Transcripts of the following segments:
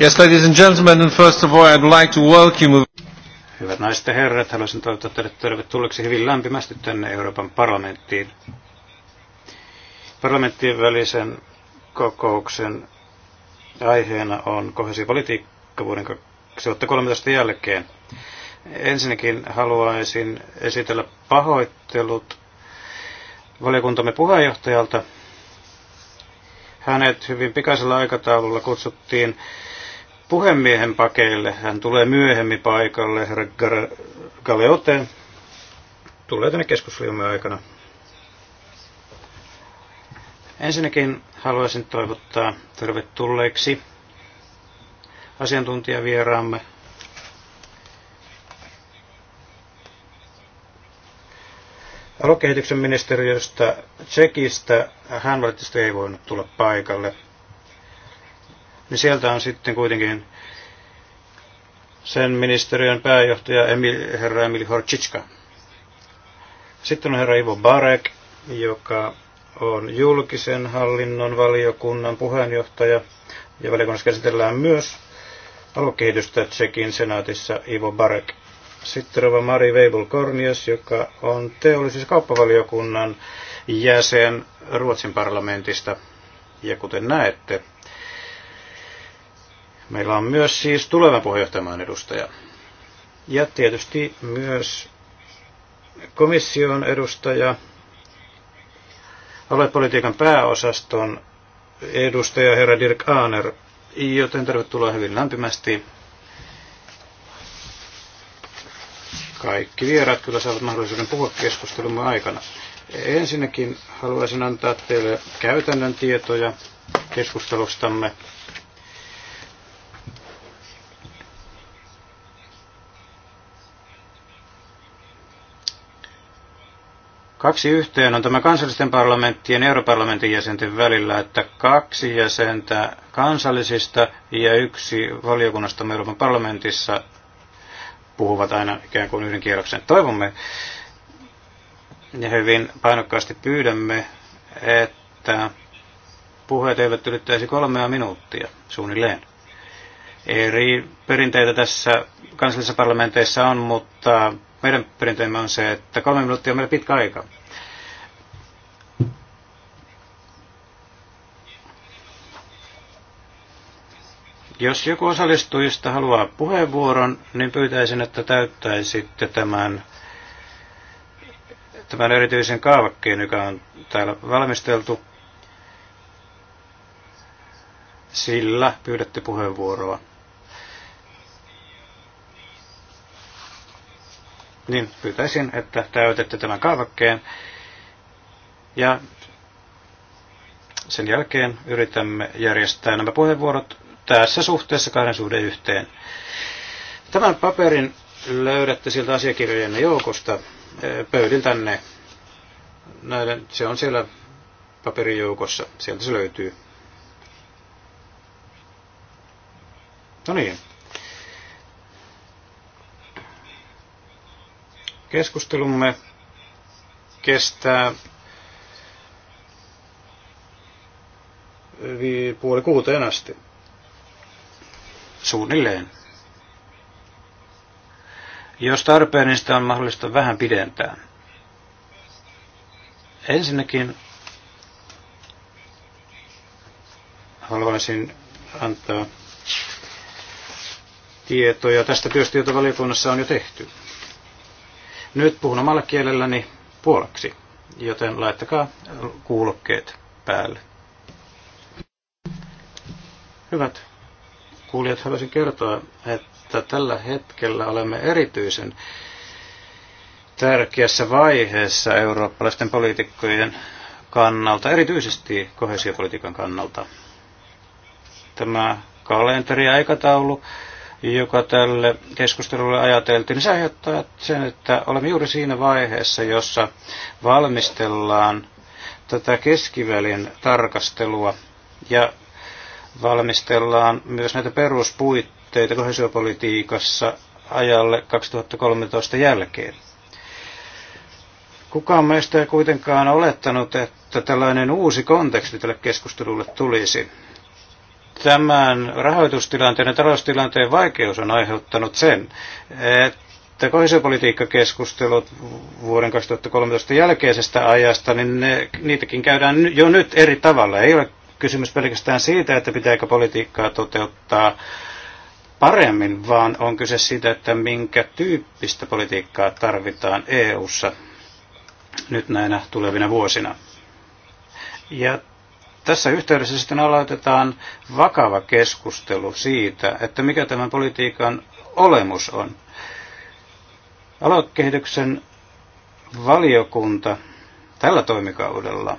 Yes, ladies and gentlemen, and first of all, I'd like to welcome... Hyvät naiset ja herrat, haluaisin toivottaa teille tervetulleeksi hyvin lämpimästi tänne Euroopan parlamenttiin. Parlamenttien välisen kokouksen aiheena on kohesiopolitiikka vuoden 2013 jälkeen. Ensinnäkin haluaisin esitellä pahoittelut valiokuntamme puheenjohtajalta. Hänet hyvin pikaisella aikataululla kutsuttiin puhemiehen pakeille. Hän tulee myöhemmin paikalle, herra Galeote. Tulee tänne keskusliumme aikana. Ensinnäkin haluaisin toivottaa tervetulleeksi asiantuntijavieraamme aluekehityksen ministeriöstä Tsekistä. Hän valitettavasti ei voinut tulla paikalle niin sieltä on sitten kuitenkin sen ministeriön pääjohtaja Emil, herra Emil Horchitska. Sitten on herra Ivo Barek, joka on julkisen hallinnon valiokunnan puheenjohtaja, ja valiokunnassa käsitellään myös aluekehitystä Tsekin senaatissa Ivo Barek. Sitten on Mari Weibel Kornius, joka on teollisen kauppavaliokunnan jäsen Ruotsin parlamentista. Ja kuten näette, Meillä on myös siis tuleva puheenjohtajamaan edustaja. Ja tietysti myös komission edustaja, aluepolitiikan pääosaston edustaja herra Dirk Aaner, joten tervetuloa hyvin lämpimästi. Kaikki vieraat kyllä saavat mahdollisuuden puhua keskustelumme aikana. Ensinnäkin haluaisin antaa teille käytännön tietoja keskustelustamme Kaksi yhteen on tämä kansallisten parlamenttien ja europarlamentin jäsenten välillä, että kaksi jäsentä kansallisista ja yksi valiokunnasta Euroopan parlamentissa puhuvat aina ikään kuin yhden kierroksen. Toivomme ja hyvin painokkaasti pyydämme, että puheet eivät ylittäisi kolmea minuuttia suunnilleen. Eri perinteitä tässä kansallisissa parlamenteissa on, mutta meidän perinteemme on se, että kolme minuuttia on meillä pitkä aika. Jos joku osallistujista haluaa puheenvuoron, niin pyytäisin, että täyttäisitte tämän, tämän erityisen kaavakkeen, joka on täällä valmisteltu. Sillä pyydätte puheenvuoroa. niin pyytäisin, että täytätte tämän kaavakkeen. Ja sen jälkeen yritämme järjestää nämä puheenvuorot tässä suhteessa kahden suhde yhteen. Tämän paperin löydätte sieltä asiakirjojen joukosta eh, pöydiltänne. Näiden, se on siellä paperijoukossa. Sieltä se löytyy. No niin, Keskustelumme kestää puoli kuuteen asti. Suunnilleen. Jos tarpeen, niin sitä on mahdollista vähän pidentää. Ensinnäkin haluaisin antaa tietoja tästä työstä, jota valiokunnassa on jo tehty. Nyt puhun omalla kielelläni puolaksi, joten laittakaa kuulokkeet päälle. Hyvät kuulijat, haluaisin kertoa, että tällä hetkellä olemme erityisen tärkeässä vaiheessa eurooppalaisten poliitikkojen kannalta, erityisesti kohesiopolitiikan kannalta. Tämä kalenteri ja aikataulu joka tälle keskustelulle ajateltiin, niin se aiheuttaa sen, että olemme juuri siinä vaiheessa, jossa valmistellaan tätä keskivälin tarkastelua ja valmistellaan myös näitä peruspuitteita kohesiopolitiikassa ajalle 2013 jälkeen. Kukaan meistä ei kuitenkaan olettanut, että tällainen uusi konteksti tälle keskustelulle tulisi tämän rahoitustilanteen ja taloustilanteen vaikeus on aiheuttanut sen, että kohesiopolitiikkakeskustelut vuoden 2013 jälkeisestä ajasta, niin ne, niitäkin käydään jo nyt eri tavalla. Ei ole kysymys pelkästään siitä, että pitääkö politiikkaa toteuttaa paremmin, vaan on kyse siitä, että minkä tyyppistä politiikkaa tarvitaan EU:ssa nyt näinä tulevina vuosina. Ja tässä yhteydessä sitten aloitetaan vakava keskustelu siitä, että mikä tämän politiikan olemus on. Aluekehityksen valiokunta tällä toimikaudella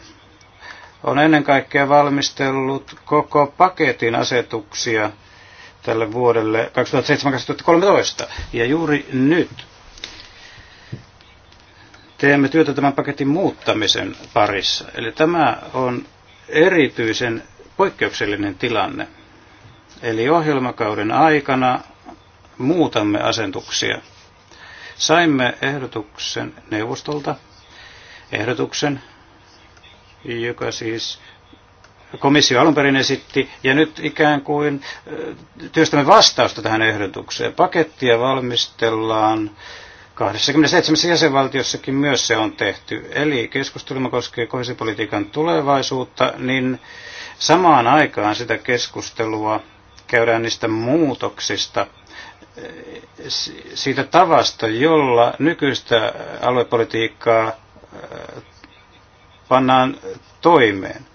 on ennen kaikkea valmistellut koko paketin asetuksia tälle vuodelle 2007-2013. Ja juuri nyt teemme työtä tämän paketin muuttamisen parissa. Eli tämä on erityisen poikkeuksellinen tilanne. Eli ohjelmakauden aikana muutamme asentuksia. Saimme ehdotuksen neuvostolta, ehdotuksen, joka siis komissio alun perin esitti, ja nyt ikään kuin työstämme vastausta tähän ehdotukseen. Pakettia valmistellaan 27 jäsenvaltiossakin myös se on tehty. Eli keskustelma koskee kohesipolitiikan tulevaisuutta, niin samaan aikaan sitä keskustelua käydään niistä muutoksista, siitä tavasta, jolla nykyistä aluepolitiikkaa äh, pannaan toimeen.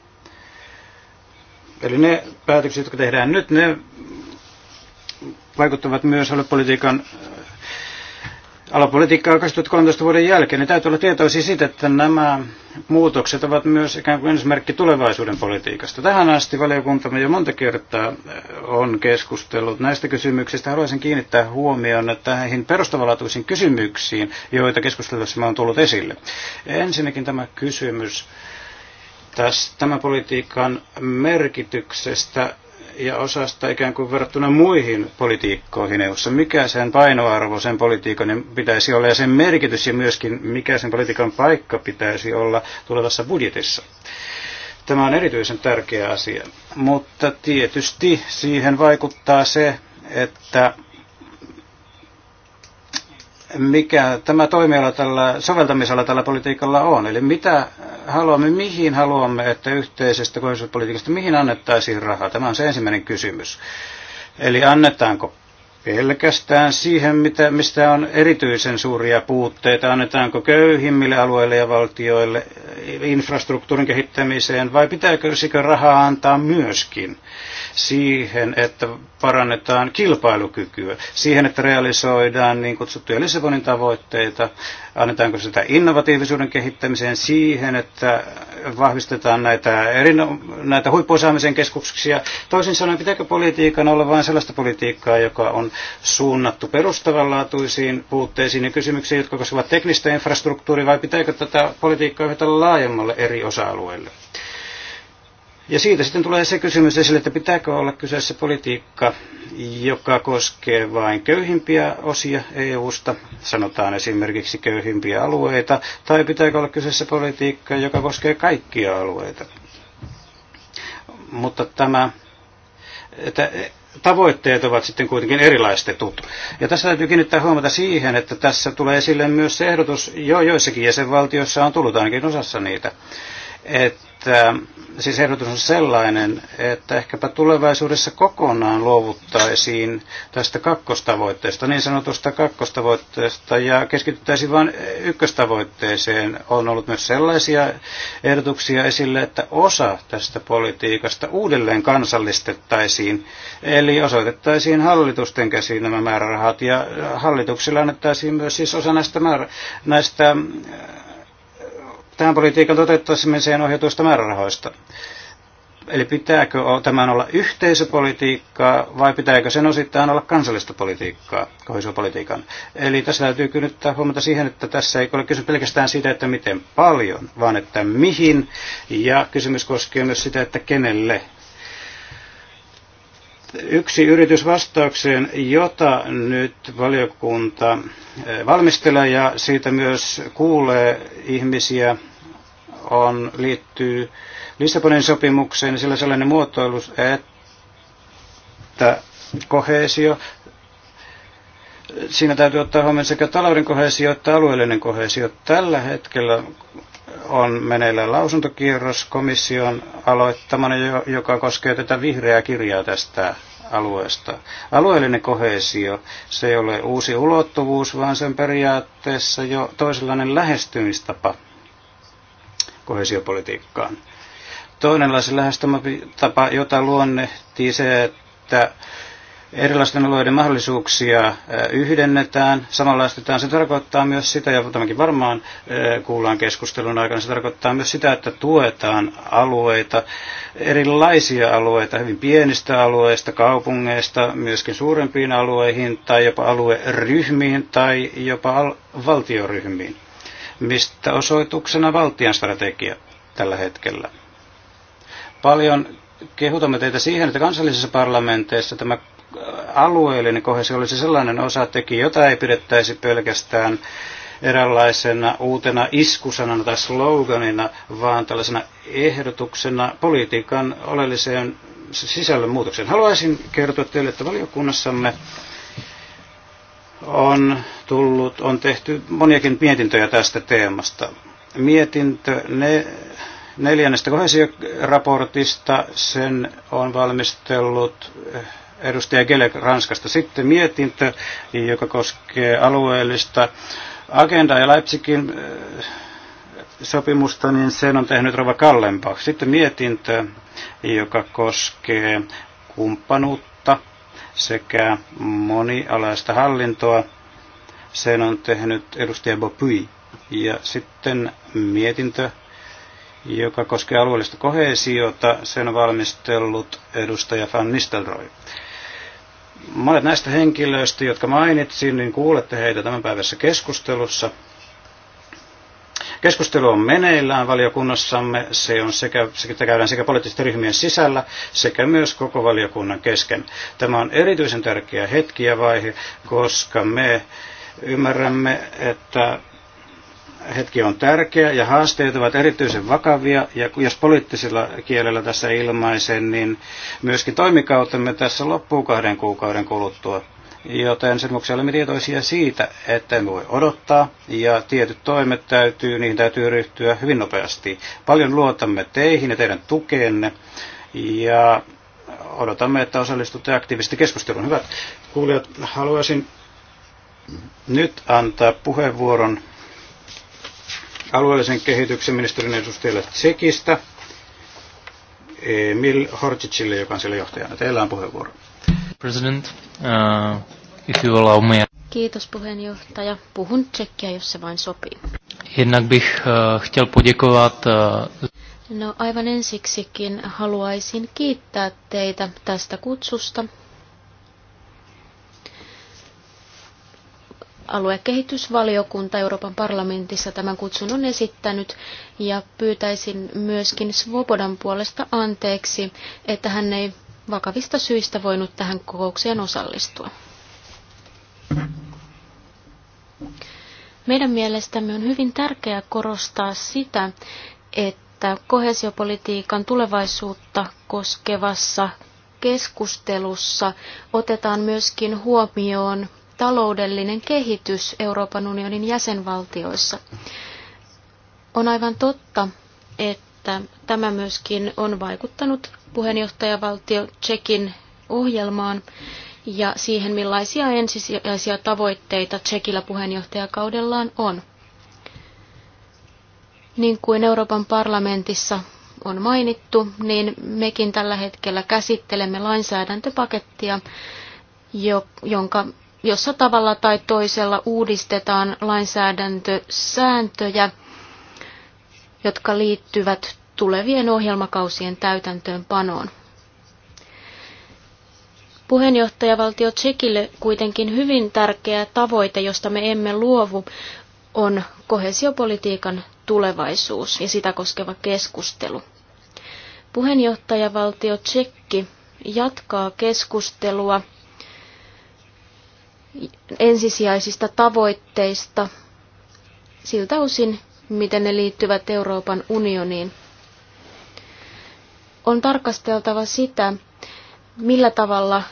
Eli ne päätökset, jotka tehdään nyt, ne vaikuttavat myös aluepolitiikan alapolitiikkaa 2013 vuoden jälkeen, niin täytyy olla tietoisia siitä, että nämä muutokset ovat myös ikään kuin ensimerkki tulevaisuuden politiikasta. Tähän asti valiokuntamme jo monta kertaa eh, on keskustellut näistä kysymyksistä. Haluaisin kiinnittää huomioon näihin perustavanlaatuisiin kysymyksiin, joita keskustelussa on tullut esille. Ensinnäkin tämä kysymys tästä, tämän politiikan merkityksestä ja osasta ikään kuin verrattuna muihin politiikkoihin EU:ssa. Mikä sen painoarvo sen politiikan pitäisi olla ja sen merkitys ja myöskin mikä sen politiikan paikka pitäisi olla tulevassa budjetissa. Tämä on erityisen tärkeä asia, mutta tietysti siihen vaikuttaa se, että mikä tämä toimiala tällä soveltamisella tällä politiikalla on. Eli mitä haluamme, mihin haluamme, että yhteisestä kohdallisuuspolitiikasta, mihin annettaisiin rahaa? Tämä on se ensimmäinen kysymys. Eli annetaanko pelkästään siihen, mitä, mistä on erityisen suuria puutteita, annetaanko köyhimmille alueille ja valtioille infrastruktuurin kehittämiseen, vai pitääkö rahaa antaa myöskin siihen, että parannetaan kilpailukykyä, siihen, että realisoidaan niin kutsuttuja Lissabonin tavoitteita, annetaanko sitä innovatiivisuuden kehittämiseen, siihen, että vahvistetaan näitä, erino- näitä huippuosaamisen keskuksia. Toisin sanoen, pitääkö politiikan olla vain sellaista politiikkaa, joka on suunnattu perustavanlaatuisiin puutteisiin ja kysymyksiin, jotka koskevat teknistä infrastruktuuria, vai pitääkö tätä politiikkaa yhdellä laajemmalle eri osa-alueille? Ja siitä sitten tulee se kysymys esille, että pitääkö olla kyseessä politiikka, joka koskee vain köyhimpiä osia EU-sta, sanotaan esimerkiksi köyhimpiä alueita, tai pitääkö olla kyseessä politiikka, joka koskee kaikkia alueita. Mutta tämä, että tavoitteet ovat sitten kuitenkin erilaistetut. Ja tässä täytyy kiinnittää huomata siihen, että tässä tulee esille myös se ehdotus, jo joissakin jäsenvaltioissa on tullut ainakin osassa niitä, että siis ehdotus on sellainen, että ehkäpä tulevaisuudessa kokonaan luovuttaisiin tästä kakkostavoitteesta, niin sanotusta kakkostavoitteesta, ja keskityttäisiin vain ykköstavoitteeseen. On ollut myös sellaisia ehdotuksia esille, että osa tästä politiikasta uudelleen kansallistettaisiin, eli osoitettaisiin hallitusten käsiin nämä määrärahat, ja hallituksilla annettaisiin myös siis osa näistä, määrä, näistä tämän politiikan toteuttamiseen ohjatuista määrärahoista. Eli pitääkö tämän olla yhteisöpolitiikkaa vai pitääkö sen osittain olla kansallista politiikkaa, kohesiopolitiikan? Eli tässä täytyy kyllä huomata siihen, että tässä ei ole kysymys pelkästään siitä, että miten paljon, vaan että mihin. Ja kysymys koskee myös sitä, että kenelle Yksi yritys vastaukseen, jota nyt valiokunta eh, valmistelee ja siitä myös kuulee ihmisiä, on, liittyy Lissabonin sopimukseen, sillä sellainen muotoilu, että kohesio, siinä täytyy ottaa huomioon sekä talouden kohesio että alueellinen kohesio. Tällä hetkellä on meneillään lausuntokierros komission aloittamana, joka koskee tätä vihreää kirjaa tästä alueesta. Alueellinen kohesio, se ei ole uusi ulottuvuus, vaan sen periaatteessa jo toisenlainen lähestymistapa kohesiopolitiikkaan. Toinenlaisen lähestymistapa, jota luonnehtii se, että erilaisten alueiden mahdollisuuksia yhdennetään, samanlaistetaan. Se tarkoittaa myös sitä, ja tämäkin varmaan kuullaan keskustelun aikana, se tarkoittaa myös sitä, että tuetaan alueita, erilaisia alueita, hyvin pienistä alueista, kaupungeista, myöskin suurempiin alueihin tai jopa alueryhmiin tai jopa al- valtioryhmiin, mistä osoituksena valtion strategia tällä hetkellä. Paljon kehutamme teitä siihen, että kansallisissa parlamenteissa tämä alueellinen kohesio olisi sellainen osatekijä, jota ei pidettäisi pelkästään eräänlaisena uutena iskusanana tai sloganina, vaan tällaisena ehdotuksena politiikan oleelliseen sisällön muutokseen. Haluaisin kertoa teille, että valiokunnassamme on, tullut, on tehty moniakin mietintöjä tästä teemasta. Mietintö ne, neljännestä kohesioraportista, sen on valmistellut edustaja Gelek Ranskasta. Sitten mietintö, joka koskee alueellista agendaa ja Leipzigin eh, sopimusta, niin sen on tehnyt Rova Kallenbach. Sitten mietintö, joka koskee kumppanuutta sekä monialaista hallintoa. Sen on tehnyt edustaja Bopui. Ja sitten mietintö, joka koskee alueellista kohesiota, sen on valmistellut edustaja Van Nistelrooy. Monet näistä henkilöistä, jotka mainitsin, niin kuulette heitä tämän päivässä keskustelussa. Keskustelu on meneillään valiokunnassamme. Se, on sekä, sitä käydään sekä poliittisten ryhmien sisällä sekä myös koko valiokunnan kesken. Tämä on erityisen tärkeä hetki ja vaihe, koska me ymmärrämme, että hetki on tärkeä ja haasteet ovat erityisen vakavia ja jos poliittisella kielellä tässä ilmaisen, niin myöskin toimikautemme tässä loppuu kahden kuukauden kuluttua. Joten sen vuoksi olemme tietoisia siitä, että emme voi odottaa ja tietyt toimet täytyy, niihin täytyy ryhtyä hyvin nopeasti. Paljon luotamme teihin ja teidän tukeenne ja odotamme, että osallistutte aktiivisesti keskusteluun. Hyvät kuulijat, haluaisin nyt antaa puheenvuoron alueellisen kehityksen ministerin edustajalle Tsekistä, Emil Horcicille, joka on siellä johtajana. Teillä on puheenvuoro. President, uh, if you allow me. Kiitos puheenjohtaja. Puhun tsekkiä, jos se vain sopii. Jednak bych uh, chtěl poděkovat uh, No aivan ensiksikin haluaisin kiittää teitä tästä kutsusta aluekehitysvaliokunta Euroopan parlamentissa tämän kutsun on esittänyt ja pyytäisin myöskin Svobodan puolesta anteeksi, että hän ei vakavista syistä voinut tähän kokoukseen osallistua. Meidän mielestämme on hyvin tärkeää korostaa sitä, että kohesiopolitiikan tulevaisuutta koskevassa keskustelussa otetaan myöskin huomioon taloudellinen kehitys Euroopan unionin jäsenvaltioissa. On aivan totta, että tämä myöskin on vaikuttanut puheenjohtajavaltio Tsekin ohjelmaan ja siihen, millaisia ensisijaisia tavoitteita Tsekillä puheenjohtajakaudellaan on. Niin kuin Euroopan parlamentissa on mainittu, niin mekin tällä hetkellä käsittelemme lainsäädäntöpakettia, jonka jossa tavalla tai toisella uudistetaan lainsäädäntösääntöjä, jotka liittyvät tulevien ohjelmakausien täytäntöönpanoon. Puheenjohtajavaltio Tsekille kuitenkin hyvin tärkeä tavoite, josta me emme luovu, on kohesiopolitiikan tulevaisuus ja sitä koskeva keskustelu. Puheenjohtajavaltio Tsekki jatkaa keskustelua – ensisijaisista tavoitteista siltä osin, miten ne liittyvät Euroopan unioniin. On tarkasteltava sitä, millä tavalla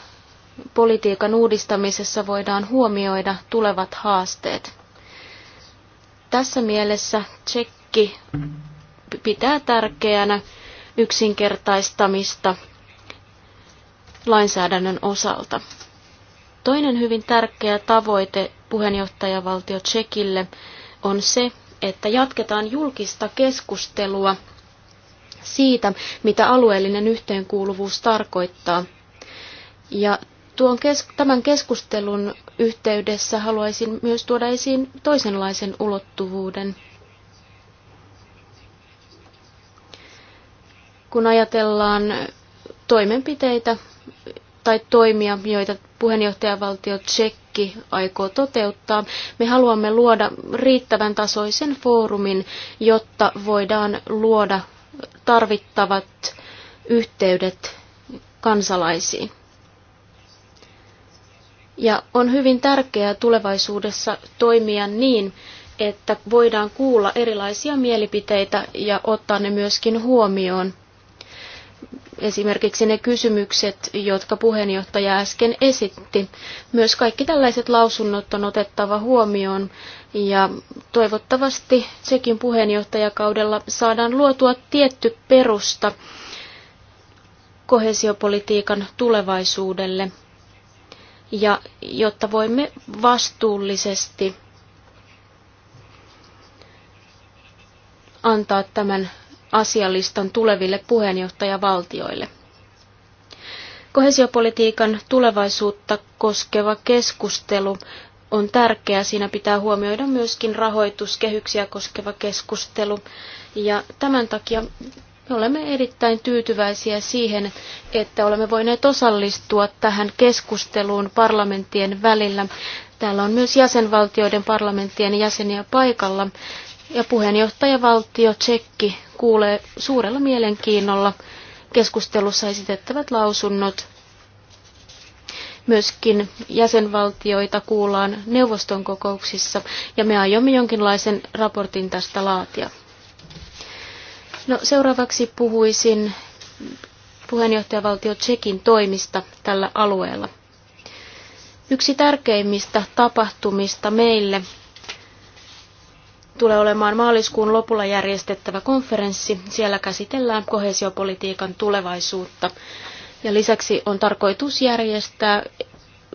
politiikan uudistamisessa voidaan huomioida tulevat haasteet. Tässä mielessä Tsekki pitää tärkeänä yksinkertaistamista lainsäädännön osalta. Toinen hyvin tärkeä tavoite puheenjohtajavaltio Tsekille on se, että jatketaan julkista keskustelua siitä, mitä alueellinen yhteenkuuluvuus tarkoittaa. Ja tuon kes- tämän keskustelun yhteydessä haluaisin myös tuoda esiin toisenlaisen ulottuvuuden. Kun ajatellaan toimenpiteitä, tai toimia, joita puheenjohtajavaltio Tsekki aikoo toteuttaa. Me haluamme luoda riittävän tasoisen foorumin, jotta voidaan luoda tarvittavat yhteydet kansalaisiin. Ja on hyvin tärkeää tulevaisuudessa toimia niin, että voidaan kuulla erilaisia mielipiteitä ja ottaa ne myöskin huomioon esimerkiksi ne kysymykset, jotka puheenjohtaja äsken esitti. Myös kaikki tällaiset lausunnot on otettava huomioon ja toivottavasti sekin puheenjohtajakaudella saadaan luotua tietty perusta kohesiopolitiikan tulevaisuudelle ja jotta voimme vastuullisesti antaa tämän asialistan tuleville puheenjohtajavaltioille. Kohesiopolitiikan tulevaisuutta koskeva keskustelu on tärkeää. Siinä pitää huomioida myöskin rahoituskehyksiä koskeva keskustelu. Ja tämän takia me olemme erittäin tyytyväisiä siihen, että olemme voineet osallistua tähän keskusteluun parlamenttien välillä. Täällä on myös jäsenvaltioiden parlamenttien jäseniä paikalla ja puheenjohtajavaltio Tsekki kuulee suurella mielenkiinnolla keskustelussa esitettävät lausunnot. Myöskin jäsenvaltioita kuullaan neuvoston kokouksissa ja me aiomme jonkinlaisen raportin tästä laatia. No, seuraavaksi puhuisin puheenjohtajavaltio Tsekin toimista tällä alueella. Yksi tärkeimmistä tapahtumista meille tulee olemaan maaliskuun lopulla järjestettävä konferenssi. Siellä käsitellään kohesiopolitiikan tulevaisuutta. Ja lisäksi on tarkoitus järjestää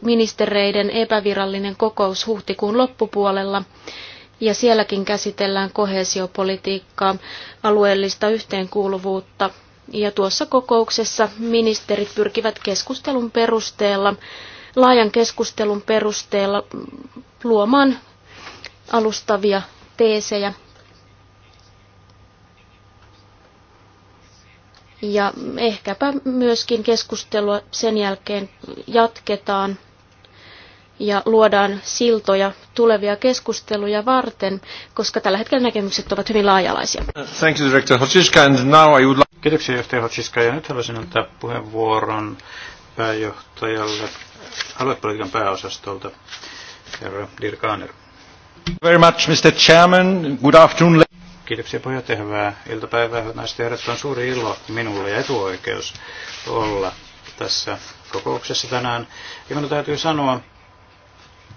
ministereiden epävirallinen kokous huhtikuun loppupuolella. Ja sielläkin käsitellään kohesiopolitiikkaa, alueellista yhteenkuuluvuutta. Ja tuossa kokouksessa ministerit pyrkivät keskustelun perusteella, laajan keskustelun perusteella luomaan alustavia teesejä. Ja ehkäpä myöskin keskustelua sen jälkeen jatketaan ja luodaan siltoja tulevia keskusteluja varten, koska tällä hetkellä näkemykset ovat hyvin laajalaisia. Thank you, Director Hotchiska, and now I would like... Kiitoksia, johtaja Hotchiska, ja nyt haluaisin antaa puheenvuoron pääjohtajalle aluepolitiikan pääosastolta, herra Dirk Aaner. Very much, Mr. Chairman. Good afternoon. Kiitoksia puheenjohtaja. Hyvää iltapäivää, naiset ja herrat. On suuri ilo minulle ja etuoikeus olla tässä kokouksessa tänään. Ja minun täytyy sanoa,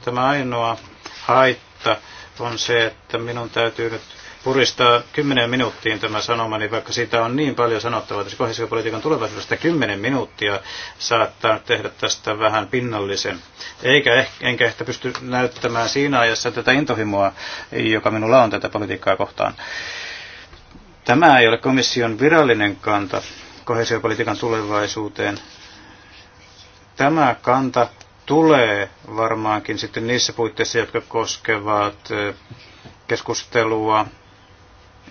tämä ainoa haitta on se, että minun täytyy nyt puristaa kymmenen minuuttiin tämä sanomani, vaikka siitä on niin paljon sanottavaa, että politiikan tulevaisuudesta kymmenen minuuttia saattaa tehdä tästä vähän pinnallisen. Eikä ehkä, enkä ehkä pysty näyttämään siinä ajassa tätä intohimoa, joka minulla on tätä politiikkaa kohtaan. Tämä ei ole komission virallinen kanta kohesiopolitiikan tulevaisuuteen. Tämä kanta tulee varmaankin sitten niissä puitteissa, jotka koskevat keskustelua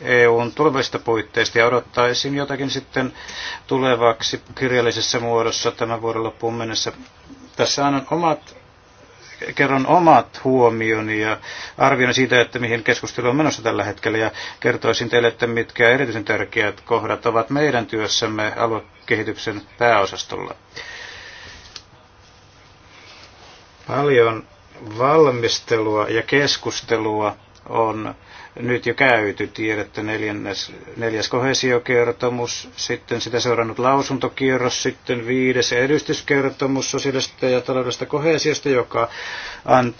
EUn tulevista puitteista ja odottaisin jotakin sitten tulevaksi kirjallisessa muodossa tämän vuoden loppuun mennessä. Tässä on omat, kerron omat huomioni ja arvioin siitä, että mihin keskustelu on menossa tällä hetkellä ja kertoisin teille, että mitkä erityisen tärkeät kohdat ovat meidän työssämme aluekehityksen pääosastolla. Paljon valmistelua ja keskustelua on nyt jo käyty. Tiedätte neljännes, neljäs kohesiokertomus, sitten sitä seurannut lausuntokierros, sitten viides edistyskertomus sosiaalista ja taloudellista kohesiosta, joka, an,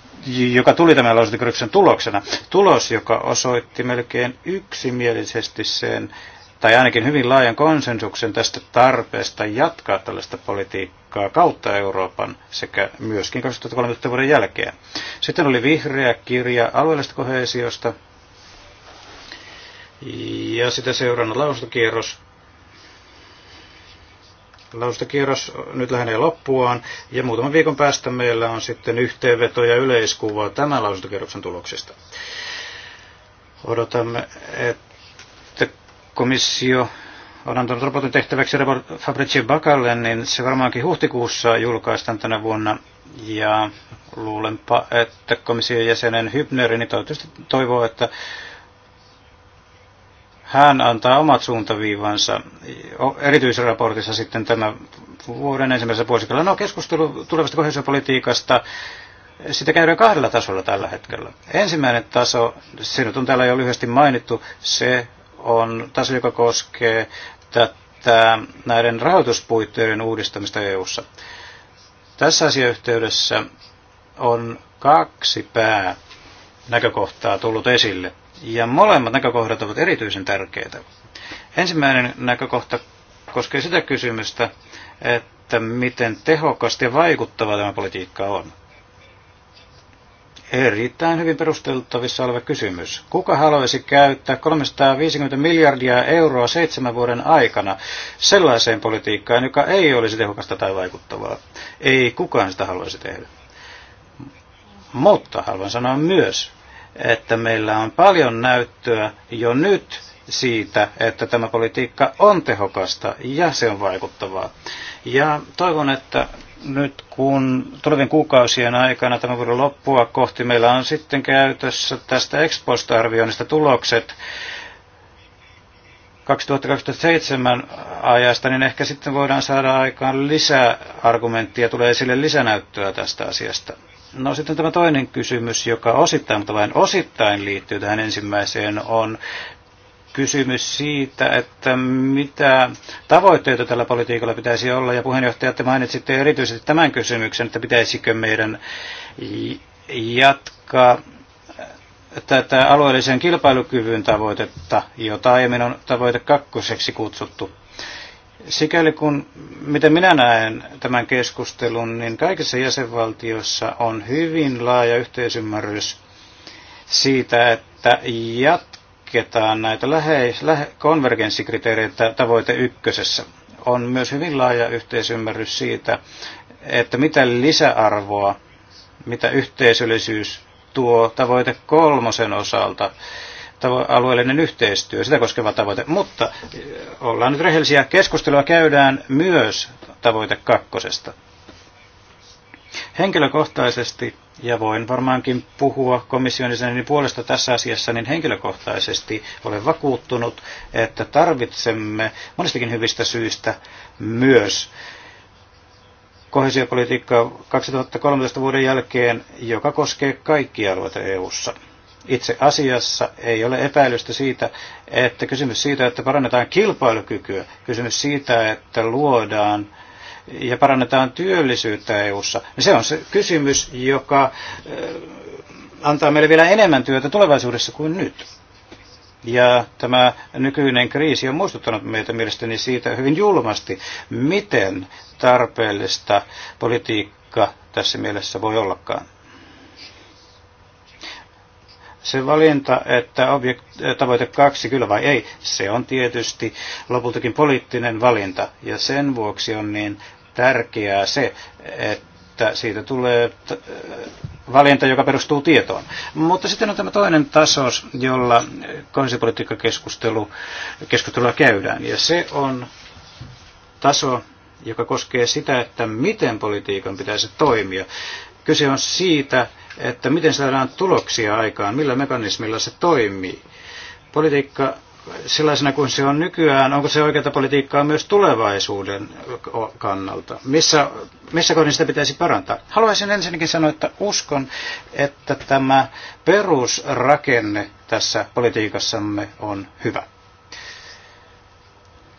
joka tuli tämän lausuntokierroksen tuloksena. Tulos, joka osoitti melkein yksimielisesti sen, tai ainakin hyvin laajan konsensuksen tästä tarpeesta jatkaa tällaista politiikkaa kautta Euroopan sekä myöskin 2013 vuoden jälkeen. Sitten oli vihreä kirja alueellisesta kohesiosta ja sitä seurannut lausuntokierros. Lausuntokierros nyt lähenee loppuaan ja muutaman viikon päästä meillä on sitten yhteenveto ja yleiskuva tämän lausuntokierroksen tuloksista. Odotamme, että komissio on antanut raportin tehtäväksi Fabrice Bakalle, niin se varmaankin huhtikuussa julkaistaan tänä vuonna. Ja luulenpa, että komission jäsenen Hybneri niin toivottavasti toivoo, että hän antaa omat suuntaviivansa erityisraportissa sitten tämä vuoden ensimmäisessä vuosikalla. No keskustelu tulevasta kohdallisuuspolitiikasta, sitä käydään kahdella tasolla tällä hetkellä. Ensimmäinen taso, se nyt on täällä jo lyhyesti mainittu, se on taso, joka koskee tätä, näiden rahoituspuitteiden uudistamista EU-ssa. Tässä asiayhteydessä on kaksi pää näkökohtaa tullut esille, ja molemmat näkökohdat ovat erityisen tärkeitä. Ensimmäinen näkökohta koskee sitä kysymystä, että miten tehokasta ja vaikuttavaa tämä politiikka on erittäin hyvin perusteltavissa oleva kysymys. Kuka haluaisi käyttää 350 miljardia euroa seitsemän vuoden aikana sellaiseen politiikkaan, joka ei olisi tehokasta tai vaikuttavaa? Ei kukaan sitä haluaisi tehdä. Mutta haluan sanoa myös, että meillä on paljon näyttöä jo nyt siitä, että tämä politiikka on tehokasta ja se on vaikuttavaa. Ja toivon, että nyt kun tulevien kuukausien aikana tämän vuoden loppua kohti meillä on sitten käytössä tästä exposta-arvioinnista tulokset 2027 ajasta, niin ehkä sitten voidaan saada aikaan lisää argumenttia, tulee esille lisänäyttöä tästä asiasta. No sitten tämä toinen kysymys, joka osittain, mutta vain osittain liittyy tähän ensimmäiseen, on kysymys siitä, että mitä tavoitteita tällä politiikalla pitäisi olla. Ja puheenjohtaja, te mainitsitte erityisesti tämän kysymyksen, että pitäisikö meidän jatkaa tätä alueellisen kilpailukyvyn tavoitetta, jota aiemmin on tavoite kakkoseksi kutsuttu. Sikäli kun, miten minä näen tämän keskustelun, niin kaikissa jäsenvaltioissa on hyvin laaja yhteisymmärrys siitä, että jatkaa jatketaan näitä läheis, lähe, konvergenssikriteereitä tavoite ykkösessä. On myös hyvin laaja yhteisymmärrys siitä, että mitä lisäarvoa, mitä yhteisöllisyys tuo tavoite kolmosen osalta, tavo- alueellinen yhteistyö, sitä koskeva tavoite. Mutta ollaan nyt rehellisiä, keskustelua käydään myös tavoite kakkosesta. Henkilökohtaisesti ja voin varmaankin puhua komission jäseneni puolesta tässä asiassa, niin henkilökohtaisesti olen vakuuttunut, että tarvitsemme monestakin hyvistä syistä myös kohesiopolitiikkaa 2013 vuoden jälkeen, joka koskee kaikkia alueita EU-ssa. Itse asiassa ei ole epäilystä siitä, että kysymys siitä, että parannetaan kilpailukykyä, kysymys siitä, että luodaan ja parannetaan työllisyyttä EU:ssa. Niin se on se kysymys, joka antaa meille vielä enemmän työtä tulevaisuudessa kuin nyt. Ja tämä nykyinen kriisi on muistuttanut meitä mielestäni siitä hyvin julmasti, miten tarpeellista politiikka tässä mielessä voi ollakaan. Se valinta, että objekt, tavoite kaksi kyllä vai ei, se on tietysti lopultakin poliittinen valinta. Ja sen vuoksi on niin tärkeää se, että siitä tulee valinta, joka perustuu tietoon. Mutta sitten on tämä toinen taso, jolla kohesipolitiikkakeskustelu keskustelua käydään. Ja se on taso, joka koskee sitä, että miten politiikan pitäisi toimia. Kyse on siitä, että miten saadaan tuloksia aikaan, millä mekanismilla se toimii. Politiikka sellaisena kuin se on nykyään, onko se oikeata politiikkaa myös tulevaisuuden kannalta? Missä, missä kohdin sitä pitäisi parantaa? Haluaisin ensinnäkin sanoa, että uskon, että tämä perusrakenne tässä politiikassamme on hyvä.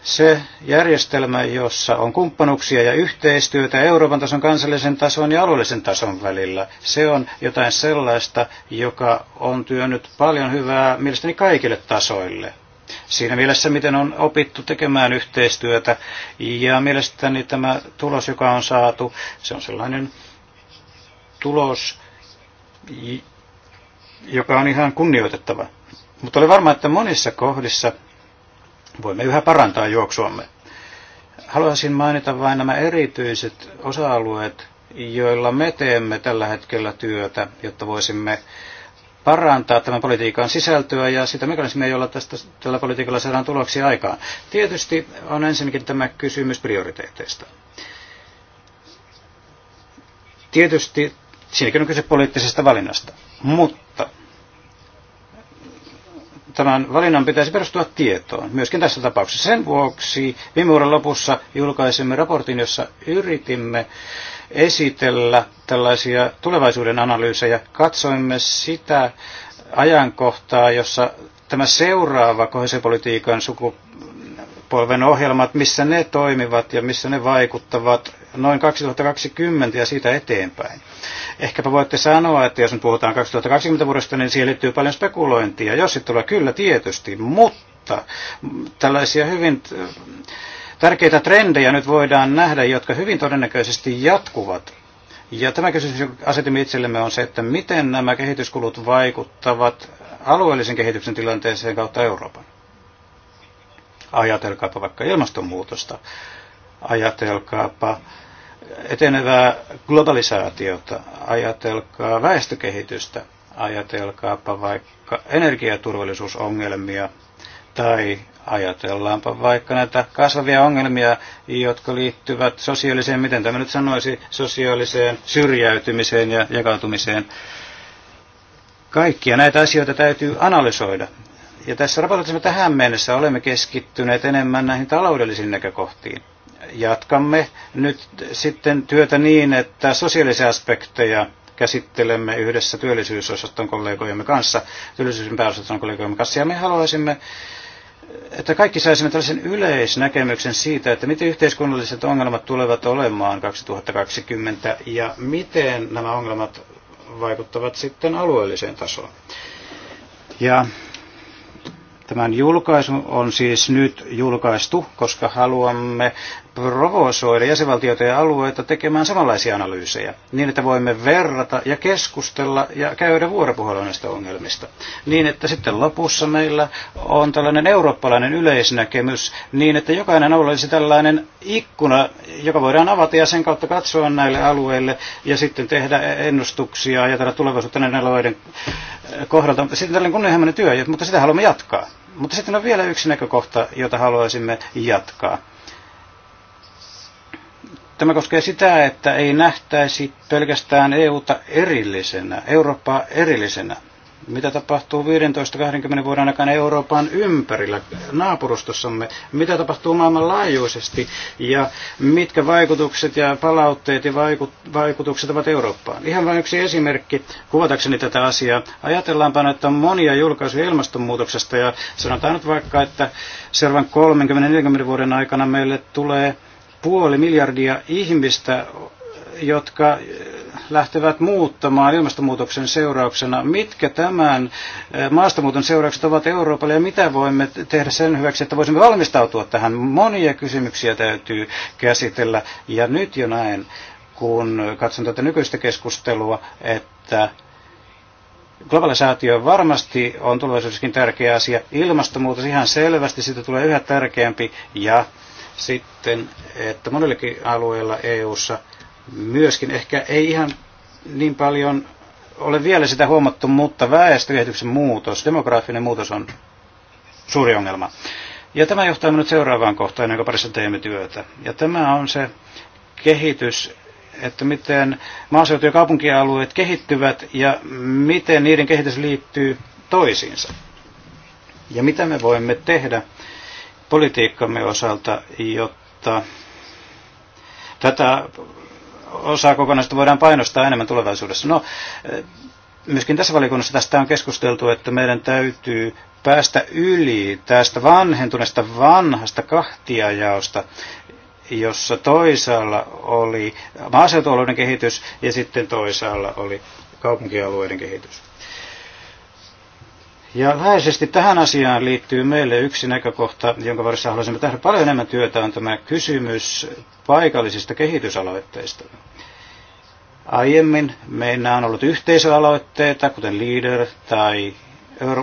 Se järjestelmä, jossa on kumppanuksia ja yhteistyötä Euroopan tason, kansallisen tason ja alueellisen tason välillä, se on jotain sellaista, joka on työnnyt paljon hyvää mielestäni kaikille tasoille siinä mielessä, miten on opittu tekemään yhteistyötä. Ja mielestäni tämä tulos, joka on saatu, se on sellainen tulos, joka on ihan kunnioitettava. Mutta olen varma, että monissa kohdissa voimme yhä parantaa juoksuamme. Haluaisin mainita vain nämä erityiset osa-alueet, joilla me teemme tällä hetkellä työtä, jotta voisimme parantaa tämän politiikan sisältöä ja sitä mekanismia, jolla tästä, tällä politiikalla saadaan tuloksia aikaan. Tietysti on ensinnäkin tämä kysymys prioriteeteista. Tietysti siinäkin on kyse poliittisesta valinnasta, mutta tämän valinnan pitäisi perustua tietoon, myöskin tässä tapauksessa. Sen vuoksi viime vuoden lopussa julkaisimme raportin, jossa yritimme esitellä tällaisia tulevaisuuden analyysejä. Katsoimme sitä ajankohtaa, jossa tämä seuraava kohesiopolitiikan sukupolven ohjelmat, missä ne toimivat ja missä ne vaikuttavat noin 2020 ja siitä eteenpäin. Ehkäpä voitte sanoa, että jos nyt puhutaan 2020 vuodesta, niin siihen liittyy paljon spekulointia. Jos sitten tulee kyllä tietysti, mutta tällaisia hyvin äh, tärkeitä trendejä nyt voidaan nähdä, jotka hyvin todennäköisesti jatkuvat. Ja tämä kysymys, joka asetimme itsellemme, on se, että miten nämä kehityskulut vaikuttavat alueellisen kehityksen tilanteeseen kautta Euroopan. Ajatelkaapa vaikka ilmastonmuutosta. Ajatelkaapa etenevää globalisaatiota, ajatelkaa väestökehitystä, ajatelkaapa vaikka energiaturvallisuusongelmia tai ajatellaanpa vaikka näitä kasvavia ongelmia, jotka liittyvät sosiaaliseen, miten tämä nyt sanoisi, sosiaaliseen syrjäytymiseen ja jakautumiseen. Kaikkia näitä asioita täytyy analysoida. Ja tässä raportissa me tähän mennessä olemme keskittyneet enemmän näihin taloudellisiin näkökohtiin jatkamme nyt sitten työtä niin, että sosiaalisia aspekteja käsittelemme yhdessä työllisyysosaston kollegojemme kanssa, työllisyysympäristöosaston kollegojemme kanssa, ja me haluaisimme että kaikki saisimme tällaisen yleisnäkemyksen siitä, että miten yhteiskunnalliset ongelmat tulevat olemaan 2020 ja miten nämä ongelmat vaikuttavat sitten alueelliseen tasoon. Ja tämän julkaisu on siis nyt julkaistu, koska haluamme provosoida jäsenvaltioita ja alueita tekemään samanlaisia analyysejä, niin että voimme verrata ja keskustella ja käydä vuoropuhelua näistä ongelmista. Niin, että sitten lopussa meillä on tällainen eurooppalainen yleisnäkemys, niin että jokainen alue olisi tällainen ikkuna, joka voidaan avata ja sen kautta katsoa näille alueille ja sitten tehdä ennustuksia ja ajatella tulevaisuutta näiden alueiden kohdalta. Sitten tällainen kunnianhimoinen työ, mutta sitä haluamme jatkaa. Mutta sitten on vielä yksi näkökohta, jota haluaisimme jatkaa Tämä koskee sitä, että ei nähtäisi pelkästään EUta erillisenä, Eurooppaa erillisenä. Mitä tapahtuu 15-20 vuoden aikana Euroopan ympärillä, naapurustossamme? Mitä tapahtuu maailmanlaajuisesti? Ja mitkä vaikutukset ja palautteet ja vaikutukset ovat Eurooppaan? Ihan vain yksi esimerkki kuvatakseni tätä asiaa. Ajatellaanpa, että on monia julkaisuja ilmastonmuutoksesta ja sanotaan nyt vaikka, että seuraavan 30-40 vuoden aikana meille tulee puoli miljardia ihmistä, jotka äh, lähtevät muuttamaan ilmastonmuutoksen seurauksena. Mitkä tämän äh, maastamuuton seuraukset ovat Euroopalle ja mitä voimme tehdä sen hyväksi, että voisimme valmistautua tähän? Monia kysymyksiä täytyy käsitellä ja nyt jo näen, kun katson tätä nykyistä keskustelua, että globalisaatio varmasti on tulevaisuudessakin tärkeä asia. Ilmastonmuutos ihan selvästi, siitä tulee yhä tärkeämpi ja sitten, että monillakin alueilla EU:ssa myöskin ehkä ei ihan niin paljon ole vielä sitä huomattu, mutta väestökehityksen muutos, demografinen muutos on suuri ongelma. Ja tämä johtaa minut seuraavaan kohtaan, jonka parissa teemme työtä. Ja tämä on se kehitys, että miten maaseutu- ja kaupunkialueet kehittyvät ja miten niiden kehitys liittyy toisiinsa. Ja mitä me voimme tehdä, politiikkamme osalta, jotta tätä osaa kokonaista voidaan painostaa enemmän tulevaisuudessa. No, myöskin tässä valikunnassa tästä on keskusteltu, että meidän täytyy päästä yli tästä vanhentuneesta vanhasta kahtiajaosta, jossa toisaalla oli maaseutualueiden kehitys ja sitten toisaalla oli kaupunkialueiden kehitys. Ja läheisesti tähän asiaan liittyy meille yksi näkökohta, jonka varissa haluaisimme tehdä paljon enemmän työtä, on tämä kysymys paikallisista kehitysaloitteista. Aiemmin meillä on ollut yhteisöaloitteita, kuten Leader tai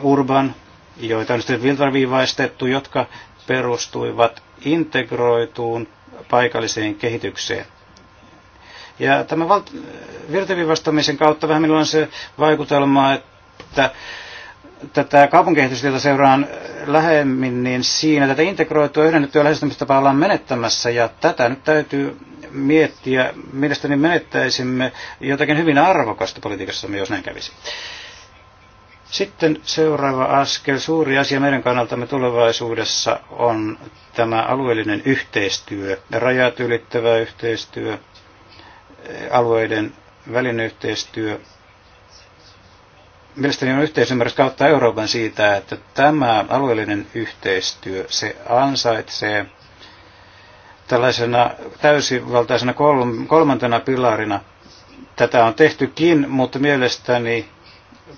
Urban, joita on sitten viltarviivaistettu, jotka perustuivat integroituun paikalliseen kehitykseen. Ja tämä valt- virtaviivastamisen kautta vähän minulla on se vaikutelma, että tätä kaupunkikehitystä, jota seuraan lähemmin, niin siinä tätä integroitua yhdennettyä lähestymistapaa ollaan menettämässä ja tätä nyt täytyy miettiä. Mielestäni menettäisimme jotakin hyvin arvokasta politiikassamme, jos näin kävisi. Sitten seuraava askel, suuri asia meidän kannaltamme tulevaisuudessa on tämä alueellinen yhteistyö, rajat ylittävä yhteistyö, alueiden välinen yhteistyö, mielestäni on yhteisymmärrys kautta Euroopan siitä, että tämä alueellinen yhteistyö, se ansaitsee tällaisena täysivaltaisena kolmantena pilarina. Tätä on tehtykin, mutta mielestäni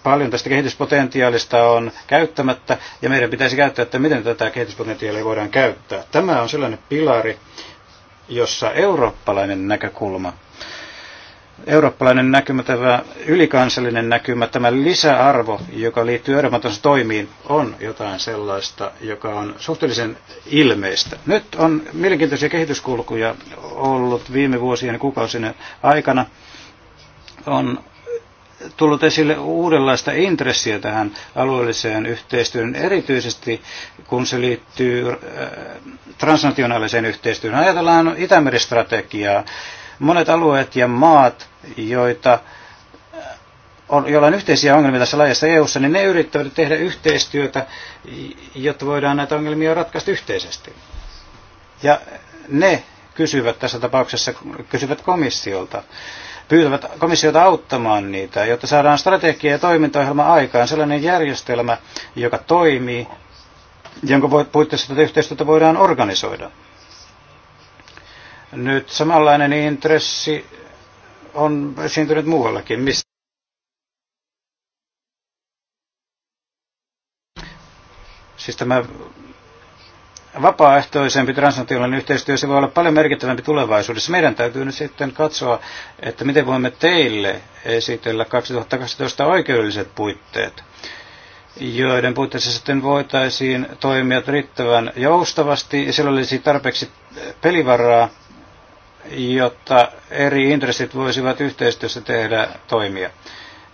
paljon tästä kehityspotentiaalista on käyttämättä, ja meidän pitäisi käyttää, että miten tätä kehityspotentiaalia voidaan käyttää. Tämä on sellainen pilari, jossa eurooppalainen näkökulma eurooppalainen näkymä, tämä ylikansallinen näkymä, tämä lisäarvo, joka liittyy Euroopan toimiin, on jotain sellaista, joka on suhteellisen ilmeistä. Nyt on mielenkiintoisia kehityskulkuja ollut viime vuosien ja kuukausien aikana. On tullut esille uudenlaista intressiä tähän alueelliseen yhteistyöhön, erityisesti kun se liittyy äh, transnationaaliseen yhteistyöhön. Ajatellaan Itämeristrategiaa. Monet alueet ja maat joita on, joilla on yhteisiä ongelmia tässä laajassa EU-ssa, niin ne yrittävät tehdä yhteistyötä, jotta voidaan näitä ongelmia ratkaista yhteisesti. Ja ne kysyvät tässä tapauksessa, kysyvät komissiolta, pyytävät komissiota auttamaan niitä, jotta saadaan strategia ja toimintaohjelma aikaan, sellainen järjestelmä, joka toimii, jonka puitteissa tätä yhteistyötä voidaan organisoida. Nyt samanlainen intressi on esiintynyt muuallakin. Mistä siis tämä vapaaehtoisempi transnationaalinen yhteistyö, se voi olla paljon merkittävämpi tulevaisuudessa. Meidän täytyy nyt sitten katsoa, että miten voimme teille esitellä 2012 oikeudelliset puitteet, joiden puitteissa sitten voitaisiin toimia riittävän joustavasti ja sillä olisi tarpeeksi pelivaraa jotta eri intressit voisivat yhteistyössä tehdä toimia.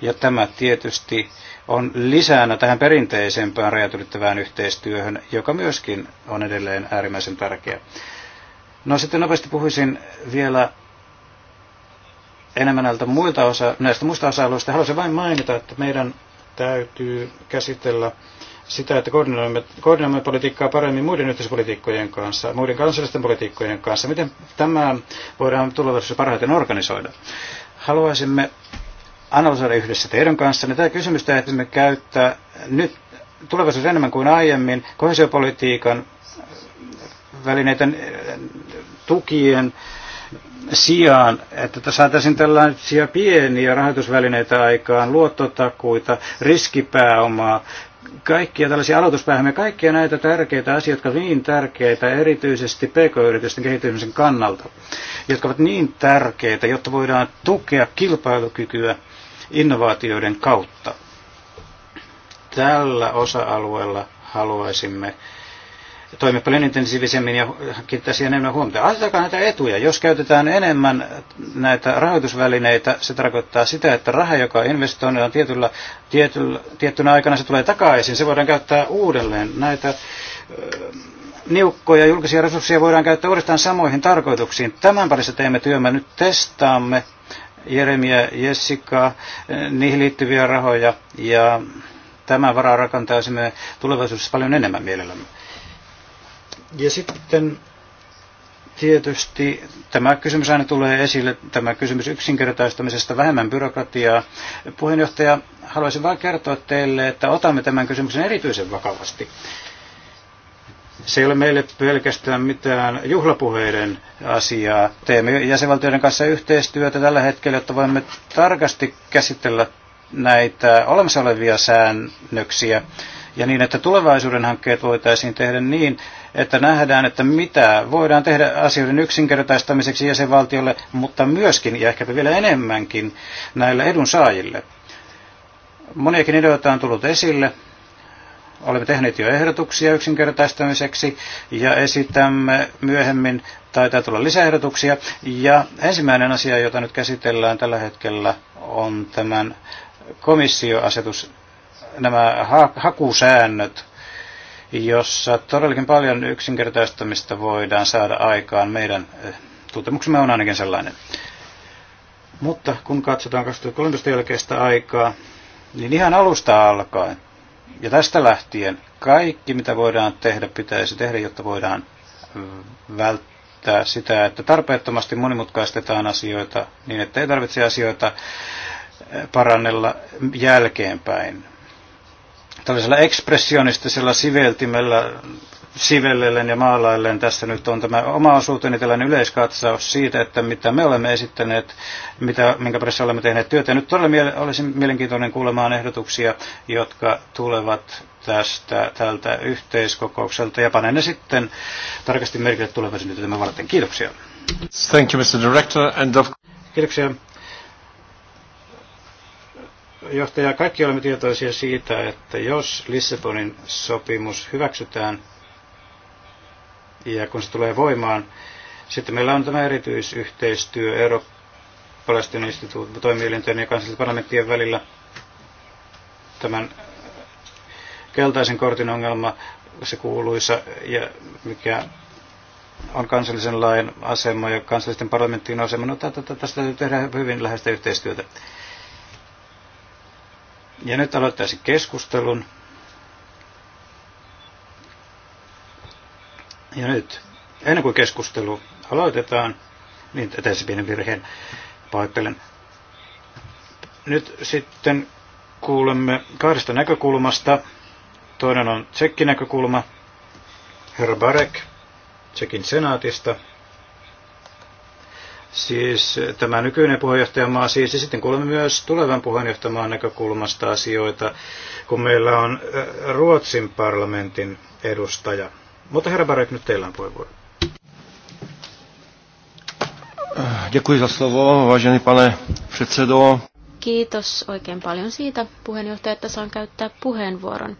Ja tämä tietysti on lisänä tähän perinteisempään rajatylittävään yhteistyöhön, joka myöskin on edelleen äärimmäisen tärkeä. No sitten nopeasti puhuisin vielä enemmän näiltä muilta osa, näistä muista osa-alueista. Haluaisin vain mainita, että meidän täytyy käsitellä sitä, että koordinoimme, koordinoimme politiikkaa paremmin muiden yhteispolitiikkojen kanssa, muiden kansallisten politiikkojen kanssa. Miten tämä voidaan tulevaisuudessa parhaiten organisoida? Haluaisimme analysoida yhdessä teidän kanssanne Tämä kysymys että me käyttää nyt tulevaisuudessa enemmän kuin aiemmin kohesiopolitiikan välineiden eh, tukien sijaan, että saataisiin tällaisia pieniä rahoitusvälineitä aikaan, luottotakuita, riskipääomaa, kaikkia tällaisia aloituspäähämme, kaikkia näitä tärkeitä asioita, jotka ovat niin tärkeitä erityisesti pk-yritysten kehittymisen kannalta, jotka ovat niin tärkeitä, jotta voidaan tukea kilpailukykyä innovaatioiden kautta. Tällä osa-alueella haluaisimme toimia paljon intensiivisemmin ja kiinnittää siihen enemmän huomiota. Ajatelkaa näitä etuja. Jos käytetään enemmän näitä rahoitusvälineitä, se tarkoittaa sitä, että raha, joka investoidaan tietyllä, tietyllä, tiettynä aikana, se tulee takaisin. Se voidaan käyttää uudelleen. Näitä niukkoja julkisia resursseja voidaan käyttää uudestaan samoihin tarkoituksiin. Tämän parissa teemme työmme. Nyt testaamme Jeremia, Jessica, niihin liittyviä rahoja ja tämän varaa rakentaisimme tulevaisuudessa paljon enemmän mielellämme. Ja sitten tietysti tämä kysymys aina tulee esille, tämä kysymys yksinkertaistamisesta, vähemmän byrokratiaa. Puheenjohtaja, haluaisin vain kertoa teille, että otamme tämän kysymyksen erityisen vakavasti. Se ei ole meille pelkästään mitään juhlapuheiden asiaa. Teemme jäsenvaltioiden kanssa yhteistyötä tällä hetkellä, että voimme tarkasti käsitellä näitä olemassa olevia säännöksiä ja niin, että tulevaisuuden hankkeet voitaisiin tehdä niin, että nähdään, että mitä voidaan tehdä asioiden yksinkertaistamiseksi jäsenvaltiolle, mutta myöskin ja ehkäpä vielä enemmänkin näille edunsaajille. Moniakin ideoita on tullut esille. Olemme tehneet jo ehdotuksia yksinkertaistamiseksi ja esitämme myöhemmin, taitaa tulla lisäehdotuksia. Ja ensimmäinen asia, jota nyt käsitellään tällä hetkellä, on tämän komissioasetus nämä ha- hakusäännöt, jossa todellakin paljon yksinkertaistamista voidaan saada aikaan. Meidän eh, tutkimuksemme on ainakin sellainen. Mutta kun katsotaan 2013 jälkeistä aikaa, niin ihan alusta alkaen ja tästä lähtien kaikki, mitä voidaan tehdä, pitäisi tehdä, jotta voidaan eh, välttää sitä, että tarpeettomasti monimutkaistetaan asioita niin, että ei tarvitse asioita eh, parannella jälkeenpäin tällaisella ekspressionistisella siveltimellä sivellellen ja maalaillen tässä nyt on tämä oma osuuteni tällainen yleiskatsaus siitä, että mitä me olemme esittäneet, mitä, minkä parissa olemme tehneet työtä. Ja nyt todella miele- olisi mielenkiintoinen kuulemaan ehdotuksia, jotka tulevat tästä tältä yhteiskokoukselta ja panen ne sitten tarkasti merkille tämän varten. Kiitoksia. Thank you, Mr. Director. And of... Kiitoksia johtaja, kaikki olemme tietoisia siitä, että jos Lissabonin sopimus hyväksytään ja kun se tulee voimaan, sitten meillä on tämä erityisyhteistyö eurooppalaisten instituutin toimielinten ja kansallisten parlamenttien välillä tämän keltaisen kortin ongelma, se kuuluisa, ja mikä on kansallisen lain asema ja kansallisten parlamenttien asema. No, tästä täytyy tehdä hyvin läheistä yhteistyötä. Ja nyt aloittaisin keskustelun. Ja nyt, ennen kuin keskustelu aloitetaan, niin tässä pienen virheen paikkelen. Nyt sitten kuulemme kahdesta näkökulmasta. Toinen on tsekkinäkökulma, herra Barek, Tsekin senaatista, Siis tämä nykyinen puheenjohtajamaa siis, ja sitten kuulemme myös tulevan puheenjohtajamaan näkökulmasta asioita, kun meillä on Ruotsin parlamentin edustaja. Mutta herra Barek, nyt teillä on puheenvuoro. Děkuji za slovo, vážený pane předsedo. Kiitos oikein paljon siitä, puheenjohtaja, että saan käyttää puheenvuoron.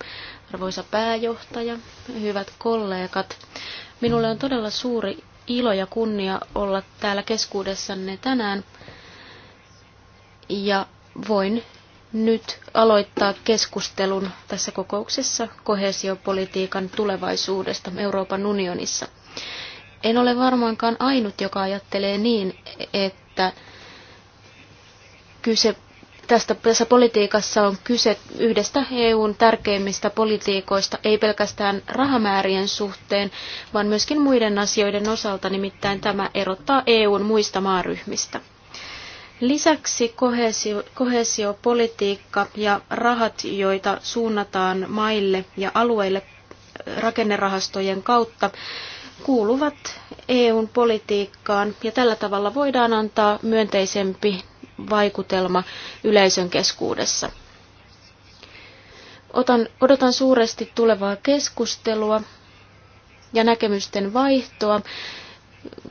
Arvoisa pääjohtaja, hyvät kollegat, minulle on todella suuri ilo ja kunnia olla täällä keskuudessanne tänään. Ja voin nyt aloittaa keskustelun tässä kokouksessa kohesiopolitiikan tulevaisuudesta Euroopan unionissa. En ole varmaankaan ainut, joka ajattelee niin, että kyse Tästä, tässä politiikassa on kyse yhdestä EUn tärkeimmistä politiikoista, ei pelkästään rahamäärien suhteen, vaan myöskin muiden asioiden osalta, nimittäin tämä erottaa EUn muista maaryhmistä. Lisäksi kohesio, kohesiopolitiikka ja rahat, joita suunnataan maille ja alueille rakennerahastojen kautta, kuuluvat EUn politiikkaan ja tällä tavalla voidaan antaa myönteisempi vaikutelma yleisön keskuudessa. Otan, odotan suuresti tulevaa keskustelua ja näkemysten vaihtoa.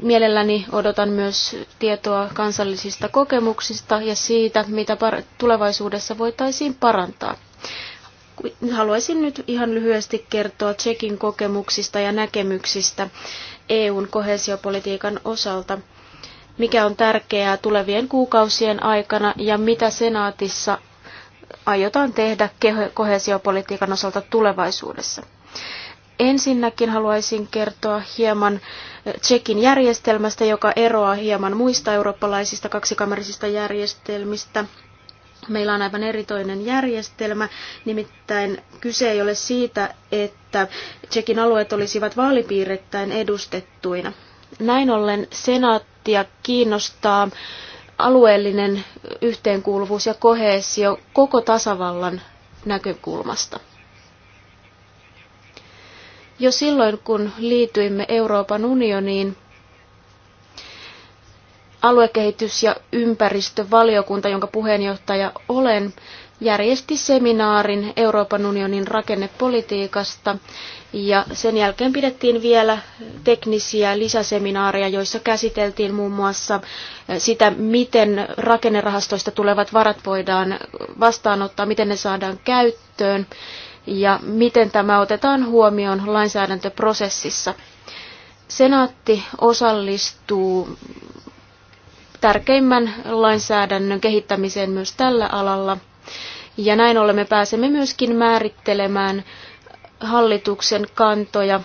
Mielelläni odotan myös tietoa kansallisista kokemuksista ja siitä, mitä tulevaisuudessa voitaisiin parantaa. Haluaisin nyt ihan lyhyesti kertoa Tsekin kokemuksista ja näkemyksistä EUn kohesiopolitiikan osalta – mikä on tärkeää tulevien kuukausien aikana ja mitä senaatissa aiotaan tehdä kohesiopolitiikan osalta tulevaisuudessa. Ensinnäkin haluaisin kertoa hieman Tsekin järjestelmästä, joka eroaa hieman muista eurooppalaisista kaksikamarisista järjestelmistä. Meillä on aivan eritoinen järjestelmä, nimittäin kyse ei ole siitä, että Tsekin alueet olisivat vaalipiirrettäin edustettuina. Näin ollen senaat parlamenttia kiinnostaa alueellinen yhteenkuuluvuus ja koheesio koko tasavallan näkökulmasta. Jo silloin, kun liityimme Euroopan unioniin, aluekehitys- ja ympäristövaliokunta, jonka puheenjohtaja olen, järjesti seminaarin Euroopan unionin rakennepolitiikasta ja sen jälkeen pidettiin vielä teknisiä lisäseminaareja, joissa käsiteltiin muun muassa eh, sitä, miten rakennerahastoista tulevat varat voidaan vastaanottaa, miten ne saadaan käyttöön ja miten tämä otetaan huomioon lainsäädäntöprosessissa. Senaatti osallistuu tärkeimmän lainsäädännön kehittämiseen myös tällä alalla – ja näin ollen me pääsemme myöskin määrittelemään hallituksen kantoja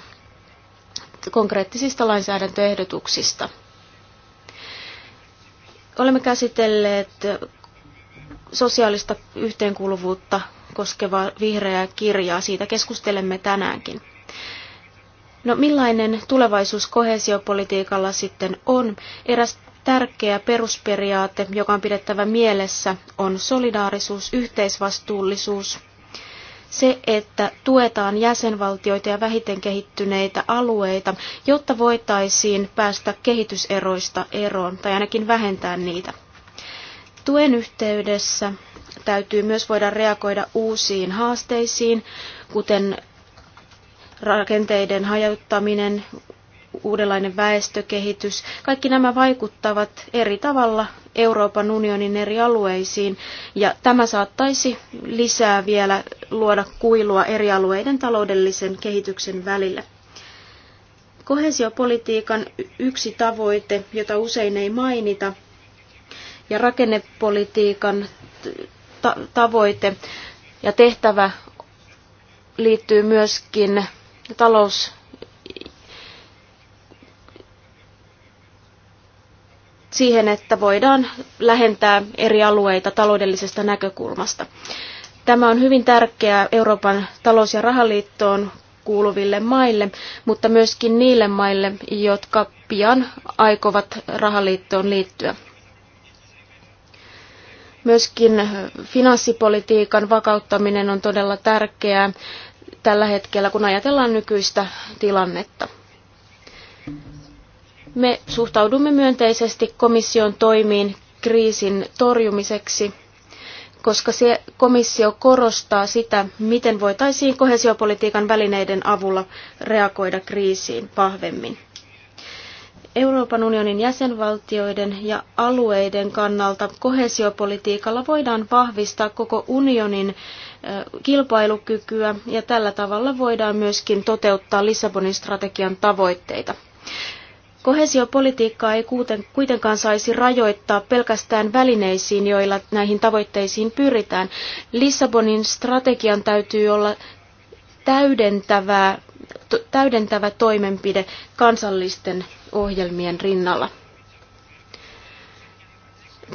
konkreettisista lainsäädäntöehdotuksista. Olemme käsitelleet sosiaalista yhteenkuuluvuutta koskevaa vihreää kirjaa. Siitä keskustelemme tänäänkin. No millainen tulevaisuus kohesiopolitiikalla sitten on? Eräs Tärkeä perusperiaate, joka on pidettävä mielessä, on solidaarisuus, yhteisvastuullisuus, se, että tuetaan jäsenvaltioita ja vähiten kehittyneitä alueita, jotta voitaisiin päästä kehityseroista eroon tai ainakin vähentää niitä. Tuen yhteydessä täytyy myös voida reagoida uusiin haasteisiin, kuten rakenteiden hajauttaminen, uudenlainen väestökehitys. Kaikki nämä vaikuttavat eri tavalla Euroopan unionin eri alueisiin ja tämä saattaisi lisää vielä luoda kuilua eri alueiden taloudellisen kehityksen välillä. Kohesiopolitiikan yksi tavoite, jota usein ei mainita, ja rakennepolitiikan ta- tavoite ja tehtävä liittyy myöskin talous siihen, että voidaan lähentää eri alueita taloudellisesta näkökulmasta. Tämä on hyvin tärkeää Euroopan talous- ja rahaliittoon kuuluville maille, mutta myöskin niille maille, jotka pian aikovat rahaliittoon liittyä. Myöskin finanssipolitiikan vakauttaminen on todella tärkeää tällä hetkellä, kun ajatellaan nykyistä tilannetta. Me suhtaudumme myönteisesti komission toimiin kriisin torjumiseksi, koska se komissio korostaa sitä, miten voitaisiin kohesiopolitiikan välineiden avulla reagoida kriisiin vahvemmin. Euroopan unionin jäsenvaltioiden ja alueiden kannalta kohesiopolitiikalla voidaan vahvistaa koko unionin kilpailukykyä ja tällä tavalla voidaan myöskin toteuttaa Lissabonin strategian tavoitteita. Kohesiopolitiikkaa ei kuitenkaan saisi rajoittaa pelkästään välineisiin, joilla näihin tavoitteisiin pyritään. Lissabonin strategian täytyy olla täydentävä, täydentävä toimenpide kansallisten ohjelmien rinnalla.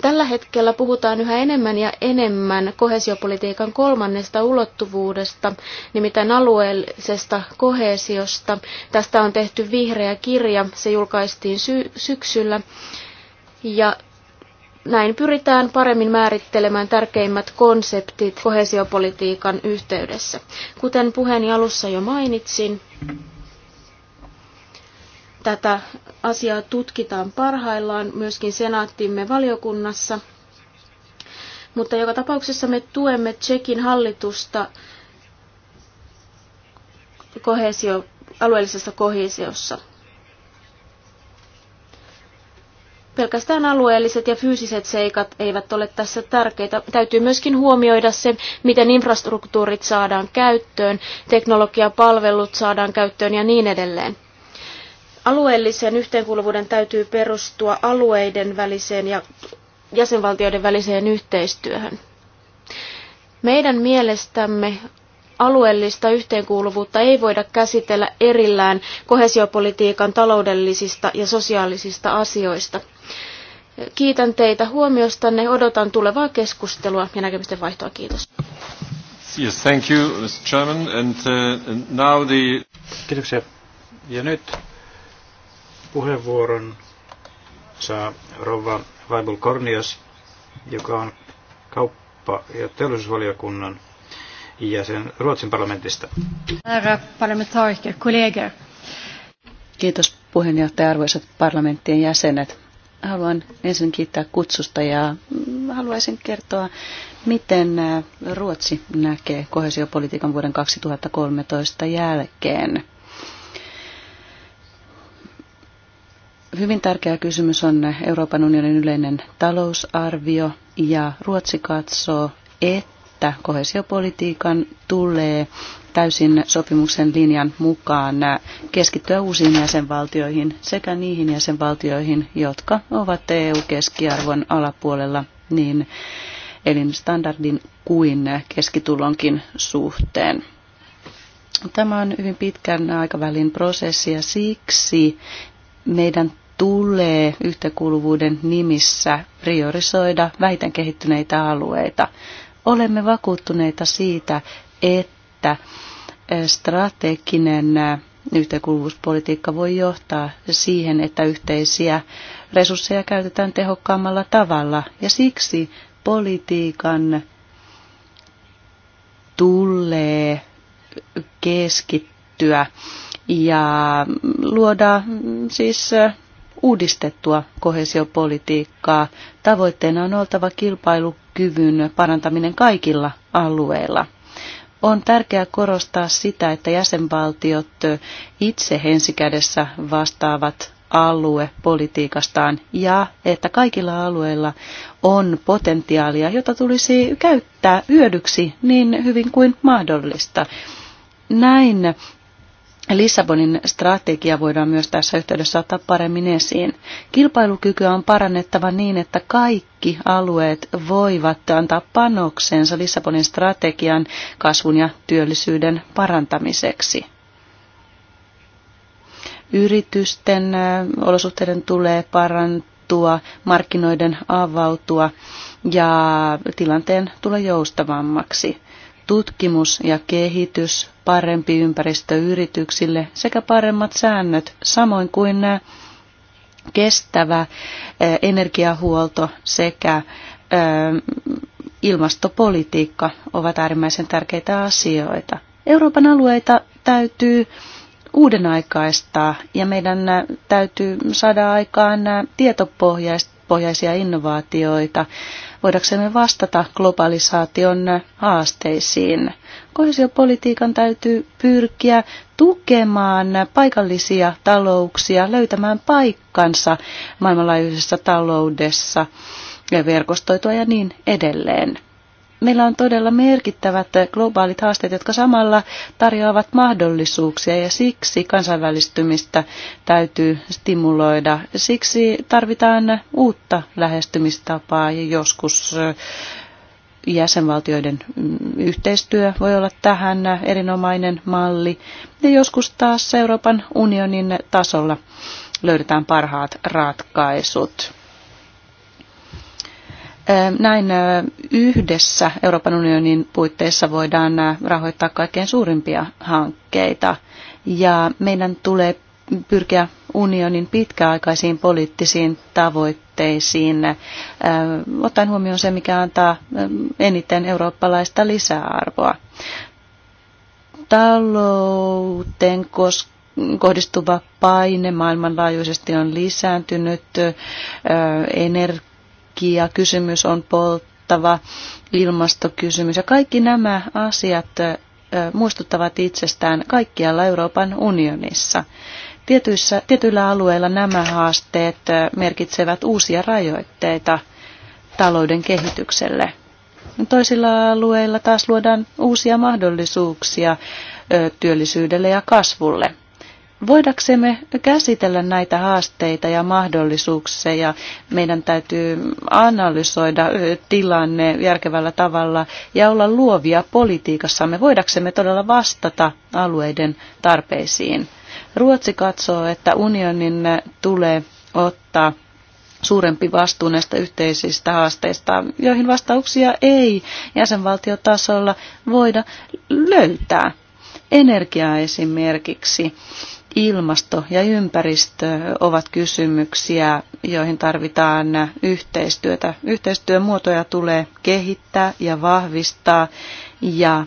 Tällä hetkellä puhutaan yhä enemmän ja enemmän kohesiopolitiikan kolmannesta ulottuvuudesta, nimittäin alueellisesta kohesiosta. Tästä on tehty vihreä kirja, se julkaistiin sy- syksyllä. Ja näin pyritään paremmin määrittelemään tärkeimmät konseptit kohesiopolitiikan yhteydessä. Kuten puheeni alussa jo mainitsin, Tätä asiaa tutkitaan parhaillaan myöskin senaattimme valiokunnassa. Mutta joka tapauksessa me tuemme Tsekin hallitusta kohesio, alueellisessa kohesiossa. Pelkästään alueelliset ja fyysiset seikat eivät ole tässä tärkeitä. Täytyy myöskin huomioida se, miten infrastruktuurit saadaan käyttöön, teknologiapalvelut saadaan käyttöön ja niin edelleen. Alueellisen yhteenkuuluvuuden täytyy perustua alueiden väliseen ja jäsenvaltioiden väliseen yhteistyöhön. Meidän mielestämme alueellista yhteenkuuluvuutta ei voida käsitellä erillään kohesiopolitiikan taloudellisista ja sosiaalisista asioista. Kiitän teitä huomiostanne, odotan tulevaa keskustelua ja näkemysten vaihtoa. Kiitos. Yes, thank you, Mr. Chairman. And, uh, and now the... Kiitoksia. Ja nyt puheenvuoron saa rouva Vaibul Kornias, joka on kauppa- ja teollisuusvaliokunnan jäsen Ruotsin parlamentista. Kiitos puheenjohtaja, arvoisat parlamenttien jäsenet. Haluan ensin kiittää kutsusta ja haluaisin kertoa, miten äh, Ruotsi näkee kohesiopolitiikan vuoden 2013 jälkeen. Hyvin tärkeä kysymys on Euroopan unionin yleinen talousarvio ja Ruotsi katsoo, että kohesiopolitiikan tulee täysin sopimuksen linjan mukaan keskittyä uusiin jäsenvaltioihin sekä niihin jäsenvaltioihin, jotka ovat EU-keskiarvon alapuolella niin elinstandardin kuin keskitulonkin suhteen. Tämä on hyvin pitkän aikavälin prosessi ja siksi meidän tulee yhtäkuuluvuuden nimissä priorisoida vähiten kehittyneitä alueita. Olemme vakuuttuneita siitä, että eh, strateginen eh, yhtäkuuluvuuspolitiikka voi johtaa siihen, että yhteisiä resursseja käytetään tehokkaammalla tavalla. Ja siksi politiikan tulee keskittyä ja luoda mm, siis eh, uudistettua kohesiopolitiikkaa. Tavoitteena on oltava kilpailukyvyn parantaminen kaikilla alueilla. On tärkeää korostaa sitä, että jäsenvaltiot itse ensikädessä vastaavat aluepolitiikastaan ja että kaikilla alueilla on potentiaalia, jota tulisi käyttää hyödyksi niin hyvin kuin mahdollista. Näin Lissabonin strategia voidaan myös tässä yhteydessä ottaa paremmin esiin. Kilpailukykyä on parannettava niin, että kaikki alueet voivat antaa panoksensa Lissabonin strategian kasvun ja työllisyyden parantamiseksi. Yritysten olosuhteiden tulee parantua, markkinoiden avautua ja tilanteen tulee joustavammaksi tutkimus ja kehitys, parempi ympäristö yrityksille sekä paremmat säännöt, samoin kuin nämä äh, kestävä äh, energiahuolto sekä äh, ilmastopolitiikka ovat äärimmäisen tärkeitä asioita. Euroopan alueita täytyy uudenaikaistaa ja meidän täytyy saada aikaan tietopohjaisia innovaatioita voidaksemme vastata globalisaation haasteisiin. Kohesiopolitiikan täytyy pyrkiä tukemaan paikallisia talouksia, löytämään paikkansa maailmanlaajuisessa taloudessa, verkostoitua ja niin edelleen meillä on todella merkittävät globaalit haasteet, jotka samalla tarjoavat mahdollisuuksia ja siksi kansainvälistymistä täytyy stimuloida. Siksi tarvitaan uutta lähestymistapaa ja joskus jäsenvaltioiden mm, yhteistyö voi olla tähän erinomainen malli ja joskus taas Euroopan unionin tasolla löydetään parhaat ratkaisut. Näin yhdessä Euroopan unionin puitteissa voidaan rahoittaa kaikkein suurimpia hankkeita ja meidän tulee pyrkiä unionin pitkäaikaisiin poliittisiin tavoitteisiin, ottaen huomioon se, mikä antaa eniten eurooppalaista lisäarvoa. Talouteen kohdistuva paine maailmanlaajuisesti on lisääntynyt, energia takia. Kysymys on polttava ilmastokysymys ja kaikki nämä asiat muistuttavat itsestään kaikkialla Euroopan unionissa. Tietyissä, tietyillä alueilla nämä haasteet merkitsevät uusia rajoitteita talouden kehitykselle. Toisilla alueilla taas luodaan uusia mahdollisuuksia työllisyydelle ja kasvulle. Voidaksemme käsitellä näitä haasteita ja mahdollisuuksia, meidän täytyy analysoida tilanne järkevällä tavalla ja olla luovia politiikassamme, voidaksemme todella vastata alueiden tarpeisiin. Ruotsi katsoo, että unionin tulee ottaa suurempi vastuu näistä yhteisistä haasteista, joihin vastauksia ei jäsenvaltiotasolla voida löytää. Energiaa esimerkiksi ilmasto ja ympäristö ovat kysymyksiä, joihin tarvitaan yhteistyötä. Yhteistyön muotoja tulee kehittää ja vahvistaa ja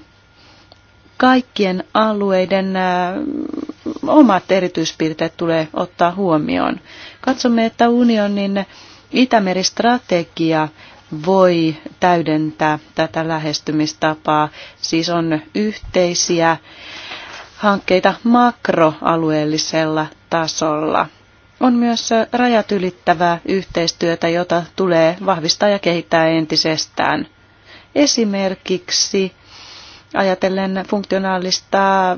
kaikkien alueiden omat erityispiirteet tulee ottaa huomioon. Katsomme, että unionin Itämeri-strategia voi täydentää tätä lähestymistapaa. Siis on yhteisiä hankkeita makroalueellisella tasolla. On myös rajat ylittävää yhteistyötä, jota tulee vahvistaa ja kehittää entisestään. Esimerkiksi ajatellen funktionaalista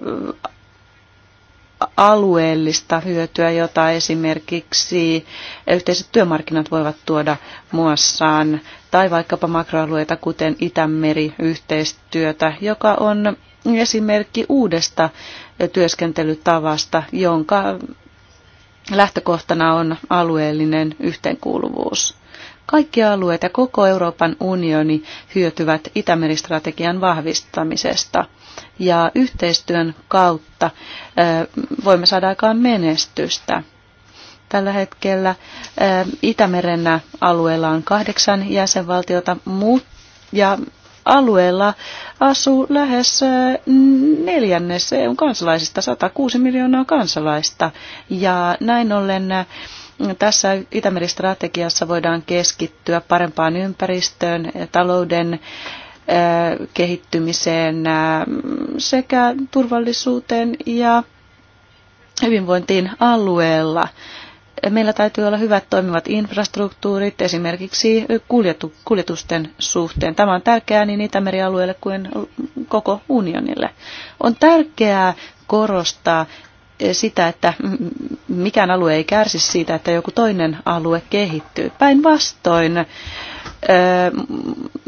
alueellista hyötyä, jota esimerkiksi yhteiset työmarkkinat voivat tuoda muassaan, tai vaikkapa makroalueita, kuten Itämeri-yhteistyötä, joka on esimerkki uudesta työskentelytavasta, jonka lähtökohtana on alueellinen yhteenkuuluvuus. Kaikki alueet ja koko Euroopan unioni hyötyvät Itämeristrategian vahvistamisesta ja yhteistyön kautta voimme saada aikaan menestystä. Tällä hetkellä Itämeren alueella on kahdeksan jäsenvaltiota, mutta ja alueella asuu lähes neljännes kansalaisista, 106 miljoonaa kansalaista. Ja näin ollen tässä Itämeri-strategiassa voidaan keskittyä parempaan ympäristöön, talouden kehittymiseen sekä turvallisuuteen ja hyvinvointiin alueella meillä täytyy olla hyvät toimivat infrastruktuurit esimerkiksi kuljetusten suhteen. Tämä on tärkeää niin Itämerialueelle kuin koko unionille. On tärkeää korostaa sitä, että mikään alue ei kärsi siitä, että joku toinen alue kehittyy. Päinvastoin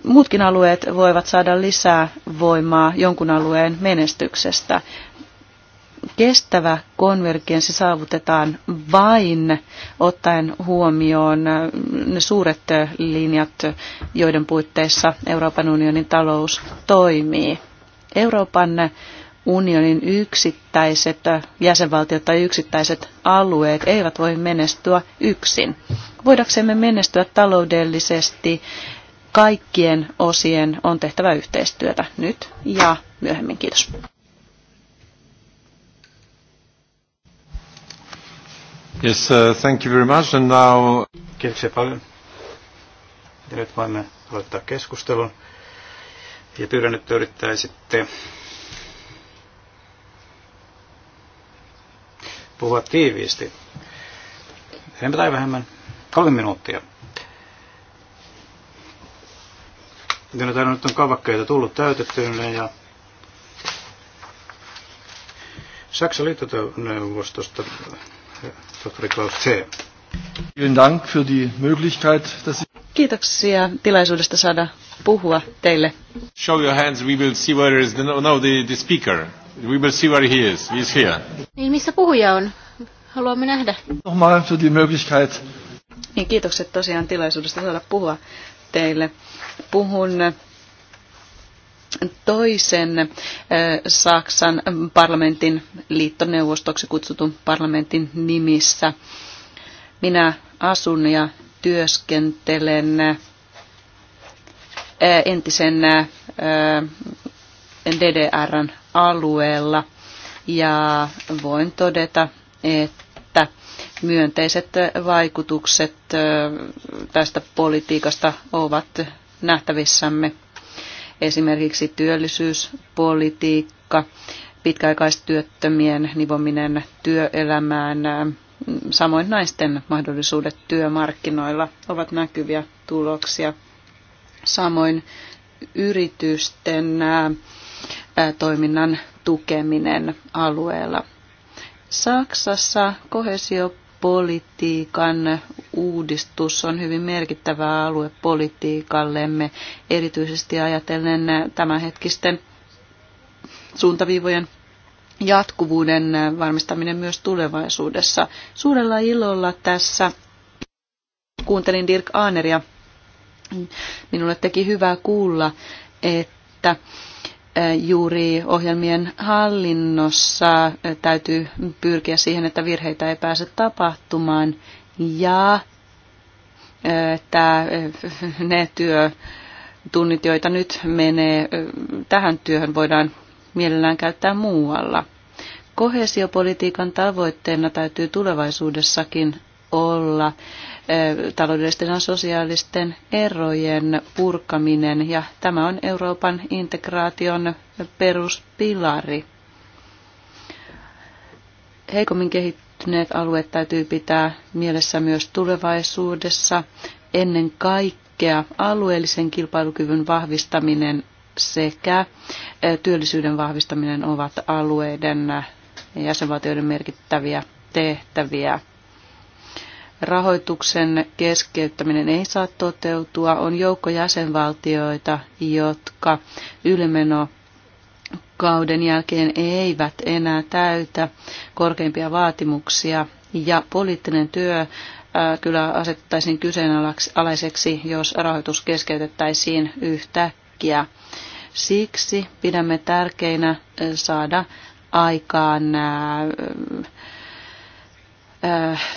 muutkin alueet voivat saada lisää voimaa jonkun alueen menestyksestä kestävä konvergenssi saavutetaan vain ottaen huomioon ne suuret linjat, joiden puitteissa Euroopan unionin talous toimii. Euroopan unionin yksittäiset jäsenvaltiot tai yksittäiset alueet eivät voi menestyä yksin. Voidaksemme menestyä taloudellisesti, kaikkien osien on tehtävä yhteistyötä nyt ja myöhemmin. Kiitos. Yes, uh, thank you very much. And now... Kiitoksia paljon. Ja nyt voimme aloittaa keskustelun. Ja pyydän, että yrittäisitte puhua tiiviisti. Enemmän tai vähemmän kolme minuuttia. Ja no, nyt on kavakkeita tullut täytettyä ja Saksan liittoneuvostosta Kiitoksia tilaisuudesta saada puhua teille. Show your hands, we will see where is the, no, the, the speaker. We will see where he is. He is here. Niin, missä puhuja on? Haluamme nähdä. Niin, kiitokset tosiaan tilaisuudesta saada puhua teille. Puhun toisen Saksan parlamentin liittoneuvostoksi kutsutun parlamentin nimissä. Minä asun ja työskentelen entisen DDRn alueella ja voin todeta, että myönteiset vaikutukset tästä politiikasta ovat nähtävissämme esimerkiksi työllisyyspolitiikka, pitkäaikaistyöttömien nivominen työelämään, samoin naisten mahdollisuudet työmarkkinoilla ovat näkyviä tuloksia. Samoin yritysten toiminnan tukeminen alueella. Saksassa kohesio politiikan uudistus on hyvin merkittävä alue politiikallemme, erityisesti ajatellen tämänhetkisten suuntaviivojen jatkuvuuden varmistaminen myös tulevaisuudessa. Suurella ilolla tässä kuuntelin Dirk Aaneria. Minulle teki hyvää kuulla, että juuri ohjelmien hallinnossa täytyy pyrkiä siihen, että virheitä ei pääse tapahtumaan ja että ne työtunnit, joita nyt menee tähän työhön, voidaan mielellään käyttää muualla. Kohesiopolitiikan tavoitteena täytyy tulevaisuudessakin olla taloudellisten ja sosiaalisten erojen purkaminen ja tämä on Euroopan integraation peruspilari. Heikommin kehittyneet alueet täytyy pitää mielessä myös tulevaisuudessa. Ennen kaikkea alueellisen kilpailukyvyn vahvistaminen sekä työllisyyden vahvistaminen ovat alueiden ja jäsenvaltioiden merkittäviä tehtäviä rahoituksen keskeyttäminen ei saa toteutua. On joukko jäsenvaltioita, jotka ylimeno kauden jälkeen eivät enää täytä korkeimpia vaatimuksia ja poliittinen työ äh, kyllä asettaisiin kyseenalaiseksi, jos rahoitus keskeytettäisiin yhtäkkiä. Siksi pidämme tärkeinä saada aikaan äh,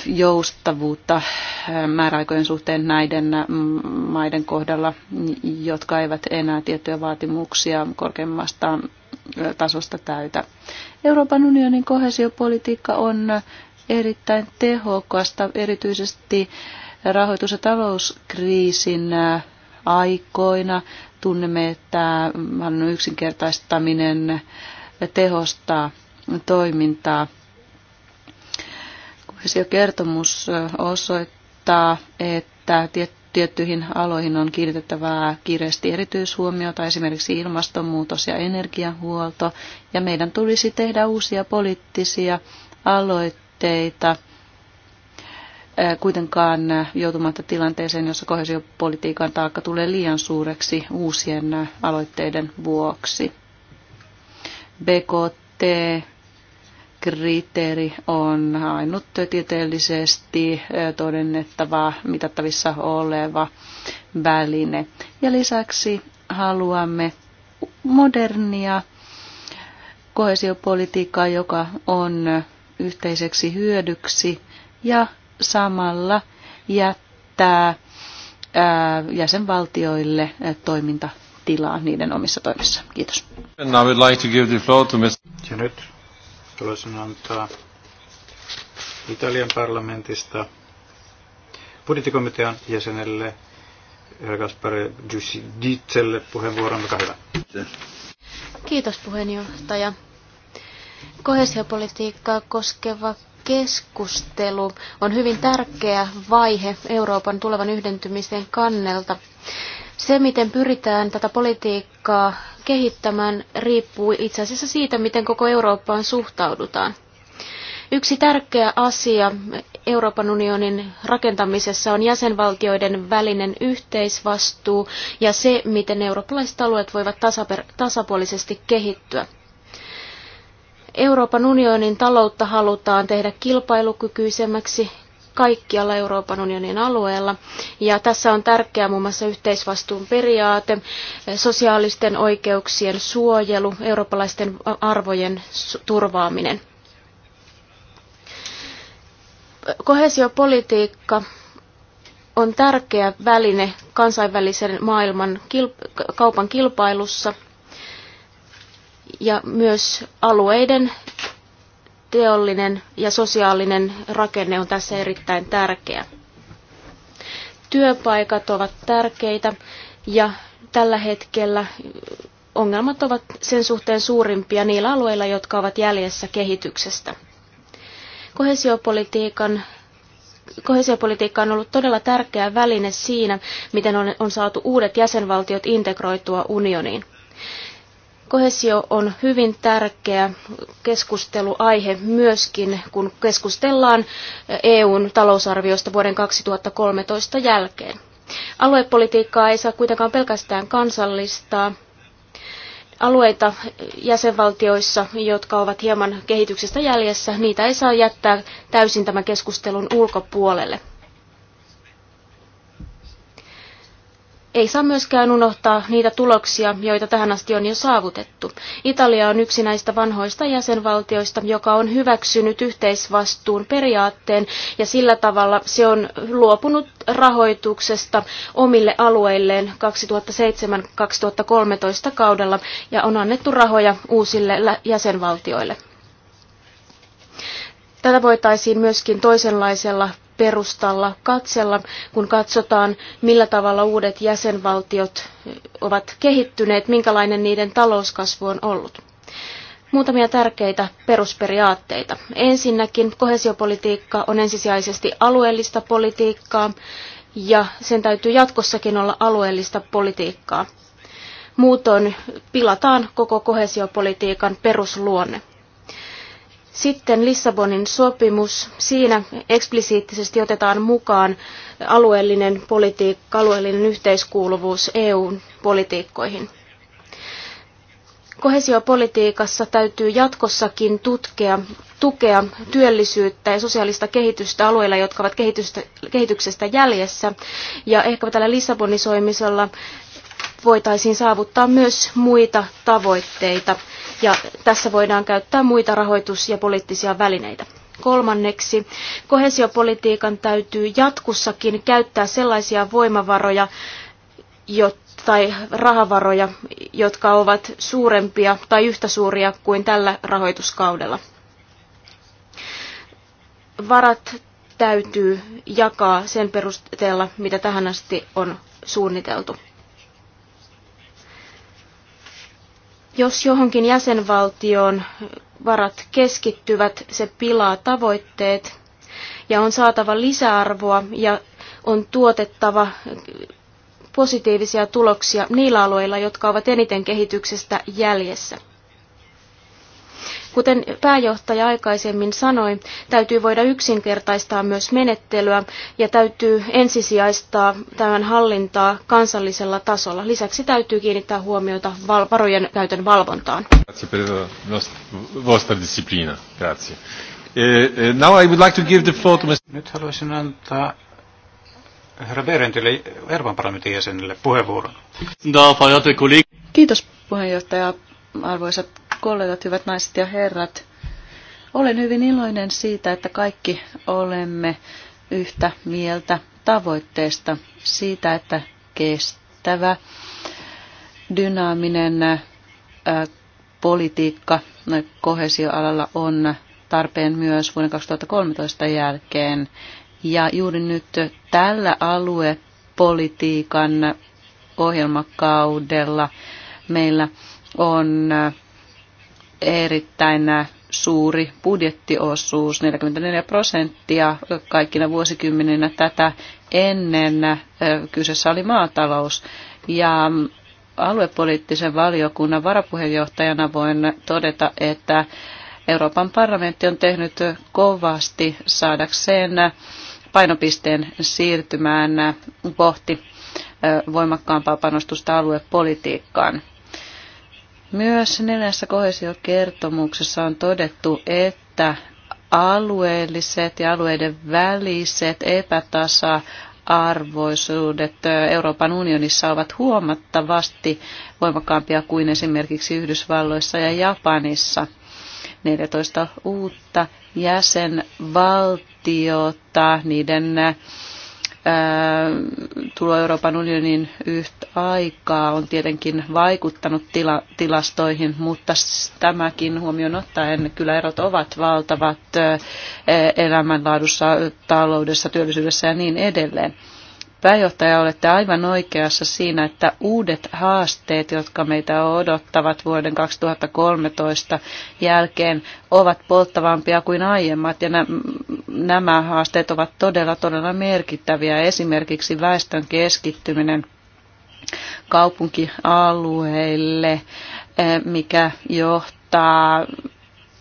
joustavuutta määräaikojen suhteen näiden maiden kohdalla, jotka eivät enää tiettyjä vaatimuksia korkeammasta tasosta täytä. Euroopan unionin kohesiopolitiikka on erittäin tehokasta, erityisesti rahoitus- ja talouskriisin aikoina. Tunnemme, että yksinkertaistaminen tehostaa toimintaa kertomus osoittaa, että tiettyihin aloihin on kiinnitettävää kiireesti erityishuomiota, esimerkiksi ilmastonmuutos ja energiahuolto, ja meidän tulisi tehdä uusia poliittisia aloitteita, kuitenkaan joutumatta tilanteeseen, jossa kohesiopolitiikan taakka tulee liian suureksi uusien aloitteiden vuoksi. BKT kriteeri on ainut tieteellisesti todennettava, mitattavissa oleva väline. Ja lisäksi haluamme modernia kohesiopolitiikkaa, joka on yhteiseksi hyödyksi ja samalla jättää jäsenvaltioille toimintatilaa niiden omissa toimissa. Kiitos. Ja nyt haluaisin antaa Italian parlamentista budjettikomitean jäsenelle Gaspare Giussiditselle puheenvuoron. Olkaa hyvä. Kiitos puheenjohtaja. Kohesiopolitiikkaa koskeva keskustelu on hyvin tärkeä vaihe Euroopan tulevan yhdentymisen kannelta. Se, miten pyritään tätä politiikkaa kehittämään, riippuu itse asiassa siitä, miten koko Eurooppaan suhtaudutaan. Yksi tärkeä asia Euroopan unionin rakentamisessa on jäsenvaltioiden välinen yhteisvastuu ja se, miten eurooppalaiset alueet voivat tasapuolisesti kehittyä. Euroopan unionin taloutta halutaan tehdä kilpailukykyisemmäksi, kaikkialla Euroopan unionin alueella. Ja tässä on tärkeää muun muassa yhteisvastuun periaate, sosiaalisten oikeuksien suojelu, eurooppalaisten arvojen turvaaminen. Kohesiopolitiikka on tärkeä väline kansainvälisen maailman kaupan kilpailussa ja myös alueiden teollinen ja sosiaalinen rakenne on tässä erittäin tärkeä. Työpaikat ovat tärkeitä ja tällä hetkellä ongelmat ovat sen suhteen suurimpia niillä alueilla, jotka ovat jäljessä kehityksestä. Kohesiopolitiikan Kohesiopolitiikka on ollut todella tärkeä väline siinä, miten on, on saatu uudet jäsenvaltiot integroitua unioniin. Kohesio on hyvin tärkeä keskusteluaihe myöskin, kun keskustellaan EUn talousarviosta vuoden 2013 jälkeen. Aluepolitiikkaa ei saa kuitenkaan pelkästään kansallistaa. Alueita jäsenvaltioissa, jotka ovat hieman kehityksestä jäljessä, niitä ei saa jättää täysin tämän keskustelun ulkopuolelle. Ei saa myöskään unohtaa niitä tuloksia, joita tähän asti on jo saavutettu. Italia on yksi näistä vanhoista jäsenvaltioista, joka on hyväksynyt yhteisvastuun periaatteen ja sillä tavalla se on luopunut rahoituksesta omille alueilleen 2007-2013 kaudella ja on annettu rahoja uusille jäsenvaltioille. Tätä voitaisiin myöskin toisenlaisella perustalla katsella, kun katsotaan, millä tavalla uudet jäsenvaltiot ovat kehittyneet, minkälainen niiden talouskasvu on ollut. Muutamia tärkeitä perusperiaatteita. Ensinnäkin kohesiopolitiikka on ensisijaisesti alueellista politiikkaa ja sen täytyy jatkossakin olla alueellista politiikkaa. Muutoin pilataan koko kohesiopolitiikan perusluonne. Sitten Lissabonin sopimus. Siinä eksplisiittisesti otetaan mukaan alueellinen politiikka, alueellinen yhteiskuuluvuus EUn politiikkoihin. Kohesiopolitiikassa täytyy jatkossakin tukea työllisyyttä ja sosiaalista kehitystä alueilla, jotka ovat kehityksestä jäljessä. Ja ehkä tällä Lissabonisoimisella voitaisiin saavuttaa myös muita tavoitteita ja tässä voidaan käyttää muita rahoitus- ja poliittisia välineitä. Kolmanneksi, kohesiopolitiikan täytyy jatkussakin käyttää sellaisia voimavaroja jo, tai rahavaroja, jotka ovat suurempia tai yhtä suuria kuin tällä rahoituskaudella. Varat täytyy jakaa sen perusteella, mitä tähän asti on suunniteltu. Jos johonkin jäsenvaltioon varat keskittyvät, se pilaa tavoitteet ja on saatava lisäarvoa ja on tuotettava positiivisia tuloksia niillä alueilla, jotka ovat eniten kehityksestä jäljessä. Kuten pääjohtaja aikaisemmin sanoi, täytyy voida yksinkertaistaa myös menettelyä ja täytyy ensisijaistaa tämän hallintaa kansallisella tasolla. Lisäksi täytyy kiinnittää huomiota varojen käytön valvontaan. Eh, eh, Nyt haluaisin antaa herra Berentille, Euroopan parlamentin jäsenille, puheenvuoron. Kiitos puheenjohtaja, arvoisat kollegat, hyvät naiset ja herrat. Olen hyvin iloinen siitä, että kaikki olemme yhtä mieltä tavoitteesta siitä, että kestävä, dynaaminen politiikka kohesioalalla on tarpeen myös vuoden 2013 jälkeen. Ja juuri nyt tällä aluepolitiikan ohjelmakaudella meillä on erittäin suuri budjettiosuus, 44 prosenttia kaikkina vuosikymmeninä tätä ennen kyseessä oli maatalous. Ja aluepoliittisen valiokunnan varapuheenjohtajana voin todeta, että Euroopan parlamentti on tehnyt kovasti saadakseen painopisteen siirtymään kohti voimakkaampaa panostusta aluepolitiikkaan. Myös neljässä kohesiokertomuksessa on todettu, että alueelliset ja alueiden väliset epätasa arvoisuudet Euroopan unionissa ovat huomattavasti voimakkaampia kuin esimerkiksi Yhdysvalloissa ja Japanissa. 14 uutta jäsenvaltiota, niiden tulo Euroopan unionin yhtä aikaa on tietenkin vaikuttanut tila, tilastoihin, mutta tämäkin huomioon ottaen kyllä erot ovat valtavat e, elämänlaadussa, taloudessa, työllisyydessä ja niin edelleen pääjohtaja, olette aivan oikeassa siinä, että uudet haasteet, jotka meitä odottavat vuoden 2013 jälkeen, ovat polttavampia kuin aiemmat. Ja nämä haasteet ovat todella, todella merkittäviä. Esimerkiksi väestön keskittyminen kaupunkialueille, eh, mikä johtaa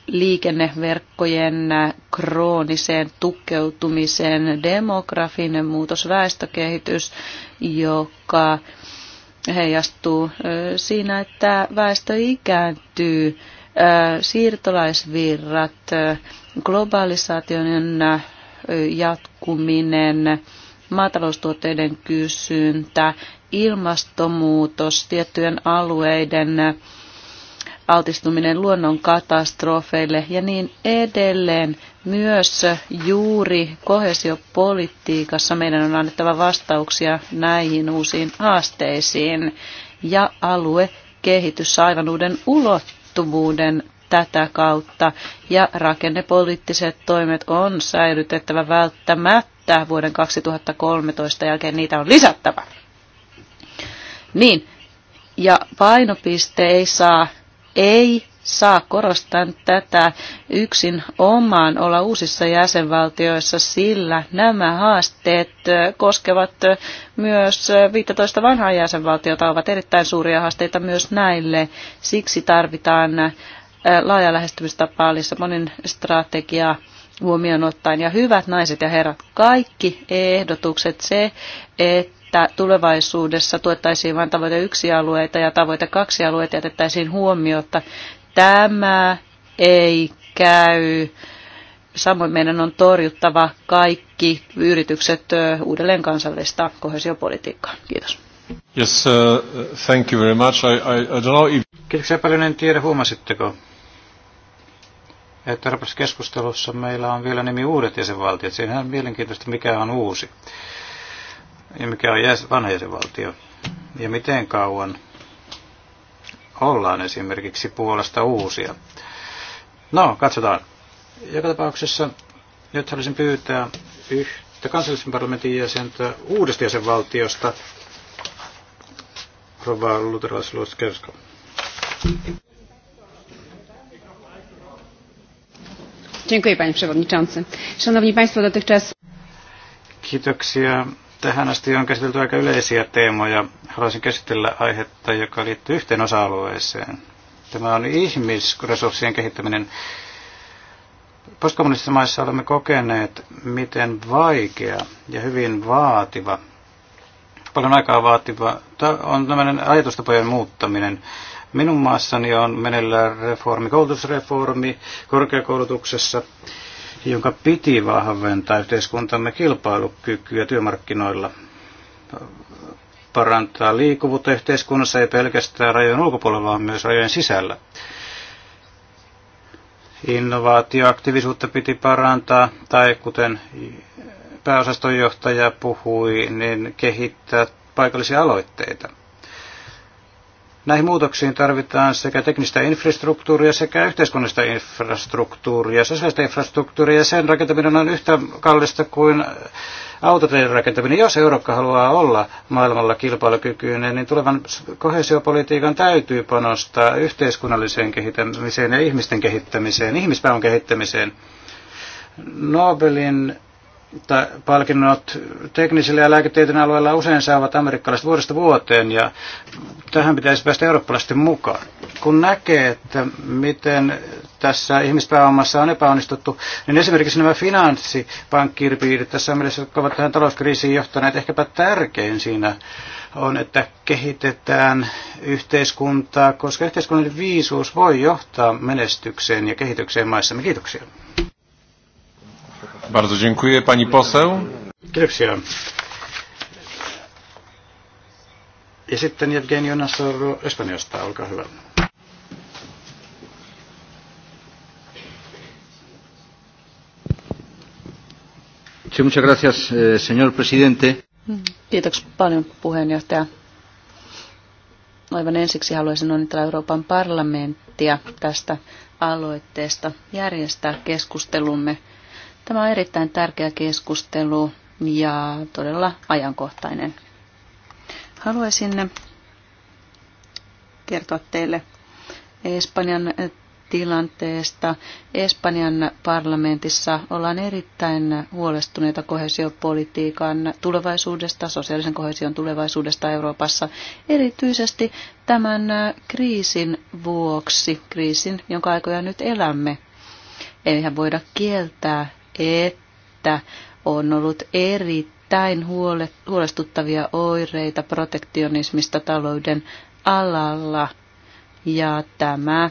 liikenneverkkojen krooniseen tukeutumiseen, demografinen muutos, väestökehitys, joka heijastuu siinä, että väestö ikääntyy, siirtolaisvirrat, globalisaation jatkuminen, maataloustuotteiden kysyntä, ilmastonmuutos, tiettyjen alueiden altistuminen luonnon katastrofeille ja niin edelleen. Myös juuri kohesiopolitiikassa meidän on annettava vastauksia näihin uusiin haasteisiin ja aluekehitys aivan uuden ulottuvuuden tätä kautta ja rakennepoliittiset toimet on säilytettävä välttämättä vuoden 2013 jälkeen niitä on lisättävä. Niin, ja painopiste ei saa ei saa korostaa tätä yksin omaan olla uusissa jäsenvaltioissa, sillä nämä haasteet koskevat myös 15 vanhaa jäsenvaltiota, ovat erittäin suuria haasteita myös näille. Siksi tarvitaan laaja lähestymistapa Lissabonin strategiaa huomioon ottaen. Ja hyvät naiset ja herrat, kaikki ehdotukset, se, että että tulevaisuudessa tuettaisiin vain tavoite yksi alueita ja tavoite kaksi alueita jätettäisiin huomiota. Tämä ei käy. Samoin meidän on torjuttava kaikki yritykset uudelleen kansallista kohesiopolitiikkaa. Kiitos. Yes, uh, thank you very much. I, I, I don't know if... Kiitoksia paljon. En tiedä, huomasitteko, että keskustelussa meillä on vielä nimi uudet jäsenvaltiot. Siinähän on mielenkiintoista, mikä on uusi ja mikä on vanha jäsenvaltio ja miten kauan ollaan esimerkiksi puolesta uusia. No, katsotaan. Joka tapauksessa nyt haluaisin pyytää yhtä kansallisen parlamentin jäsentä uudesta jäsenvaltiosta, Rova Luterilaisluoskerska. Dziękuję Panie Przewodniczący. Szanowni Państwo, dotychczas... Kiitoksia Tähän asti on käsitelty aika yleisiä teemoja. Haluaisin käsitellä aihetta, joka liittyy yhteen osa-alueeseen. Tämä on ihmisresurssien kehittäminen. Postkommunistisissa maissa olemme kokeneet, miten vaikea ja hyvin vaativa, paljon aikaa vaativa, on tämmöinen ajatustapojen muuttaminen. Minun maassani on meneillään reformi, koulutusreformi korkeakoulutuksessa jonka piti vahventaa yhteiskuntamme kilpailukykyä työmarkkinoilla, parantaa liikkuvuutta yhteiskunnassa ei pelkästään rajojen ulkopuolella, vaan myös rajojen sisällä. Innovaatioaktiivisuutta piti parantaa, tai kuten pääosastonjohtaja puhui, niin kehittää paikallisia aloitteita – Näihin muutoksiin tarvitaan sekä teknistä infrastruktuuria sekä yhteiskunnallista infrastruktuuria. Sosiaalista infrastruktuuria ja sen rakentaminen on yhtä kallista kuin autoteiden rakentaminen. Jos Eurooppa haluaa olla maailmalla kilpailukykyinen, niin tulevan kohesiopolitiikan täytyy panostaa yhteiskunnalliseen kehittämiseen ja ihmisten kehittämiseen, ihmispäivän kehittämiseen. Nobelin palkinnot teknisillä ja lääketieteen alueella usein saavat amerikkalaiset vuodesta vuoteen ja tähän pitäisi päästä eurooppalaisesti mukaan. Kun näkee, että miten tässä ihmispääomassa on epäonnistuttu, niin esimerkiksi nämä finanssipankkiiripiirit tässä mielessä, jotka ovat tähän talouskriisiin johtaneet, ehkäpä tärkein siinä on, että kehitetään yhteiskuntaa, koska yhteiskunnallinen viisuus voi johtaa menestykseen ja kehitykseen maissamme. Kiitoksia. Bardzo dziękuję. Pani poseł. Kiitoksia. Ja sitten Evgeni Jonasov Espanjasta, olkaa hyvä. Sí, muchas gracias, eh, señor presidente. Kiitoksia paljon puheenjohtaja. Aivan ensiksi haluaisin onnitella Euroopan parlamenttia tästä aloitteesta järjestää keskustelumme Tämä on erittäin tärkeä keskustelu ja todella ajankohtainen. Haluaisin kertoa teille Espanjan tilanteesta. Espanjan parlamentissa ollaan erittäin huolestuneita kohesiopolitiikan tulevaisuudesta, sosiaalisen kohesion tulevaisuudesta Euroopassa, erityisesti tämän kriisin vuoksi, kriisin, jonka aikoja nyt elämme. Eihän voida kieltää että on ollut erittäin huolestuttavia oireita protektionismista talouden alalla. Ja tämä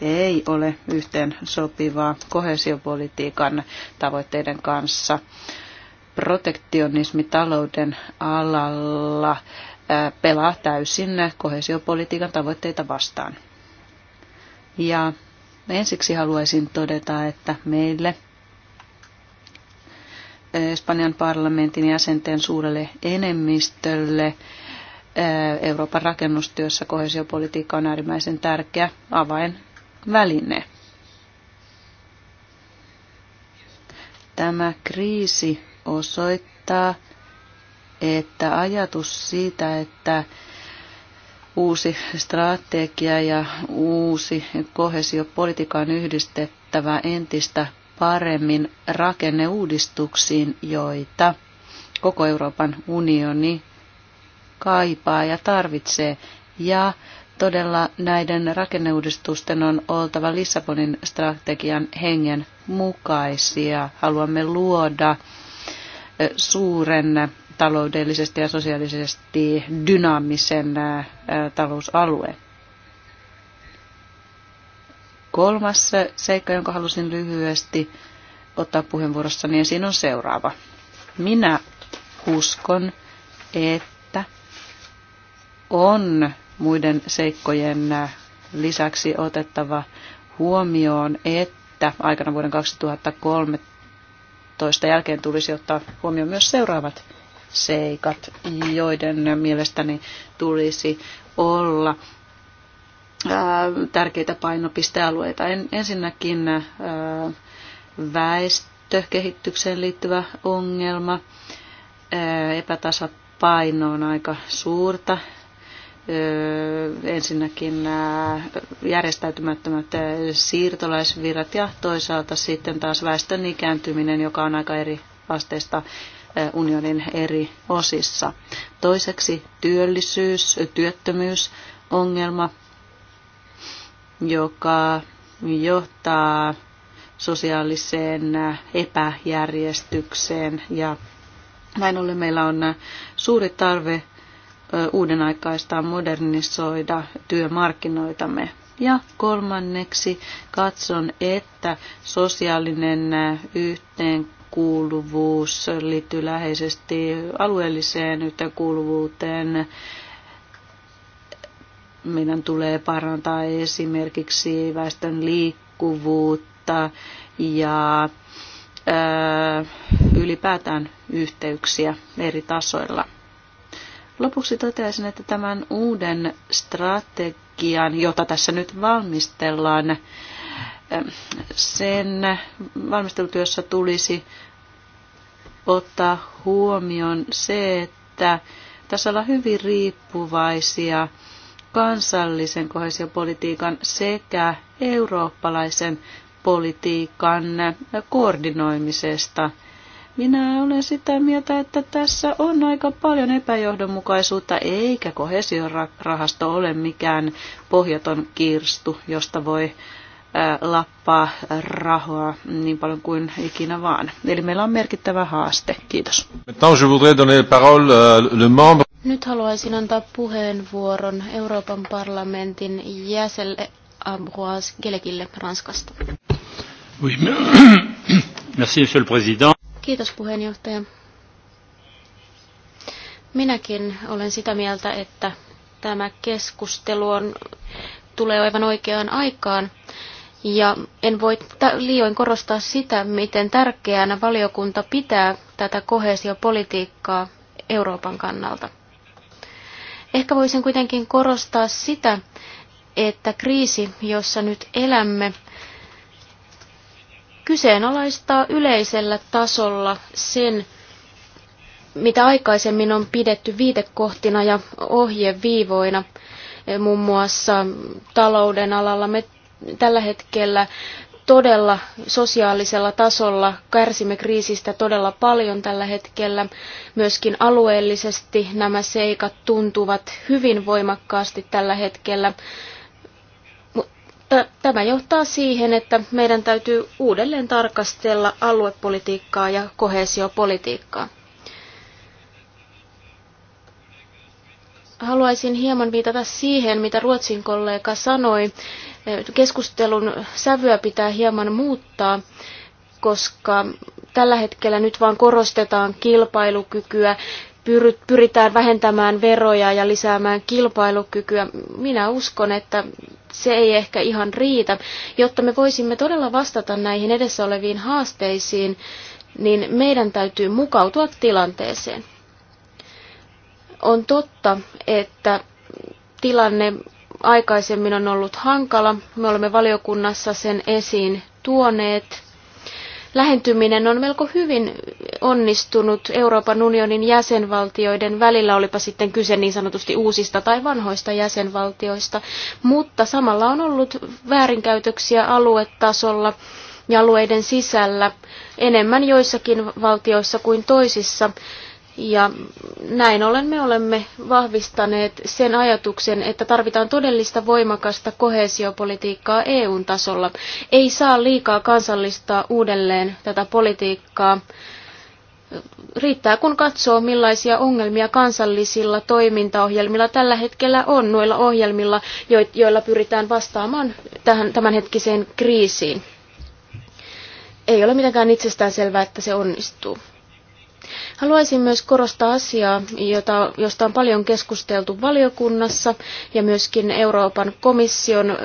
ei ole yhteen sopivaa kohesiopolitiikan tavoitteiden kanssa. Protektionismi talouden alalla pelaa täysin kohesiopolitiikan tavoitteita vastaan. Ja Ensiksi haluaisin todeta, että meille Espanjan parlamentin jäsenten suurelle enemmistölle Euroopan rakennustyössä kohesiopolitiikka on äärimmäisen tärkeä avainväline. Tämä kriisi osoittaa, että ajatus siitä, että uusi strategia ja uusi kohesiopolitiikan yhdistettävä entistä paremmin rakenneuudistuksiin, joita koko Euroopan unioni kaipaa ja tarvitsee. Ja todella näiden rakenneuudistusten on oltava Lissabonin strategian hengen mukaisia. Haluamme luoda suuren taloudellisesti ja sosiaalisesti dynaamisen talousalue. Kolmas seikka, jonka halusin lyhyesti ottaa niin siinä on seuraava. Minä uskon, että on muiden seikkojen lisäksi otettava huomioon, että aikana vuoden 2013 jälkeen tulisi ottaa huomioon myös seuraavat seikat, joiden mielestäni tulisi olla tärkeitä painopistealueita. Ensinnäkin väestökehitykseen liittyvä ongelma. Epätasapaino on aika suurta. Ensinnäkin järjestäytymättömät siirtolaisvirrat ja toisaalta sitten taas väestön ikääntyminen, joka on aika eri asteista unionin eri osissa. Toiseksi työllisyys, työttömyysongelma, joka johtaa sosiaaliseen epäjärjestykseen ja näin ollen meillä on suuri tarve uuden aikaistaan modernisoida työmarkkinoitamme. Ja kolmanneksi katson, että sosiaalinen yhteen yhteenkuuluvuus liittyy läheisesti alueelliseen yhteenkuuluvuuteen. Meidän tulee parantaa esimerkiksi väestön liikkuvuutta ja ylipäätään yhteyksiä eri tasoilla. Lopuksi toteaisin, että tämän uuden strategian, jota tässä nyt valmistellaan, sen valmistelutyössä tulisi ottaa huomioon se, että tässä ollaan hyvin riippuvaisia kansallisen kohesiopolitiikan sekä eurooppalaisen politiikan koordinoimisesta. Minä olen sitä mieltä, että tässä on aika paljon epäjohdonmukaisuutta, eikä kohesiorahasto ole mikään pohjaton kirstu, josta voi lappaa rahaa niin paljon kuin ikinä vaan. Eli meillä on merkittävä haaste. Kiitos. Euh, Nyt haluaisin antaa puheenvuoron Euroopan parlamentin jäselle Abouaz Gelekille Ranskasta. Oui, merci, monsieur le président. Kiitos puheenjohtaja. Minäkin olen sitä mieltä, että tämä keskustelu on, tulee aivan oikeaan aikaan. Ja en voi liioin korostaa sitä, miten tärkeänä valiokunta pitää tätä kohesiopolitiikkaa Euroopan kannalta. Ehkä voisin kuitenkin korostaa sitä, että kriisi, jossa nyt elämme, kyseenalaistaa yleisellä tasolla sen, mitä aikaisemmin on pidetty viitekohtina ja ohjeviivoina. Muun muassa talouden alalla me tällä hetkellä todella sosiaalisella tasolla kärsimme kriisistä todella paljon tällä hetkellä. Myöskin alueellisesti nämä seikat tuntuvat hyvin voimakkaasti tällä hetkellä. Mutta tämä johtaa siihen, että meidän täytyy uudelleen tarkastella aluepolitiikkaa ja kohesiopolitiikkaa. Haluaisin hieman viitata siihen, mitä Ruotsin kollega sanoi keskustelun sävyä pitää hieman muuttaa, koska tällä hetkellä nyt vaan korostetaan kilpailukykyä, pyritään vähentämään veroja ja lisäämään kilpailukykyä. Minä uskon, että se ei ehkä ihan riitä. Jotta me voisimme todella vastata näihin edessä oleviin haasteisiin, niin meidän täytyy mukautua tilanteeseen. On totta, että tilanne aikaisemmin on ollut hankala. Me olemme valiokunnassa sen esiin tuoneet. Lähentyminen on melko hyvin onnistunut Euroopan unionin jäsenvaltioiden välillä, olipa sitten kyse niin sanotusti uusista tai vanhoista jäsenvaltioista, mutta samalla on ollut väärinkäytöksiä aluetasolla ja alueiden sisällä enemmän joissakin valtioissa kuin toisissa. Ja näin ollen me olemme vahvistaneet sen ajatuksen, että tarvitaan todellista voimakasta kohesiopolitiikkaa eu tasolla. Ei saa liikaa kansallistaa uudelleen tätä politiikkaa. Riittää, kun katsoo, millaisia ongelmia kansallisilla toimintaohjelmilla tällä hetkellä on, noilla ohjelmilla, joilla pyritään vastaamaan tähän tämänhetkiseen kriisiin. Ei ole mitenkään itsestään selvää, että se onnistuu. Haluaisin myös korostaa asiaa, jota, josta on paljon keskusteltu valiokunnassa ja myöskin Euroopan komission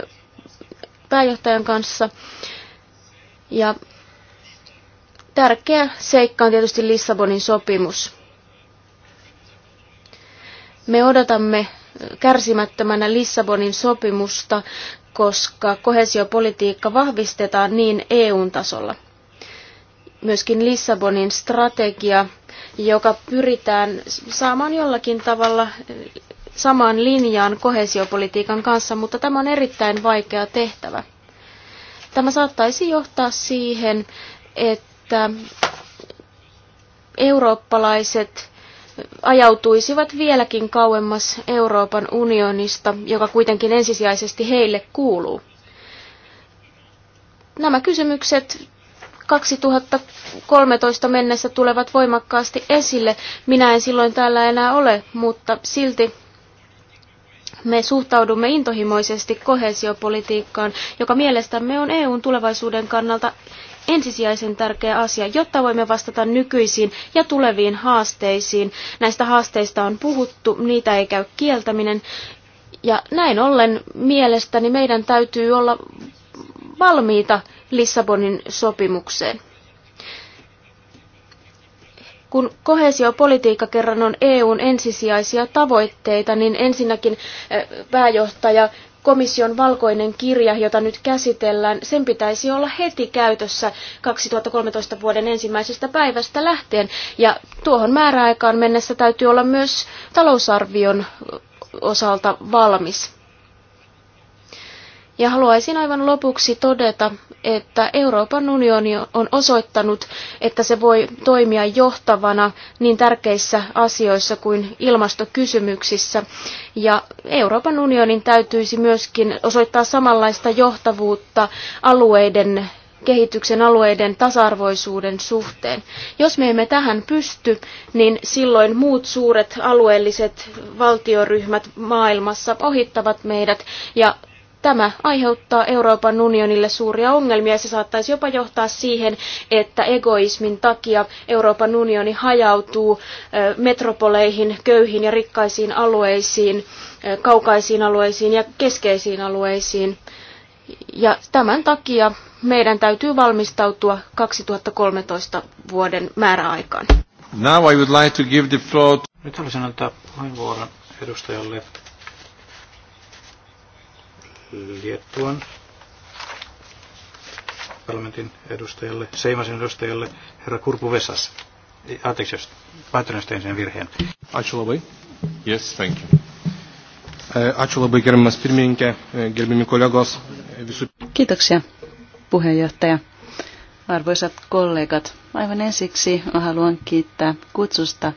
pääjohtajan kanssa. Ja tärkeä seikka on tietysti Lissabonin sopimus. Me odotamme kärsimättömänä Lissabonin sopimusta, koska kohesiopolitiikka vahvistetaan niin eu tasolla. Myöskin Lissabonin strategia joka pyritään saamaan jollakin tavalla samaan linjaan kohesiopolitiikan kanssa, mutta tämä on erittäin vaikea tehtävä. Tämä saattaisi johtaa siihen, että eurooppalaiset ajautuisivat vieläkin kauemmas Euroopan unionista, joka kuitenkin ensisijaisesti heille kuuluu. Nämä kysymykset 2013 mennessä tulevat voimakkaasti esille. Minä en silloin täällä enää ole, mutta silti me suhtaudumme intohimoisesti kohesiopolitiikkaan, joka mielestämme on EUn tulevaisuuden kannalta ensisijaisen tärkeä asia, jotta voimme vastata nykyisiin ja tuleviin haasteisiin. Näistä haasteista on puhuttu, niitä ei käy kieltäminen. Ja näin ollen mielestäni meidän täytyy olla valmiita Lissabonin sopimukseen. Kun kohesiopolitiikka kerran on EUn ensisijaisia tavoitteita, niin ensinnäkin eh, pääjohtaja komission valkoinen kirja, jota nyt käsitellään, sen pitäisi olla heti käytössä 2013 vuoden ensimmäisestä päivästä lähtien. Ja tuohon määräaikaan mennessä täytyy olla myös talousarvion osalta valmis. Ja haluaisin aivan lopuksi todeta, että Euroopan unioni on osoittanut, että se voi toimia johtavana niin tärkeissä asioissa kuin ilmastokysymyksissä. Ja Euroopan unionin täytyisi myöskin osoittaa samanlaista johtavuutta alueiden kehityksen alueiden tasa-arvoisuuden suhteen. Jos me emme tähän pysty, niin silloin muut suuret alueelliset valtioryhmät maailmassa ohittavat meidät ja Tämä aiheuttaa Euroopan unionille suuria ongelmia ja se saattaisi jopa johtaa siihen, että egoismin takia Euroopan unioni hajautuu metropoleihin, köyhiin ja rikkaisiin alueisiin, kaukaisiin alueisiin ja keskeisiin alueisiin. Ja tämän takia meidän täytyy valmistautua 2013 vuoden määräaikaan. Now I would like to give the floor to... Nyt haluaisin antaa puheenvuoron edustajalle Liettuan parlamentin edustajalle, Seimasin edustajalle, herra Kurpu Vesas. Anteeksi, jos päätän sen virheen. Ačiū labai. Yes, thank you. E, ačiū labai, gerbiamas pirmininkė, e, gerbiami e, Visu... Kiitoksia, puheenjohtaja. Arvoisat kollegat, aivan ensiksi haluan kiittää kutsusta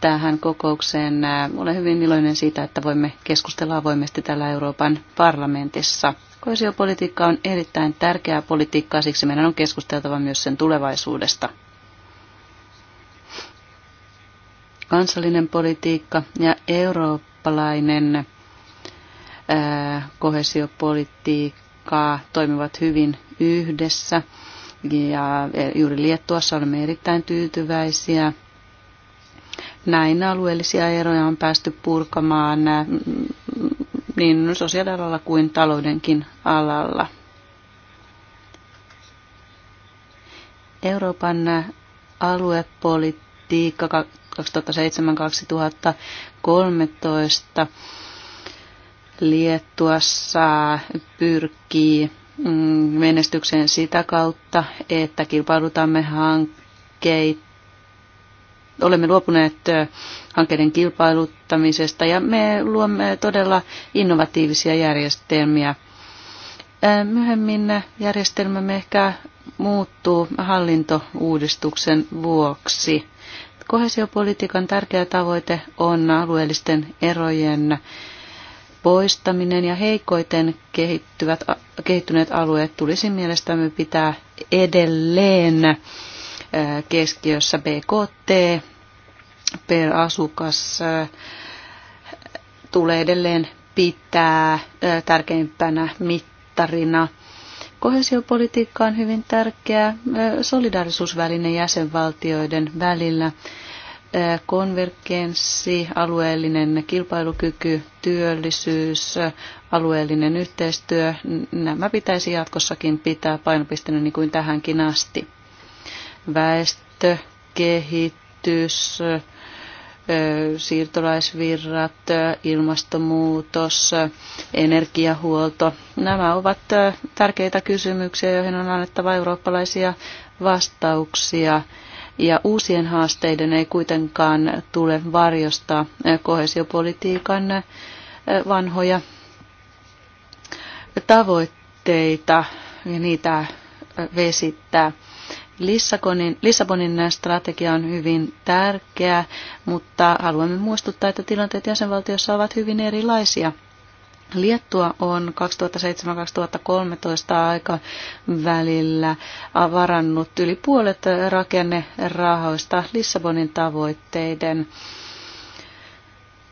tähän kokoukseen. Äh, olen hyvin iloinen siitä, että voimme keskustella avoimesti täällä Euroopan parlamentissa. Koesiopolitiikka on erittäin tärkeää politiikkaa, siksi meidän on keskusteltava myös sen tulevaisuudesta. Kansallinen politiikka ja eurooppalainen ää, äh, kohesiopolitiikka toimivat hyvin yhdessä. Ja juuri Liettuassa olemme erittäin tyytyväisiä näin alueellisia eroja on päästy purkamaan niin sosiaalialalla kuin taloudenkin alalla. Euroopan aluepolitiikka 2007-2013 Liettuassa pyrkii mm, menestykseen sitä kautta, että kilpailutamme hankkeita olemme luopuneet hankkeiden kilpailuttamisesta ja me luomme todella innovatiivisia järjestelmiä. Myöhemmin järjestelmämme ehkä muuttuu hallintouudistuksen vuoksi. Kohesiopolitiikan tärkeä tavoite on alueellisten erojen poistaminen ja heikoiten kehittyvät, kehittyneet alueet tulisi mielestämme pitää edelleen keskiössä BKT per asukas tulee edelleen pitää tärkeimpänä mittarina. Kohesiopolitiikka on hyvin tärkeä solidaarisuusväline jäsenvaltioiden välillä. Konvergenssi, alueellinen kilpailukyky, työllisyys, alueellinen yhteistyö, nämä pitäisi jatkossakin pitää painopisteenä niin kuin tähänkin asti. Väestö, kehitys, siirtolaisvirrat, ilmastonmuutos, energiahuolto. Nämä ovat tärkeitä kysymyksiä, joihin on annettava eurooppalaisia vastauksia. Ja uusien haasteiden ei kuitenkaan tule varjostaa kohesiopolitiikan vanhoja tavoitteita ja niitä vesittää. Lissabonin, Lissabonin strategia on hyvin tärkeä, mutta haluamme muistuttaa, että tilanteet jäsenvaltiossa ovat hyvin erilaisia. Liettua on 2007-2013 aika välillä varannut yli puolet rakennerahoista Lissabonin tavoitteiden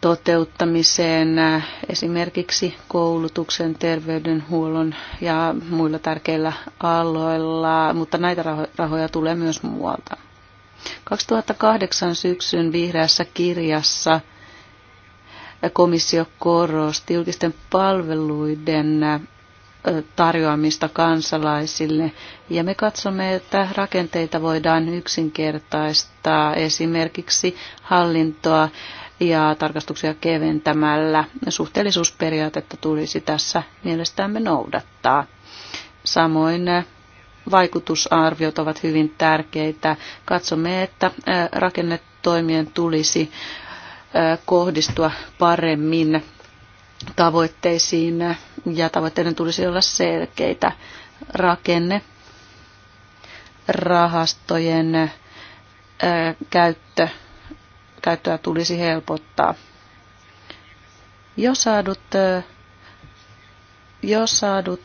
toteuttamiseen äh, esimerkiksi koulutuksen, terveydenhuollon ja muilla tärkeillä aloilla, mutta näitä rahoja tulee myös muualta. 2008 syksyn vihreässä kirjassa komissio korosti julkisten palveluiden äh, tarjoamista kansalaisille. Ja me katsomme, että rakenteita voidaan yksinkertaistaa, esimerkiksi hallintoa ja tarkastuksia keventämällä suhteellisuusperiaatetta tulisi tässä mielestämme noudattaa. Samoin eh, vaikutusarviot ovat hyvin tärkeitä. Katsomme, että eh, rakennetoimien tulisi eh, kohdistua paremmin tavoitteisiin ja tavoitteiden tulisi olla selkeitä. Rakenne, rahastojen käyttö käyttöä tulisi helpottaa. Jos saadut, jos saadut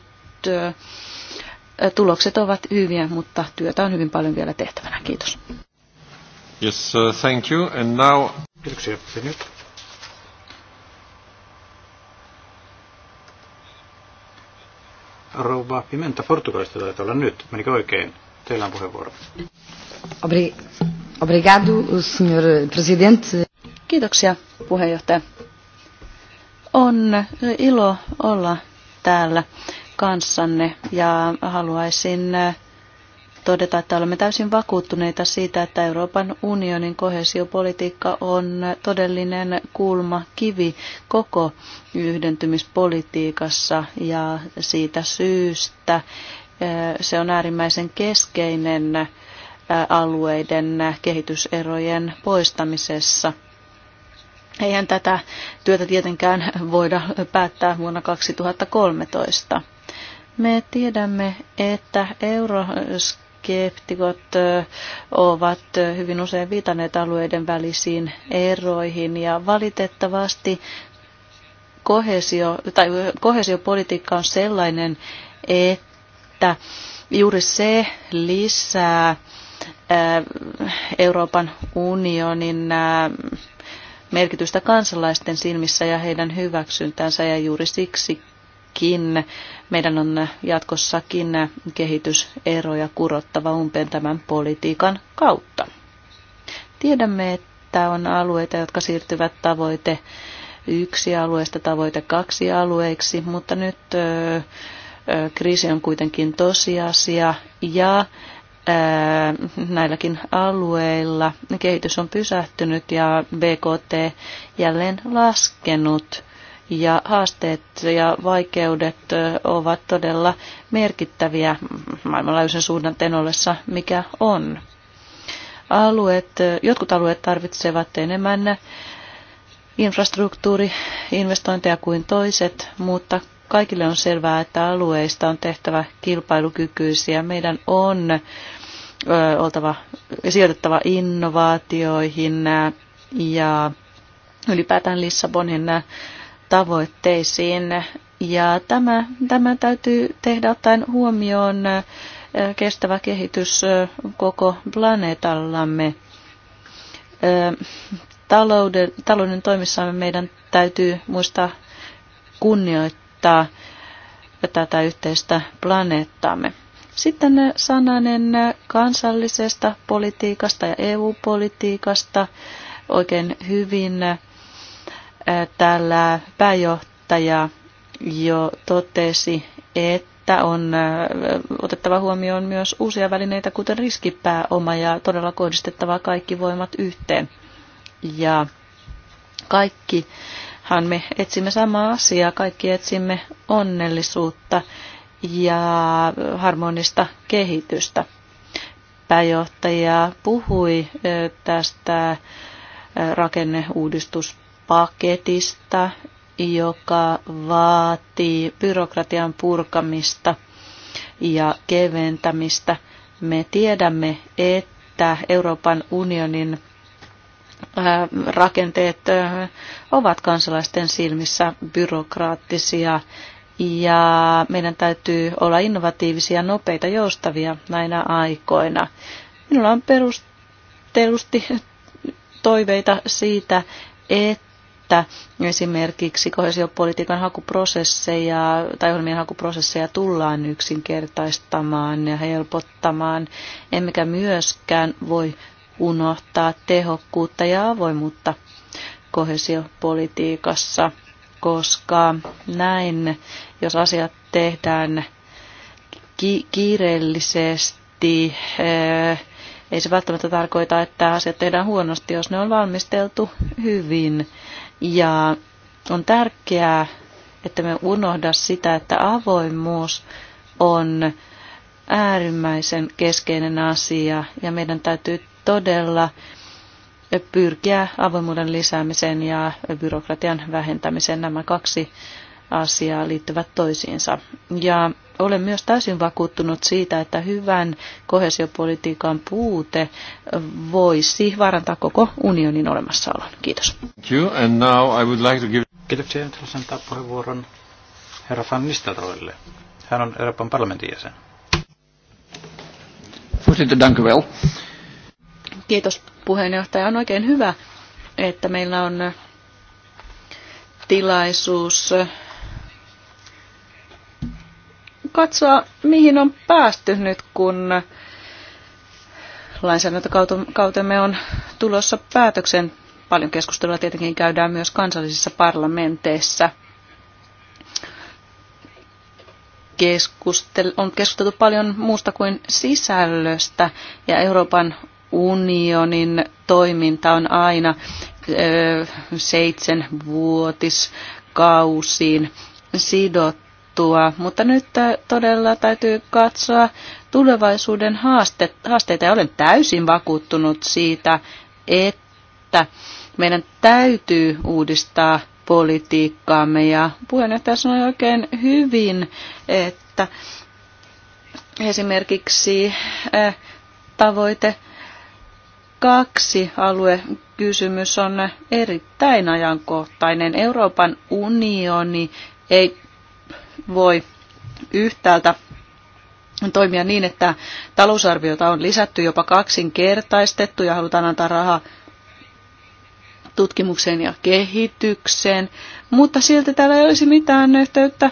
tulokset ovat hyviä, mutta työtä on hyvin paljon vielä tehtävänä. Kiitos. Yes, uh, thank you. And now... Kiitoksia. Ja nyt Rouva Pimenta Portugalista taitaa olla nyt. Menikö oikein? Teillä on puheenvuoro. Obri. Obrigado, presidente. Kiitoksia, puheenjohtaja. On eh, ilo olla täällä kanssanne ja haluaisin eh, todeta, että olemme täysin vakuuttuneita siitä, että Euroopan unionin kohesiopolitiikka on todellinen kulma, kivi koko yhdentymispolitiikassa ja siitä syystä eh, se on äärimmäisen keskeinen alueiden kehityserojen poistamisessa. Eihän tätä työtä tietenkään voida päättää vuonna 2013. Me tiedämme, että euroskeptikot ovat hyvin usein viitanneet alueiden välisiin eroihin ja valitettavasti kohesio, tai kohesiopolitiikka on sellainen, että juuri se lisää Euroopan unionin merkitystä kansalaisten silmissä ja heidän hyväksyntänsä ja juuri siksikin meidän on jatkossakin kehityseroja kurottava umpeen tämän politiikan kautta. Tiedämme, että on alueita, jotka siirtyvät tavoite yksi alueesta tavoite kaksi alueiksi, mutta nyt ö, kriisi on kuitenkin tosiasia ja näilläkin alueilla kehitys on pysähtynyt ja BKT jälleen laskenut ja haasteet ja vaikeudet ovat todella merkittäviä maailmanlaajuisen suhdanteen ollessa, mikä on. Alueet, jotkut alueet tarvitsevat enemmän infrastruktuuriinvestointeja kuin toiset, mutta Kaikille on selvää, että alueista on tehtävä kilpailukykyisiä. Meidän on oltava sijoitettava innovaatioihin ja ylipäätään Lissabonin tavoitteisiin. Ja tämä, tämä täytyy tehdä ottaen huomioon kestävä kehitys koko planeetallamme. Talouden, talouden toimissamme meidän täytyy muistaa kunnioittaa rakentaa tätä yhteistä planeettaamme. Sitten sananen kansallisesta politiikasta ja EU-politiikasta oikein hyvin täällä pääjohtaja jo totesi, että on otettava huomioon myös uusia välineitä, kuten riskipääoma ja todella kohdistettava kaikki voimat yhteen. Ja kaikki Kaikkihan me etsimme samaa asiaa, kaikki etsimme onnellisuutta ja harmonista kehitystä. Pääjohtaja puhui tästä rakenneuudistuspaketista, joka vaatii byrokratian purkamista ja keventämistä. Me tiedämme, että Euroopan unionin rakenteet ovat kansalaisten silmissä byrokraattisia ja meidän täytyy olla innovatiivisia, nopeita, joustavia näinä aikoina. Minulla on perustelusti toiveita siitä, että esimerkiksi kohesiopolitiikan hakuprosesseja tai ohjelmien hakuprosesseja tullaan yksinkertaistamaan ja helpottamaan, emmekä myöskään voi unohtaa tehokkuutta ja avoimuutta kohesiopolitiikassa, koska näin, jos asiat tehdään ki- kiireellisesti, eh, ei se välttämättä tarkoita, että asiat tehdään huonosti, jos ne on valmisteltu hyvin. Ja on tärkeää, että me unohda sitä, että avoimuus on äärimmäisen keskeinen asia ja meidän täytyy todella pyrkiä avoimuuden lisäämiseen ja byrokratian vähentämiseen. Nämä kaksi asiaa liittyvät toisiinsa. Ja olen myös täysin vakuuttunut siitä, että hyvän kohesiopolitiikan puute voisi vaarantaa koko unionin olemassaolon. Kiitos. Kiitoksia. entisen haluaisin puheenvuoron herra Van Nistelrooille. Hän on Euroopan parlamentin jäsen. Voorzitter, dank u wel. Kiitos puheenjohtaja. On oikein hyvä, että meillä on tilaisuus katsoa, mihin on päästy nyt, kun lainsäädäntökautemme on tulossa päätöksen. Paljon keskustelua tietenkin käydään myös kansallisissa parlamenteissa. Keskustel- on keskusteltu paljon muusta kuin sisällöstä ja Euroopan unionin toiminta on aina seitsemänvuotiskausiin sidottua, mutta nyt todella täytyy katsoa tulevaisuuden haasteita. Ja olen täysin vakuuttunut siitä, että meidän täytyy uudistaa politiikkaamme. Ja puheenjohtaja sanoi oikein hyvin, että esimerkiksi tavoite kaksi aluekysymys on erittäin ajankohtainen. Euroopan unioni ei voi yhtäältä toimia niin, että talousarviota on lisätty jopa kaksinkertaistettu ja halutaan antaa rahaa tutkimukseen ja kehitykseen, mutta silti täällä ei olisi mitään yhteyttä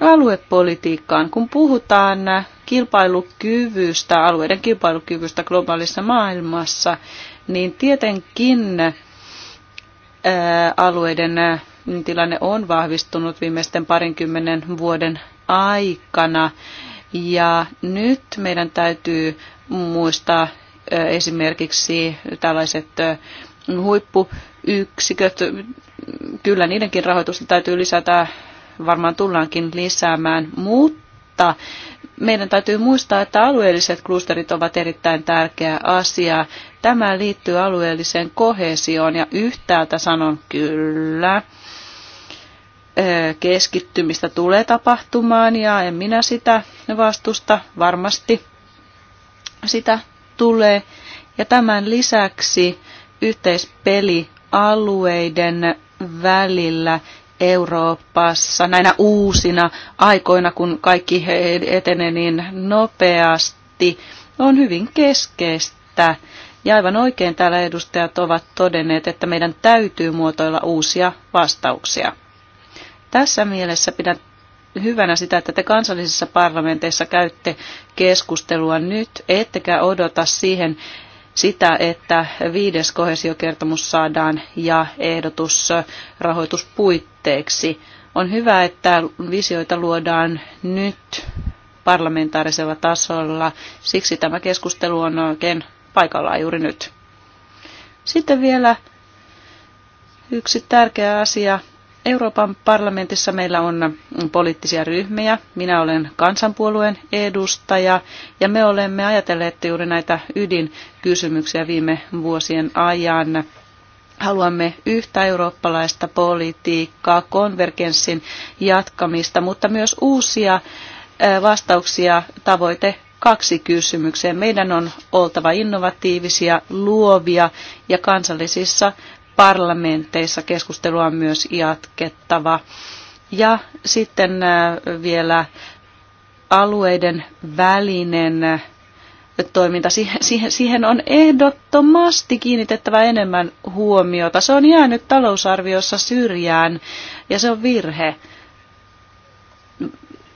aluepolitiikkaan. Kun puhutaan kilpailukyvystä, alueiden kilpailukyvystä globaalissa maailmassa, niin tietenkin alueiden tilanne on vahvistunut viimeisten parinkymmenen vuoden aikana. Ja nyt meidän täytyy muistaa esimerkiksi tällaiset huippuyksiköt. Kyllä niidenkin rahoitusta täytyy lisätä varmaan tullaankin lisäämään, mutta meidän täytyy muistaa, että alueelliset klusterit ovat erittäin tärkeä asia. Tämä liittyy alueelliseen kohesioon ja yhtäältä sanon kyllä, keskittymistä tulee tapahtumaan ja en minä sitä vastusta varmasti sitä tulee. Ja tämän lisäksi yhteispeli alueiden välillä Euroopassa näinä uusina aikoina, kun kaikki etenee niin nopeasti, on hyvin keskeistä. Ja aivan oikein täällä edustajat ovat todenneet, että meidän täytyy muotoilla uusia vastauksia. Tässä mielessä pidän hyvänä sitä, että te kansallisissa parlamenteissa käytte keskustelua nyt, ettekä odota siihen, sitä, että viides kohesiokertomus saadaan ja ehdotus rahoituspuitteeksi On hyvä, että visioita luodaan nyt parlamentaarisella tasolla. Siksi tämä keskustelu on oikein paikallaan juuri nyt. Sitten vielä yksi tärkeä asia Euroopan parlamentissa meillä on poliittisia ryhmiä. Minä olen kansanpuolueen edustaja ja me olemme ajatelleet juuri näitä ydinkysymyksiä viime vuosien ajan. Haluamme yhtä eurooppalaista politiikkaa, konvergenssin jatkamista, mutta myös uusia vastauksia tavoite kaksi kysymykseen. Meidän on oltava innovatiivisia, luovia ja kansallisissa parlamenteissa keskustelua on myös jatkettava. Ja sitten äh, vielä alueiden välinen äh, toiminta. Siihen, siihen on ehdottomasti kiinnitettävä enemmän huomiota. Se on jäänyt talousarviossa syrjään ja se on virhe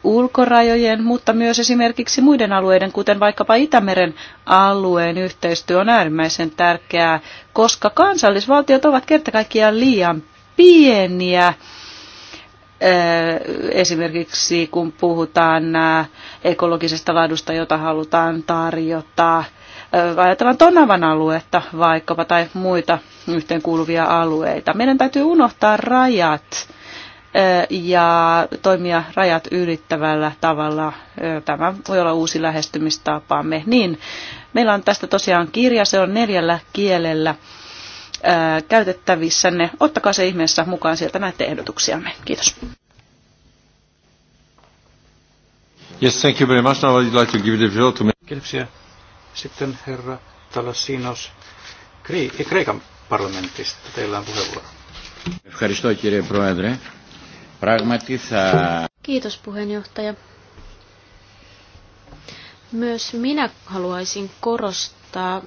ulkorajojen, mutta myös esimerkiksi muiden alueiden, kuten vaikkapa Itämeren alueen yhteistyö on äärimmäisen tärkeää, koska kansallisvaltiot ovat kertakaikkiaan liian pieniä äh, esimerkiksi kun puhutaan äh, ekologisesta laadusta, jota halutaan tarjota, äh, ajatellaan Tonavan aluetta vaikkapa tai muita yhteenkuuluvia alueita. Meidän täytyy unohtaa rajat ja toimia rajat ylittävällä tavalla. Tämä voi olla uusi lähestymistapaamme. Niin, meillä on tästä tosiaan kirja, se on neljällä kielellä käytettävissänne. Ottakaa se ihmeessä mukaan sieltä näitä ehdotuksiamme. Kiitos. Yes, thank you very much. Now I'd like to give the floor to me. Kiitoksia. Sitten herra Talasinos Kreikan parlamentista. Teillä on puheenvuoro. Ευχαριστώ κύριε Πρόεδρε. Kiitos puheenjohtaja. Myös minä haluaisin korostaa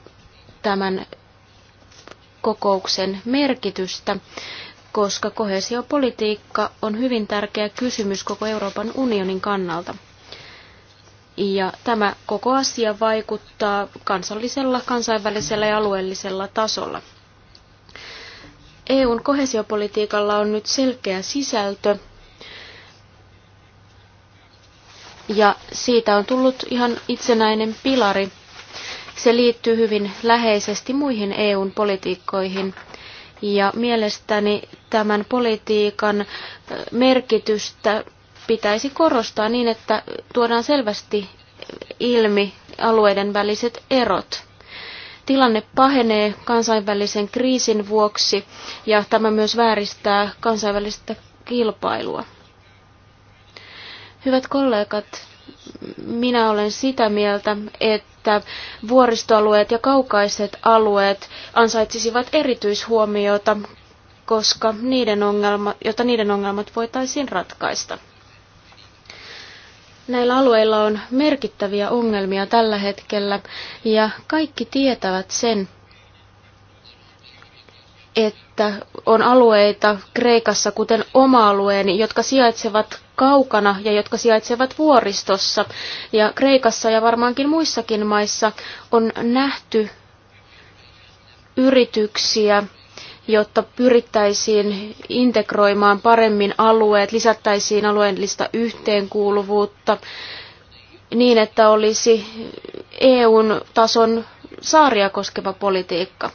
tämän kokouksen merkitystä, koska kohesiopolitiikka on hyvin tärkeä kysymys koko Euroopan unionin kannalta. Ja tämä koko asia vaikuttaa kansallisella, kansainvälisellä ja alueellisella tasolla. EUn kohesiopolitiikalla on nyt selkeä sisältö ja siitä on tullut ihan itsenäinen pilari. Se liittyy hyvin läheisesti muihin EUn politiikkoihin ja mielestäni tämän politiikan merkitystä pitäisi korostaa niin, että tuodaan selvästi ilmi alueiden väliset erot. Tilanne pahenee kansainvälisen kriisin vuoksi ja tämä myös vääristää kansainvälistä kilpailua. Hyvät kollegat, minä olen sitä mieltä, että vuoristoalueet ja kaukaiset alueet ansaitsisivat erityishuomiota, koska niiden ongelma, jotta niiden ongelmat voitaisiin ratkaista. Näillä alueilla on merkittäviä ongelmia tällä hetkellä ja kaikki tietävät sen, että on alueita Kreikassa, kuten oma alueeni, jotka sijaitsevat kaukana ja jotka sijaitsevat vuoristossa. Ja Kreikassa ja varmaankin muissakin maissa on nähty yrityksiä jotta pyrittäisiin integroimaan paremmin alueet, lisättäisiin alueellista yhteenkuuluvuutta niin, että olisi EUn tason saaria koskeva politiikka.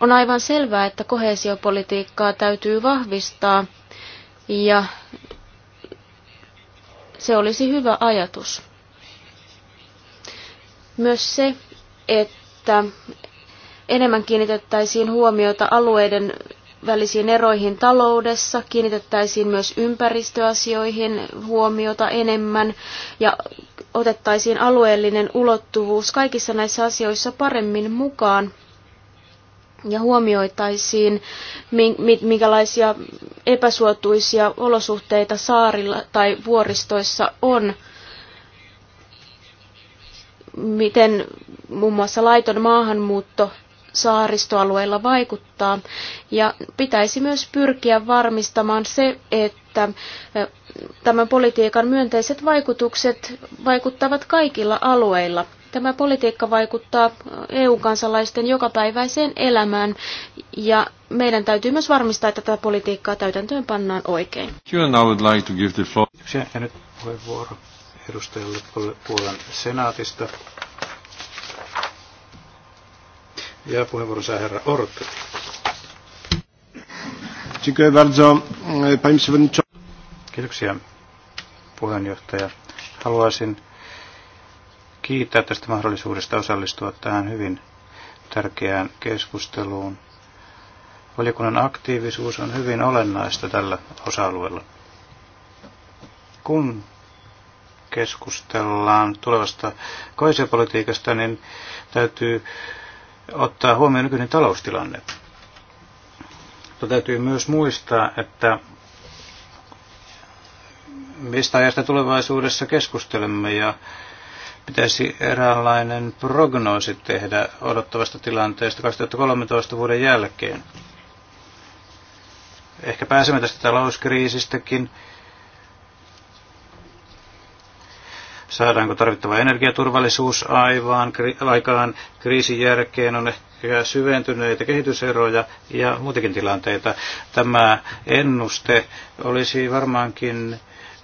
On aivan selvää, että kohesiopolitiikkaa täytyy vahvistaa ja se olisi hyvä ajatus. Myös se, että enemmän kiinnitettäisiin huomiota alueiden välisiin eroihin taloudessa, kiinnitettäisiin myös ympäristöasioihin huomiota enemmän ja otettaisiin alueellinen ulottuvuus kaikissa näissä asioissa paremmin mukaan ja huomioitaisiin, minkälaisia epäsuotuisia olosuhteita saarilla tai vuoristoissa on, miten muun muassa laiton maahanmuutto saaristoalueilla vaikuttaa. Ja pitäisi myös pyrkiä varmistamaan se, että tämän politiikan myönteiset vaikutukset vaikuttavat kaikilla alueilla. Tämä politiikka vaikuttaa EU-kansalaisten jokapäiväiseen elämään ja meidän täytyy myös varmistaa, että tätä politiikkaa täytäntöön pannaan oikein. Ja nyt puheenvuoro edustajalle Puolan senaatista. Ja puheenvuoro saa herra Orto. Dziękuję bardzo, panie przewodniczący. Kiitoksia, puheenjohtaja. Haluaisin kiittää tästä mahdollisuudesta osallistua tähän hyvin tärkeään keskusteluun. Valiokunnan aktiivisuus on hyvin olennaista tällä osa-alueella. Kun keskustellaan tulevasta koisepolitiikasta, niin täytyy ottaa huomioon nykyinen taloustilanne. Mutta täytyy myös muistaa, että mistä ajasta tulevaisuudessa keskustelemme ja pitäisi eräänlainen prognoosi tehdä odottavasta tilanteesta 2013 vuoden jälkeen. Ehkä pääsemme tästä talouskriisistäkin Saadaanko tarvittava energiaturvallisuus aivaan, aikaan kriisin jälkeen on ehkä syventyneitä kehityseroja ja muitakin tilanteita. Tämä ennuste olisi varmaankin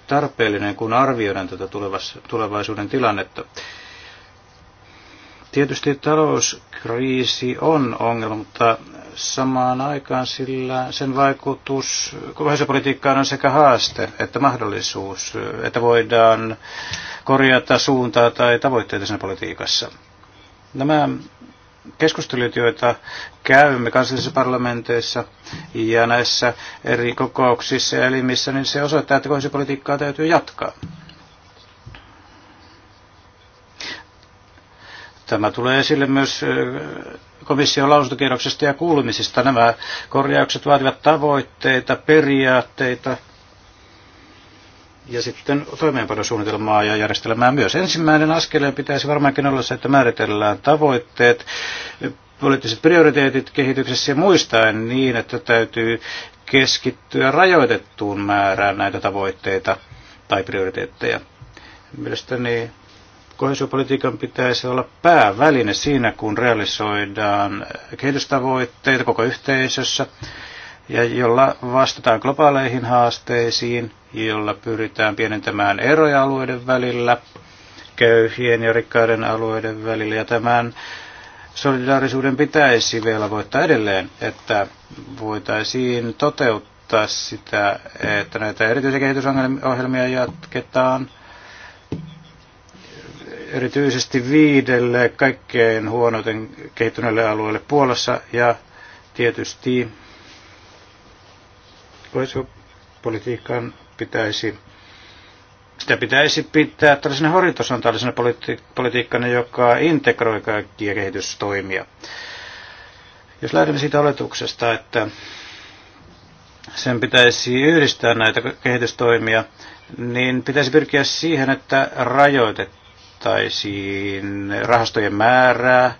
tarpeellinen, kun arvioidaan tätä tulevaisuuden tilannetta. Tietysti talouskriisi on ongelma, mutta samaan aikaan, sillä sen vaikutus kohdallisuuspolitiikkaan on sekä haaste että mahdollisuus, että voidaan korjata suuntaa tai tavoitteita sen politiikassa. Nämä keskustelut, joita käymme kansallisissa parlamenteissa ja näissä eri kokouksissa ja elimissä, niin se osoittaa, että kohdallisuuspolitiikkaa täytyy jatkaa. Tämä tulee esille myös komission lausuntokierroksesta ja kuulumisista. Nämä korjaukset vaativat tavoitteita, periaatteita ja sitten toimeenpanosuunnitelmaa ja järjestelmää myös. Ensimmäinen askeleen pitäisi varmaankin olla se, että määritellään tavoitteet, poliittiset prioriteetit kehityksessä ja muistaen niin, että täytyy keskittyä rajoitettuun määrään näitä tavoitteita tai prioriteetteja. Mielestäni Kohesiopolitiikan pitäisi olla pääväline siinä, kun realisoidaan kehitystavoitteita koko yhteisössä ja jolla vastataan globaaleihin haasteisiin, jolla pyritään pienentämään eroja alueiden välillä, köyhien ja rikkaiden alueiden välillä. Ja tämän solidaarisuuden pitäisi vielä voittaa edelleen, että voitaisiin toteuttaa sitä, että näitä erityisiä kehitysohjelmia jatketaan – erityisesti viidelle kaikkein huonoten kehittyneelle alueelle Puolassa ja tietysti politiikan pitäisi sitä pitäisi pitää tällaisena horitosantaalisena politi- politiikkana, joka integroi kaikkia kehitystoimia. Jos lähdemme siitä oletuksesta, että sen pitäisi yhdistää näitä kehitystoimia, niin pitäisi pyrkiä siihen, että rajoitet rajoitettaisiin rahastojen määrää,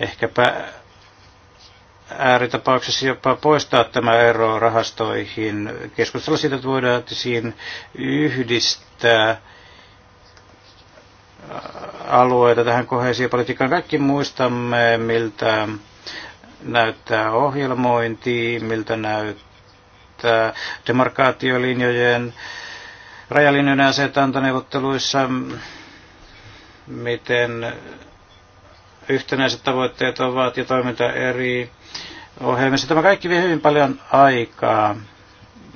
ehkäpä ääritapauksessa jopa poistaa tämä ero rahastoihin. Keskustella siitä, että voidaan yhdistää alueita tähän kohesiopolitiikkaan. Kaikki muistamme, miltä näyttää ohjelmointi, miltä näyttää demarkaatiolinjojen rajalinjojen asetantaneuvotteluissa neuvotteluissa miten yhtenäiset tavoitteet ovat ja toiminta eri ohjelmissa. Tämä kaikki vie hyvin paljon aikaa.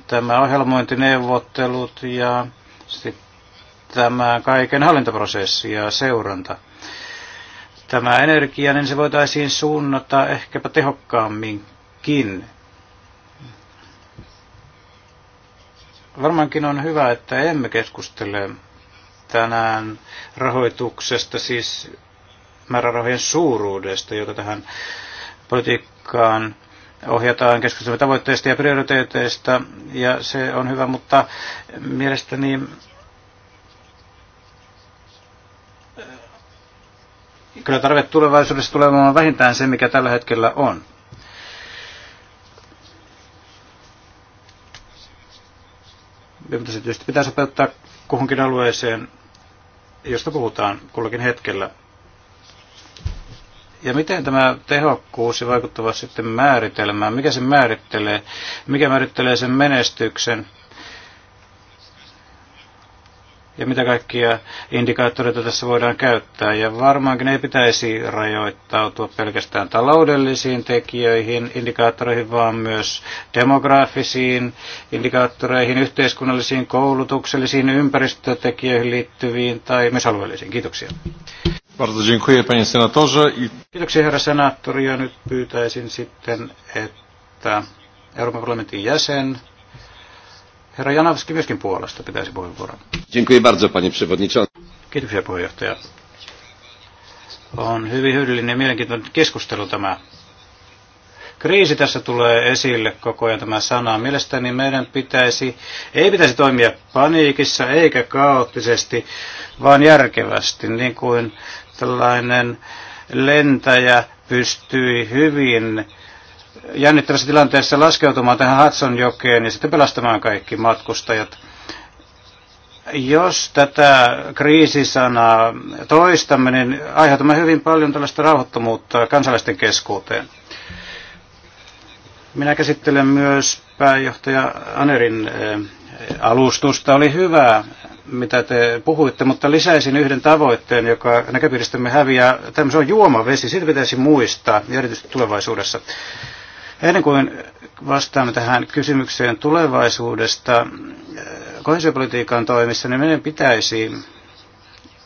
Tämä ohjelmointineuvottelut ja tämä kaiken hallintaprosessi ja seuranta. Tämä energia, niin se voitaisiin suunnata ehkäpä tehokkaamminkin. Varmaankin on hyvä, että emme keskustele tänään rahoituksesta, siis määrärahojen suuruudesta, jota tähän politiikkaan ohjataan keskustelun tavoitteista ja prioriteeteista, ja se on hyvä, mutta mielestäni eh, kyllä tarve tulevaisuudessa tulee olemaan vähintään se, mikä tällä hetkellä on. Mutta se tietysti pitää sopeuttaa kuhunkin alueeseen josta puhutaan kullakin hetkellä. Ja miten tämä tehokkuus ja vaikuttava sitten määritelmään, mikä se määrittelee, mikä määrittelee sen menestyksen ja mitä kaikkia indikaattoreita tässä voidaan käyttää. Ja varmaankin ei pitäisi rajoittautua pelkästään taloudellisiin tekijöihin, indikaattoreihin, vaan myös demograafisiin indikaattoreihin, yhteiskunnallisiin, koulutuksellisiin, ympäristötekijöihin liittyviin tai myös alueellisiin. Kiitoksia. Bardzo dziękuję, panie senatorze. Kiitoksia, herra senaattori, ja nyt pyytäisin sitten, että Euroopan parlamentin jäsen Herra Janowski myöskin puolesta pitäisi puheenvuoron. Dziękuję bardzo, panie przewodniczący. Kiitoksia puheenjohtaja. On hyvin hyödyllinen ja mielenkiintoinen keskustelu tämä. Kriisi tässä tulee esille koko ajan tämä sana. Mielestäni meidän pitäisi, ei pitäisi toimia paniikissa eikä kaoottisesti, vaan järkevästi, niin kuin tällainen lentäjä pystyi hyvin jännittävässä tilanteessa laskeutumaan tähän Hudsonjokeen ja sitten pelastamaan kaikki matkustajat. Jos tätä kriisisanaa toistamme, niin aiheutamme hyvin paljon tällaista rauhoittomuutta kansalaisten keskuuteen. Minä käsittelen myös pääjohtaja Anerin eh, alustusta. Oli hyvä, mitä te puhuitte, mutta lisäisin yhden tavoitteen, joka näköpiiristämme häviää. Tämä on juomavesi, siitä pitäisi muistaa, erityisesti tulevaisuudessa. Ennen kuin vastaamme tähän kysymykseen tulevaisuudesta äh, kohesiopolitiikan toimissa, niin meidän pitäisi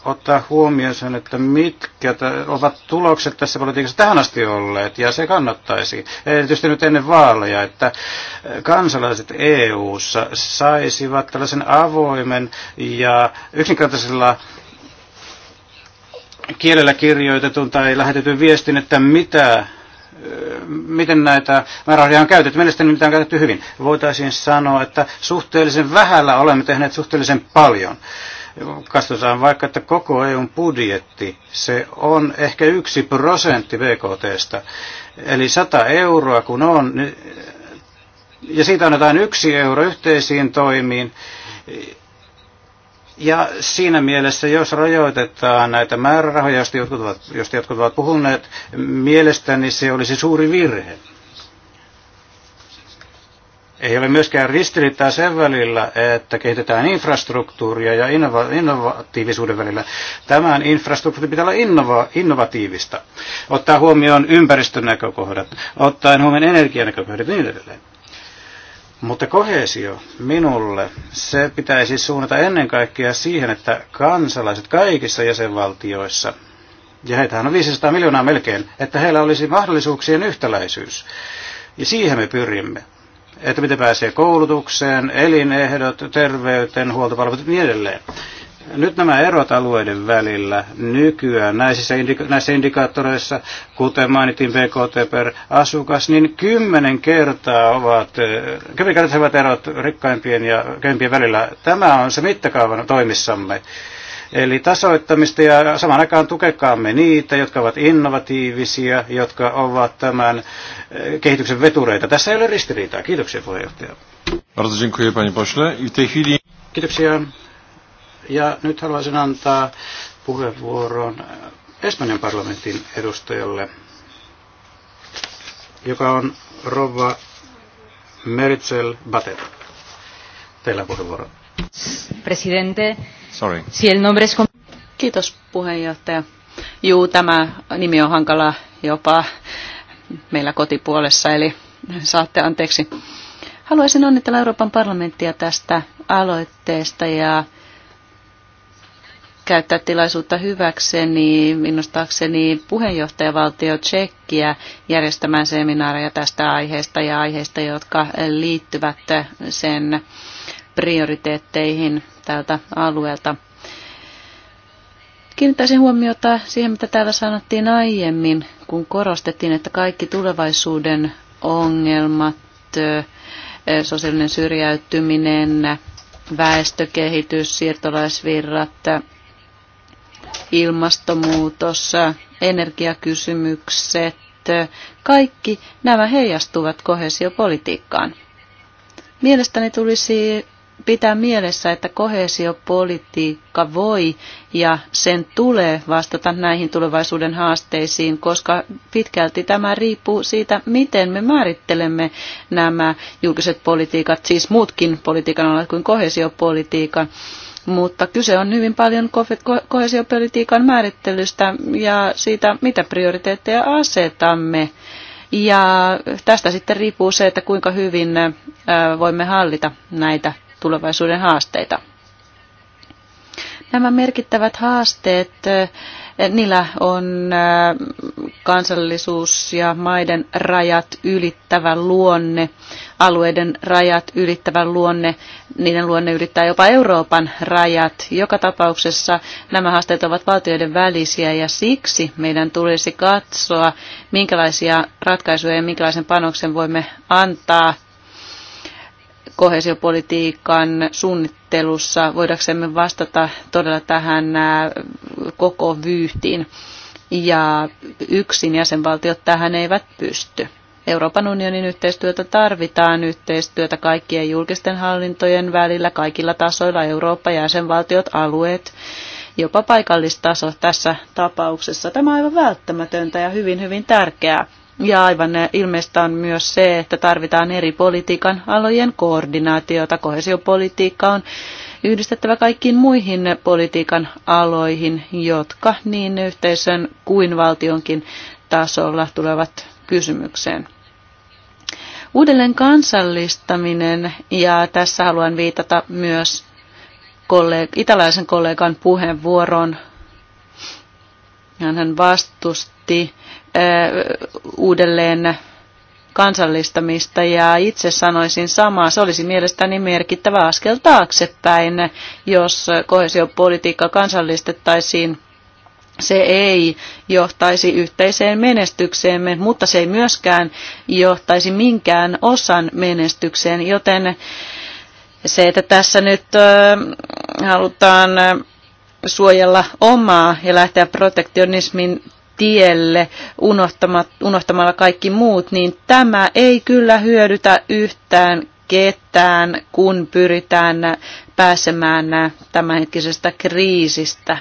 ottaa huomioon sen, että mitkä ovat tulokset tässä politiikassa tähän asti olleet, ja se kannattaisi. Erityisesti nyt ennen vaaleja, että kansalaiset EU-ssa saisivat tällaisen avoimen ja yksinkertaisella kielellä kirjoitetun tai lähetetyn viestin, että mitä miten näitä määrärahoja on käytetty. Mielestäni niitä on käytetty hyvin. Voitaisiin sanoa, että suhteellisen vähällä olemme tehneet suhteellisen paljon. Katsotaan vaikka, että koko EUn budjetti, se on ehkä yksi prosentti BKTstä. Eli 100 euroa kun on, niin ja siitä annetaan yksi euro yhteisiin toimiin, ja siinä mielessä, jos rajoitetaan näitä määrärahoja, joista jotkut ovat, joista jotkut ovat puhuneet, mielestäni se olisi suuri virhe. Ei ole myöskään ristiriitaa sen välillä, että kehitetään infrastruktuuria ja innova, innovatiivisuuden välillä. Tämän infrastruktuurin pitää olla innova, innovatiivista. Ottaa huomioon ympäristönäkökohdat, ottaen huomioon energianäkökohdat ja niin edelleen. Mutta kohesio minulle, se pitäisi suunnata ennen kaikkea siihen, että kansalaiset kaikissa jäsenvaltioissa, ja heitähän on 500 miljoonaa melkein, että heillä olisi mahdollisuuksien yhtäläisyys. Ja siihen me pyrimme. Että miten pääsee koulutukseen, elinehdot, terveyteen, huoltopalvelut ja niin edelleen. Nyt nämä erot alueiden välillä nykyään näissä, indika- näissä indikaattoreissa, kuten mainitin BKT per asukas, niin kymmenen kertaa ovat, eh, kymmenen kertaa ovat erot rikkaimpien ja köympien välillä. Tämä on se mittakaavan toimissamme. Eli tasoittamista ja saman aikaan tukekaamme niitä, jotka ovat innovatiivisia, jotka ovat tämän eh, kehityksen vetureita. Tässä ei ole ristiriitaa. Kiitoksia puheenjohtaja. Kiitoksia. Ja nyt haluaisin antaa puheenvuoron Espanjan parlamentin edustajalle, joka on Rova Meritzel Batet. Teillä puheenvuoro. Presidente. Sorry. Si el nombre es... Kiitos puheenjohtaja. Juu, tämä nimi on hankala jopa meillä kotipuolessa, eli saatte anteeksi. Haluaisin onnitella Euroopan parlamenttia tästä aloitteesta ja käyttää tilaisuutta hyväkseni, innostaakseni puheenjohtajavaltio Tsekkiä järjestämään seminaareja tästä aiheesta ja aiheista, jotka liittyvät sen prioriteetteihin tältä alueelta. Kiinnittäisin huomiota siihen, mitä täällä sanottiin aiemmin, kun korostettiin, että kaikki tulevaisuuden ongelmat, sosiaalinen syrjäytyminen, väestökehitys, siirtolaisvirrat ilmastonmuutos, energiakysymykset, kaikki nämä heijastuvat kohesiopolitiikkaan. Mielestäni tulisi pitää mielessä, että kohesiopolitiikka voi ja sen tulee vastata näihin tulevaisuuden haasteisiin, koska pitkälti tämä riippuu siitä, miten me määrittelemme nämä julkiset politiikat, siis muutkin politiikan alat kuin kohesiopolitiikan mutta kyse on hyvin paljon kohesiopolitiikan määrittelystä ja siitä, mitä prioriteetteja asetamme. Ja tästä sitten riippuu se, että kuinka hyvin voimme hallita näitä tulevaisuuden haasteita. Nämä merkittävät haasteet niillä on äh, kansallisuus ja maiden rajat ylittävä luonne, alueiden rajat ylittävä luonne, niiden luonne ylittää jopa Euroopan rajat. Joka tapauksessa nämä haasteet ovat valtioiden välisiä ja siksi meidän tulisi katsoa, minkälaisia ratkaisuja ja minkälaisen panoksen voimme antaa – kohesiopolitiikan suunnittelussa, voidaksemme vastata todella tähän koko vyyhtiin. Ja yksin jäsenvaltiot tähän eivät pysty. Euroopan unionin yhteistyötä tarvitaan, yhteistyötä kaikkien julkisten hallintojen välillä, kaikilla tasoilla, Eurooppa, jäsenvaltiot, alueet, jopa paikallistaso tässä tapauksessa. Tämä on aivan välttämätöntä ja hyvin, hyvin tärkeää. Ja aivan ilmeistä on myös se, että tarvitaan eri politiikan alojen koordinaatiota. Kohesiopolitiikka on yhdistettävä kaikkiin muihin politiikan aloihin, jotka niin yhteisön kuin valtionkin tasolla tulevat kysymykseen. Uudelleen kansallistaminen, ja tässä haluan viitata myös kollega, italaisen kollegan puheenvuoroon. Hän vastusti uudelleen kansallistamista ja itse sanoisin samaa. Se olisi mielestäni merkittävä askel taaksepäin, jos kohesiopolitiikka kansallistettaisiin. Se ei johtaisi yhteiseen menestykseemme, mutta se ei myöskään johtaisi minkään osan menestykseen, joten se, että tässä nyt halutaan suojella omaa ja lähteä protektionismin tielle unohtamalla kaikki muut, niin tämä ei kyllä hyödytä yhtään ketään, kun pyritään pääsemään tämänhetkisestä kriisistä.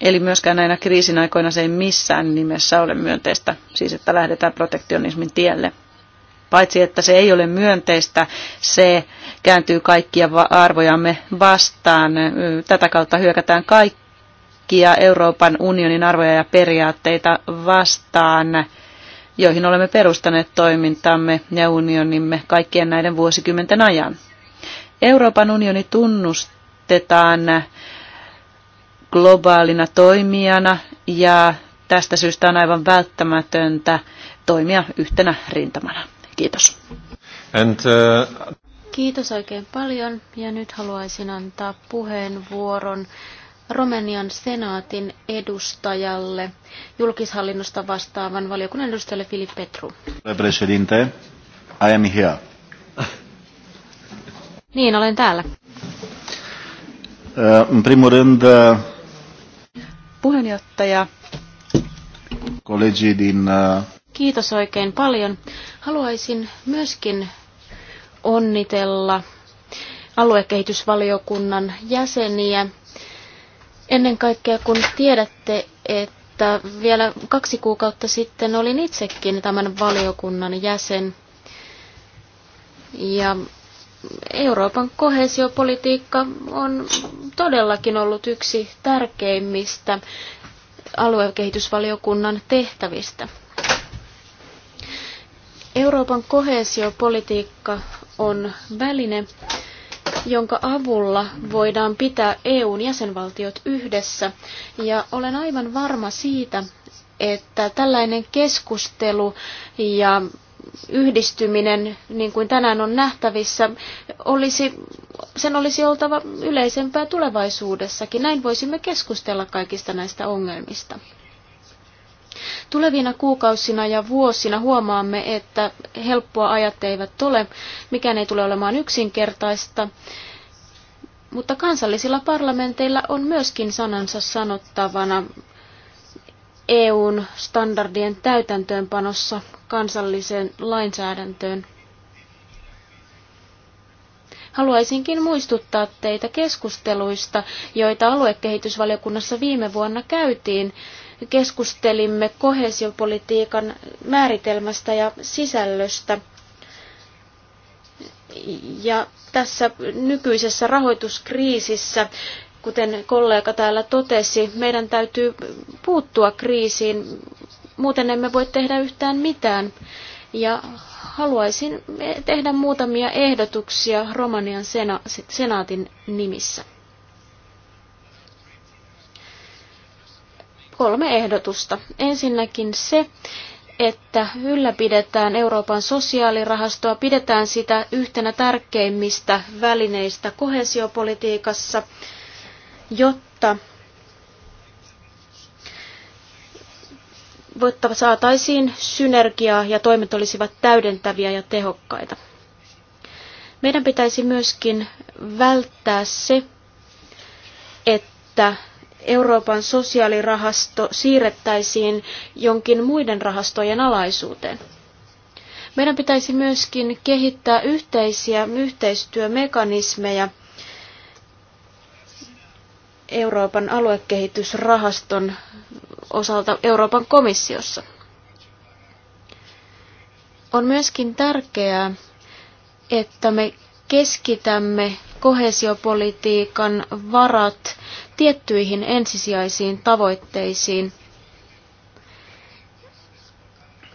Eli myöskään näinä kriisin aikoina se ei missään nimessä ole myönteistä, siis että lähdetään protektionismin tielle. Paitsi että se ei ole myönteistä, se kääntyy kaikkia arvojamme vastaan. Tätä kautta hyökätään kaikki kaikkia Euroopan unionin arvoja ja periaatteita vastaan, joihin olemme perustaneet toimintamme ja unionimme kaikkien näiden vuosikymmenten ajan. Euroopan unioni tunnustetaan globaalina toimijana ja tästä syystä on aivan välttämätöntä toimia yhtenä rintamana. Kiitos. And, uh... Kiitos oikein paljon ja nyt haluaisin antaa puheenvuoron Romanian senaatin edustajalle, julkishallinnosta vastaavan valiokunnan edustajalle Filip Petru. Presidente, I am here. Niin, olen täällä. Uh, puheenjohtaja. Kollegii din... Eh, Kiitos oikein paljon. Haluaisin myöskin onnitella aluekehitysvaliokunnan jäseniä Ennen kaikkea kun tiedätte, että vielä kaksi kuukautta sitten olin itsekin tämän valiokunnan jäsen. Ja Euroopan kohesiopolitiikka on todellakin ollut yksi tärkeimmistä aluekehitysvaliokunnan tehtävistä. Euroopan kohesiopolitiikka on väline, jonka avulla voidaan pitää EUn jäsenvaltiot yhdessä. Ja olen aivan varma siitä, että tällainen keskustelu ja yhdistyminen, niin kuin tänään on nähtävissä, olisi, sen olisi oltava yleisempää tulevaisuudessakin. Näin voisimme keskustella kaikista näistä ongelmista. Tulevina kuukausina ja vuosina huomaamme, että helppoa ajat eivät ole, mikään ei tule olemaan yksinkertaista, mutta kansallisilla parlamenteilla on myöskin sanansa sanottavana EUn standardien täytäntöönpanossa kansalliseen lainsäädäntöön. Haluaisinkin muistuttaa teitä keskusteluista, joita aluekehitysvaliokunnassa viime vuonna käytiin keskustelimme kohesiopolitiikan määritelmästä ja sisällöstä. Ja tässä nykyisessä rahoituskriisissä, kuten kollega täällä totesi, meidän täytyy puuttua kriisiin, muuten emme voi tehdä yhtään mitään. Ja haluaisin tehdä muutamia ehdotuksia Romanian sena- senaatin nimissä. kolme ehdotusta. Ensinnäkin se, että ylläpidetään Euroopan sosiaalirahastoa, pidetään sitä yhtenä tärkeimmistä välineistä kohesiopolitiikassa, jotta voittava saataisiin synergiaa ja toimet olisivat täydentäviä ja tehokkaita. Meidän pitäisi myöskin välttää se, että Euroopan sosiaalirahasto siirrettäisiin jonkin muiden rahastojen alaisuuteen. Meidän pitäisi myöskin kehittää yhteisiä yhteistyömekanismeja Euroopan aluekehitysrahaston osalta Euroopan komissiossa. On myöskin tärkeää, että me keskitämme kohesiopolitiikan varat tiettyihin ensisijaisiin tavoitteisiin.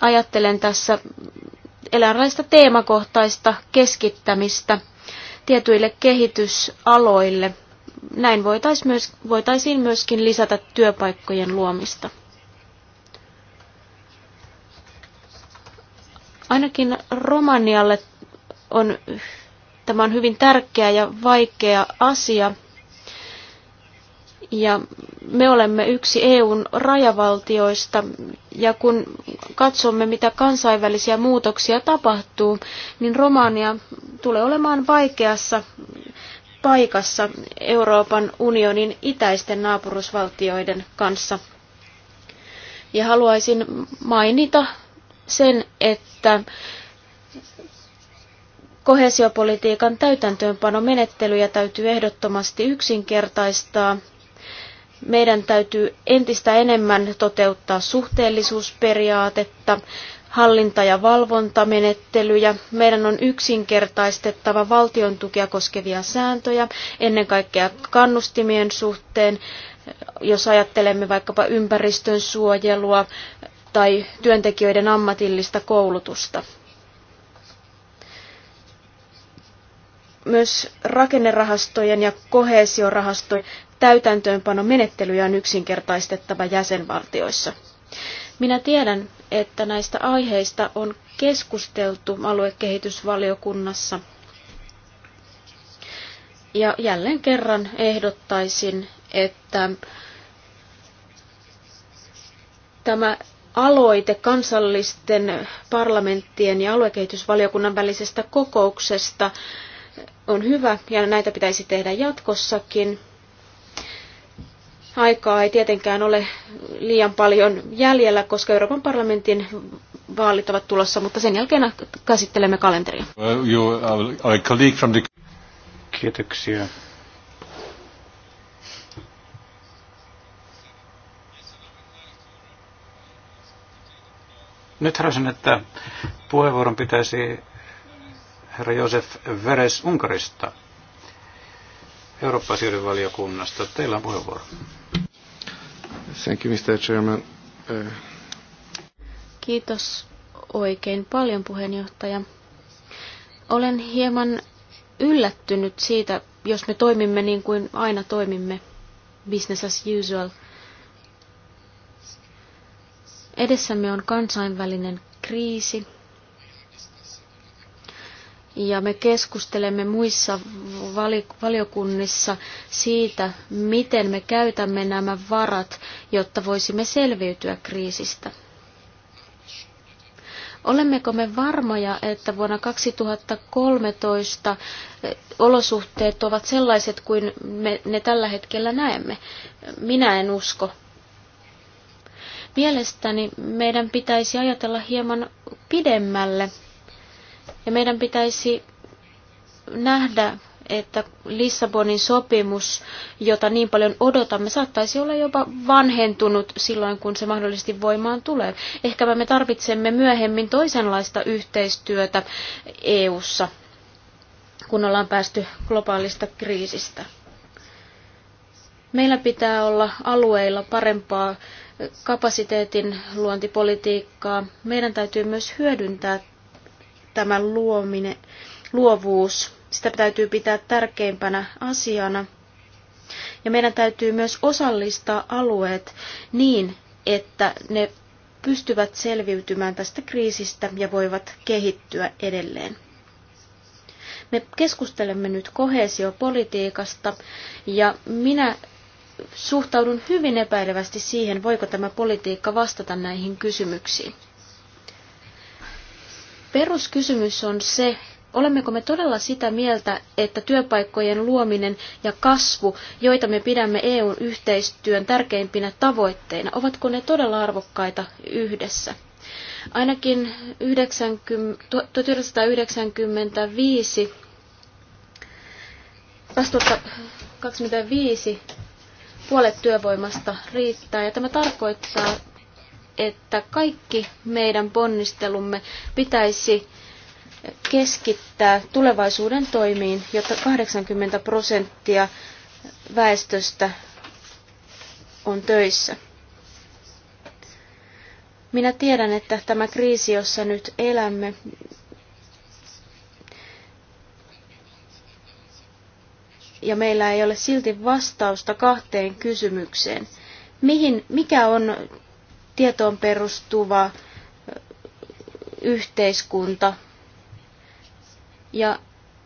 Ajattelen tässä eläinlaista teemakohtaista keskittämistä tietyille kehitysaloille. Näin voitaisiin myöskin lisätä työpaikkojen luomista. Ainakin Romanialle on, tämä on hyvin tärkeä ja vaikea asia – ja me olemme yksi EUn rajavaltioista ja kun katsomme, mitä kansainvälisiä muutoksia tapahtuu, niin Romania tulee olemaan vaikeassa paikassa Euroopan unionin itäisten naapurusvaltioiden kanssa. Ja haluaisin mainita sen, että kohesiopolitiikan täytäntöönpanomenettelyjä täytyy ehdottomasti yksinkertaistaa – meidän täytyy entistä enemmän toteuttaa suhteellisuusperiaatetta, hallinta- ja valvontamenettelyjä. Meidän on yksinkertaistettava valtion tukia koskevia sääntöjä, ennen kaikkea kannustimien suhteen, jos ajattelemme vaikkapa ympäristön suojelua tai työntekijöiden ammatillista koulutusta. Myös rakennerahastojen ja kohesiorahastojen täytäntöönpanomenettelyjä on yksinkertaistettava jäsenvaltioissa. Minä tiedän, että näistä aiheista on keskusteltu aluekehitysvaliokunnassa. Ja jälleen kerran ehdottaisin, että tämä aloite kansallisten parlamenttien ja aluekehitysvaliokunnan välisestä kokouksesta on hyvä ja näitä pitäisi tehdä jatkossakin. Aikaa ei tietenkään ole liian paljon jäljellä, koska Euroopan parlamentin vaalit ovat tulossa, mutta sen jälkeen käsittelemme kalenteria. Kiitoksia. Nyt haluaisin, että puheenvuoron pitäisi herra Josef Veres Unkarista. Eurooppa-asioiden valiokunnasta. Teillä on puheenvuoro. Thank you, Mr. Chairman. Uh, Kiitos oikein paljon, puheenjohtaja. Olen hieman yllättynyt siitä, jos me toimimme niin kuin aina toimimme, business as usual. Edessämme on kansainvälinen kriisi, ja me keskustelemme muissa valiokunnissa siitä, miten me käytämme nämä varat, jotta voisimme selviytyä kriisistä. Olemmeko me varmoja, että vuonna 2013 eh, olosuhteet ovat sellaiset kuin me ne tällä hetkellä näemme? Minä en usko. Mielestäni meidän pitäisi ajatella hieman pidemmälle ja meidän pitäisi nähdä, että Lissabonin sopimus, jota niin paljon odotamme, saattaisi olla jopa vanhentunut silloin, kun se mahdollisesti voimaan tulee. Ehkä me tarvitsemme myöhemmin toisenlaista yhteistyötä EU:ssa, kun ollaan päästy globaalista kriisistä. Meillä pitää olla alueilla parempaa kapasiteetin luontipolitiikkaa. Meidän täytyy myös hyödyntää tämä luominen, luovuus, sitä täytyy pitää tärkeimpänä asiana. Ja meidän täytyy myös osallistaa alueet niin, että ne pystyvät selviytymään tästä kriisistä ja voivat kehittyä edelleen. Me keskustelemme nyt kohesiopolitiikasta ja minä suhtaudun hyvin epäilevästi siihen, voiko tämä politiikka vastata näihin kysymyksiin. Peruskysymys on se, olemmeko me todella sitä mieltä, että työpaikkojen luominen ja kasvu, joita me pidämme EUn yhteistyön tärkeimpinä tavoitteina, ovatko ne todella arvokkaita yhdessä? Ainakin 90, 1995 2025 puolet työvoimasta riittää ja tämä tarkoittaa että kaikki meidän ponnistelumme pitäisi keskittää tulevaisuuden toimiin, jotta 80 prosenttia väestöstä on töissä. Minä tiedän, että tämä kriisi, jossa nyt elämme, ja meillä ei ole silti vastausta kahteen kysymykseen. Mihin, mikä on tietoon perustuva yhteiskunta. Ja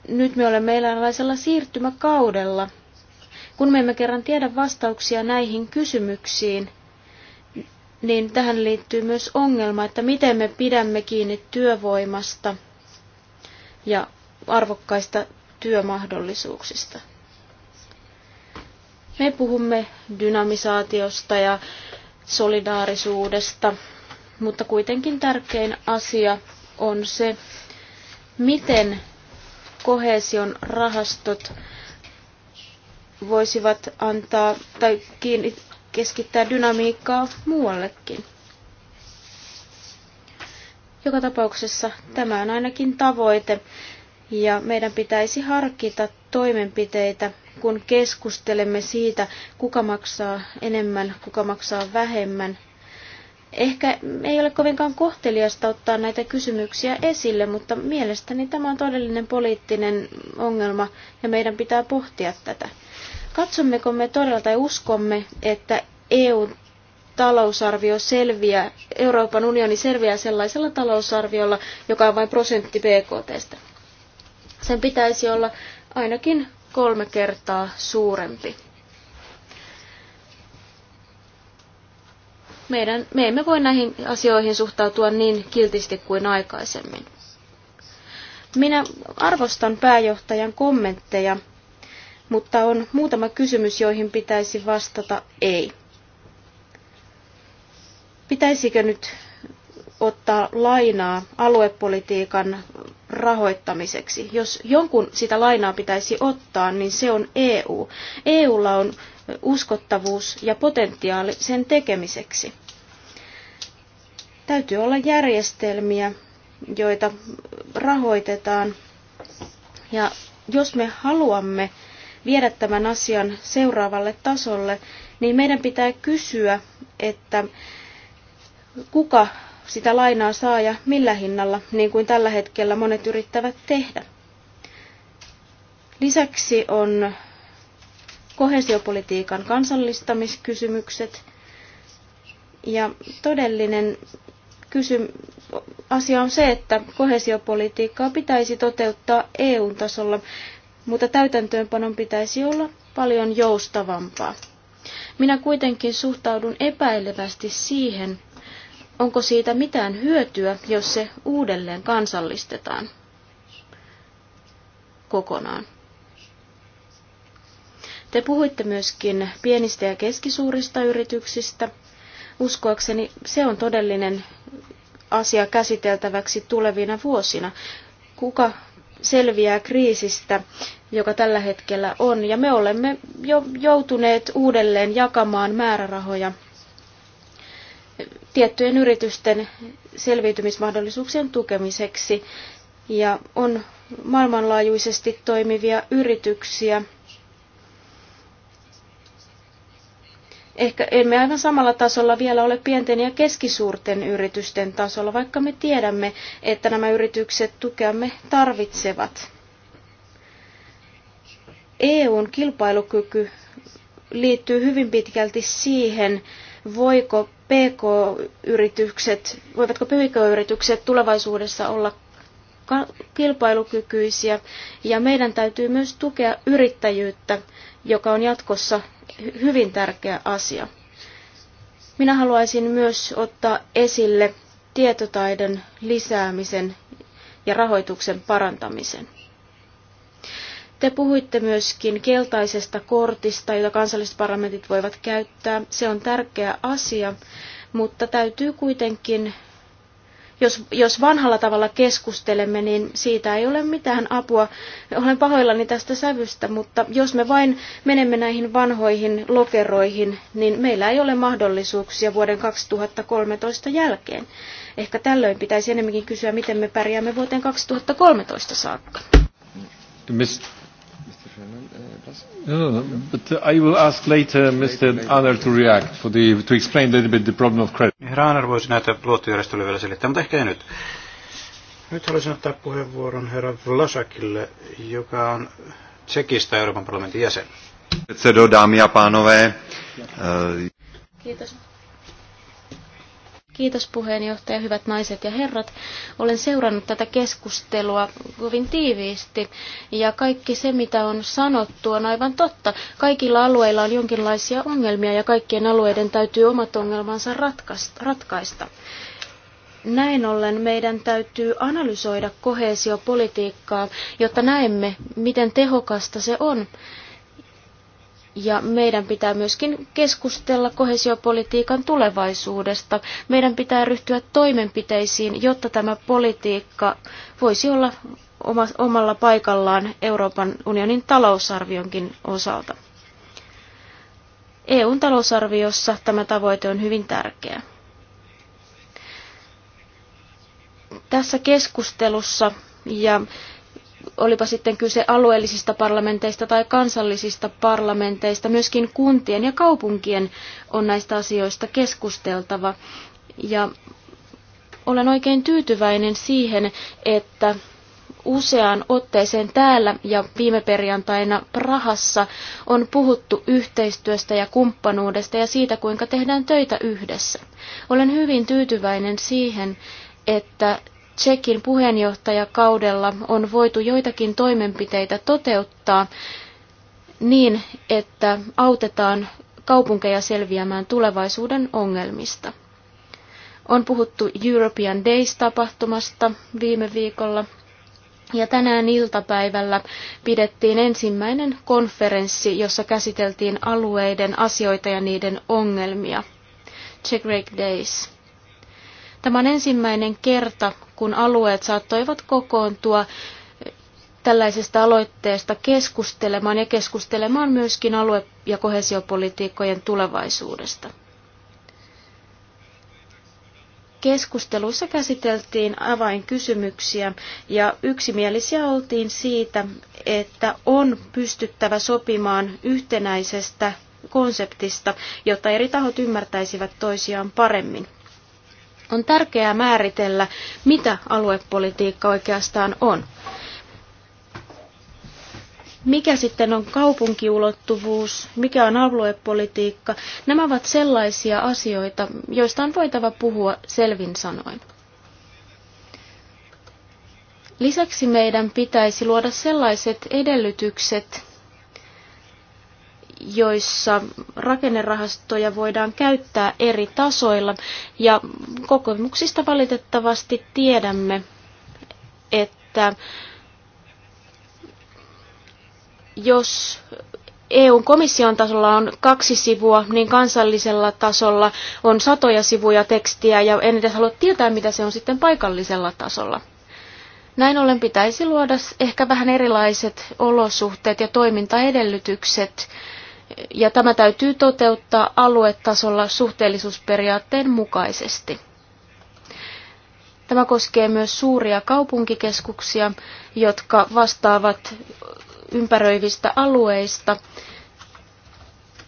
nyt me olemme eläinlaisella siirtymäkaudella. Kun me emme kerran tiedä vastauksia näihin kysymyksiin, niin tähän liittyy myös ongelma, että miten me pidämme kiinni työvoimasta ja arvokkaista työmahdollisuuksista. Me puhumme dynamisaatiosta ja solidaarisuudesta, mutta kuitenkin tärkein asia on se, miten kohesion rahastot voisivat antaa tai keskittää dynamiikkaa muuallekin. Joka tapauksessa tämä on ainakin tavoite, ja meidän pitäisi harkita toimenpiteitä, kun keskustelemme siitä, kuka maksaa enemmän, kuka maksaa vähemmän. Ehkä ei ole kovinkaan kohteliasta ottaa näitä kysymyksiä esille, mutta mielestäni tämä on todellinen poliittinen ongelma ja meidän pitää pohtia tätä. Katsommeko me todella tai uskomme, että EU talousarvio selviää, Euroopan unioni selviää sellaisella talousarviolla, joka on vain prosentti BKTstä. Sen pitäisi olla ainakin kolme kertaa suurempi. Meidän, me emme voi näihin asioihin suhtautua niin kiltisti kuin aikaisemmin. Minä arvostan pääjohtajan kommentteja, mutta on muutama kysymys, joihin pitäisi vastata ei. Pitäisikö nyt ottaa lainaa aluepolitiikan rahoittamiseksi. Jos jonkun sitä lainaa pitäisi ottaa, niin se on EU. EUlla on uskottavuus ja potentiaali sen tekemiseksi. Täytyy olla järjestelmiä, joita rahoitetaan. Ja jos me haluamme viedä tämän asian seuraavalle tasolle, niin meidän pitää kysyä, että kuka sitä lainaa saa ja millä hinnalla, niin kuin tällä hetkellä monet yrittävät tehdä. Lisäksi on kohesiopolitiikan kansallistamiskysymykset ja todellinen kysy- asia on se, että kohesiopolitiikkaa pitäisi toteuttaa EU-tasolla, mutta täytäntöönpanon pitäisi olla paljon joustavampaa. Minä kuitenkin suhtaudun epäilevästi siihen, onko siitä mitään hyötyä, jos se uudelleen kansallistetaan kokonaan? Te puhuitte myöskin pienistä ja keskisuurista yrityksistä. Uskoakseni se on todellinen asia käsiteltäväksi tulevina vuosina. Kuka selviää kriisistä, joka tällä hetkellä on, ja me olemme jo joutuneet uudelleen jakamaan määrärahoja tiettyjen yritysten selviytymismahdollisuuksien tukemiseksi ja on maailmanlaajuisesti toimivia yrityksiä. Ehkä emme aivan samalla tasolla vielä ole pienten ja keskisuurten yritysten tasolla, vaikka me tiedämme, että nämä yritykset tukeamme tarvitsevat. EUn kilpailukyky liittyy hyvin pitkälti siihen, voiko PK-yritykset, voivatko PK-yritykset tulevaisuudessa olla kilpailukykyisiä ja meidän täytyy myös tukea yrittäjyyttä, joka on jatkossa hyvin tärkeä asia. Minä haluaisin myös ottaa esille tietotaidon lisäämisen ja rahoituksen parantamisen. Te puhuitte myöskin keltaisesta kortista, jota kansalliset parlamentit voivat käyttää. Se on tärkeä asia, mutta täytyy kuitenkin, jos, jos vanhalla tavalla keskustelemme, niin siitä ei ole mitään apua. Olen pahoillani tästä sävystä, mutta jos me vain menemme näihin vanhoihin lokeroihin, niin meillä ei ole mahdollisuuksia vuoden 2013 jälkeen. Ehkä tällöin pitäisi enemmänkin kysyä, miten me pärjäämme vuoteen 2013 saakka. Uh, no, no, no. But uh, I will ask later Mr. Later, Anner to react for the, to explain a little bit the problem of credit. Herra Anner voisi näitä luottojärjestelyä vielä selittää, mutta ehkä ei nyt. Nyt haluaisin ottaa puheenvuoron herra Vlasakille, joka on Tsekistä Euroopan parlamentin jäsen. Předsedo, dámy pánové. Kiitos eh, Kiitos puheenjohtaja, hyvät naiset ja herrat. Olen seurannut tätä keskustelua kovin tiiviisti ja kaikki se, mitä on sanottu, on aivan totta. Kaikilla alueilla on jonkinlaisia ongelmia ja kaikkien alueiden täytyy omat ongelmansa ratkaista. Näin ollen meidän täytyy analysoida kohesiopolitiikkaa, jotta näemme, miten tehokasta se on ja meidän pitää myöskin keskustella kohesiopolitiikan tulevaisuudesta. Meidän pitää ryhtyä toimenpiteisiin, jotta tämä politiikka voisi olla omalla paikallaan Euroopan unionin talousarvionkin osalta. EUn talousarviossa tämä tavoite on hyvin tärkeä. Tässä keskustelussa ja olipa sitten kyse alueellisista parlamenteista tai kansallisista parlamenteista, myöskin kuntien ja kaupunkien on näistä asioista keskusteltava. Ja olen oikein tyytyväinen siihen, että useaan otteeseen täällä ja viime perjantaina Prahassa on puhuttu yhteistyöstä ja kumppanuudesta ja siitä, kuinka tehdään töitä yhdessä. Olen hyvin tyytyväinen siihen, että Tsekin puheenjohtajakaudella on voitu joitakin toimenpiteitä toteuttaa niin, että autetaan kaupunkeja selviämään tulevaisuuden ongelmista. On puhuttu European Days-tapahtumasta viime viikolla, ja tänään iltapäivällä pidettiin ensimmäinen konferenssi, jossa käsiteltiin alueiden asioita ja niiden ongelmia. Czech Break Days. Tämä on ensimmäinen kerta, kun alueet saattoivat kokoontua tällaisesta aloitteesta keskustelemaan ja keskustelemaan myöskin alue- ja kohesiopolitiikkojen tulevaisuudesta. Keskusteluissa käsiteltiin avainkysymyksiä ja yksimielisiä oltiin siitä, että on pystyttävä sopimaan yhtenäisestä konseptista, jotta eri tahot ymmärtäisivät toisiaan paremmin. On tärkeää määritellä, mitä aluepolitiikka oikeastaan on. Mikä sitten on kaupunkiulottuvuus, mikä on aluepolitiikka, nämä ovat sellaisia asioita, joista on voitava puhua selvin sanoin. Lisäksi meidän pitäisi luoda sellaiset edellytykset, joissa rakennerahastoja voidaan käyttää eri tasoilla. Ja kokemuksista valitettavasti tiedämme, että jos EUn komission tasolla on kaksi sivua, niin kansallisella tasolla on satoja sivuja tekstiä ja en edes halua tietää, mitä se on sitten paikallisella tasolla. Näin ollen pitäisi luoda ehkä vähän erilaiset olosuhteet ja toimintaedellytykset ja tämä täytyy toteuttaa aluetasolla suhteellisuusperiaatteen mukaisesti. Tämä koskee myös suuria kaupunkikeskuksia, jotka vastaavat ympäröivistä alueista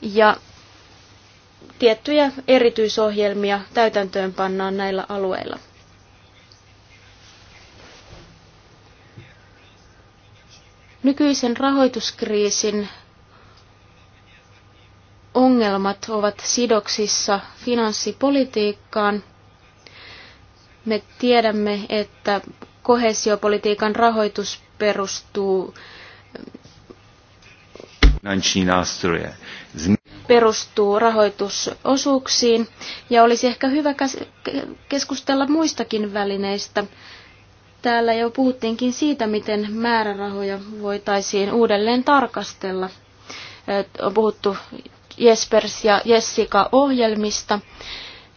ja tiettyjä erityisohjelmia täytäntöön pannaan näillä alueilla. Nykyisen rahoituskriisin ongelmat ovat sidoksissa finanssipolitiikkaan. Me tiedämme, että kohesiopolitiikan rahoitus perustuu perustuu rahoitusosuuksiin ja olisi ehkä hyvä keskustella muistakin välineistä. Täällä jo puhuttiinkin siitä, miten määrärahoja voitaisiin uudelleen tarkastella. On puhuttu Jespers ja Jessica ohjelmista.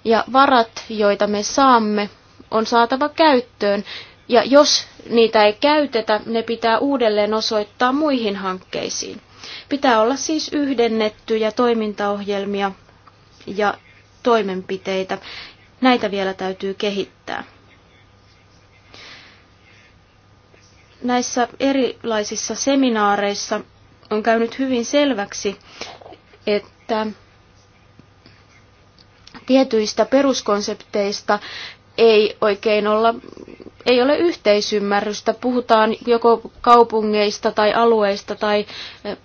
Ja varat, joita me saamme, on saatava käyttöön. Ja jos niitä ei käytetä, ne pitää uudelleen osoittaa muihin hankkeisiin. Pitää olla siis yhdennettyjä toimintaohjelmia ja toimenpiteitä. Näitä vielä täytyy kehittää. Näissä erilaisissa seminaareissa on käynyt hyvin selväksi, että tietyistä peruskonsepteista ei oikein olla, ei ole yhteisymmärrystä. Puhutaan joko kaupungeista tai alueista tai eh,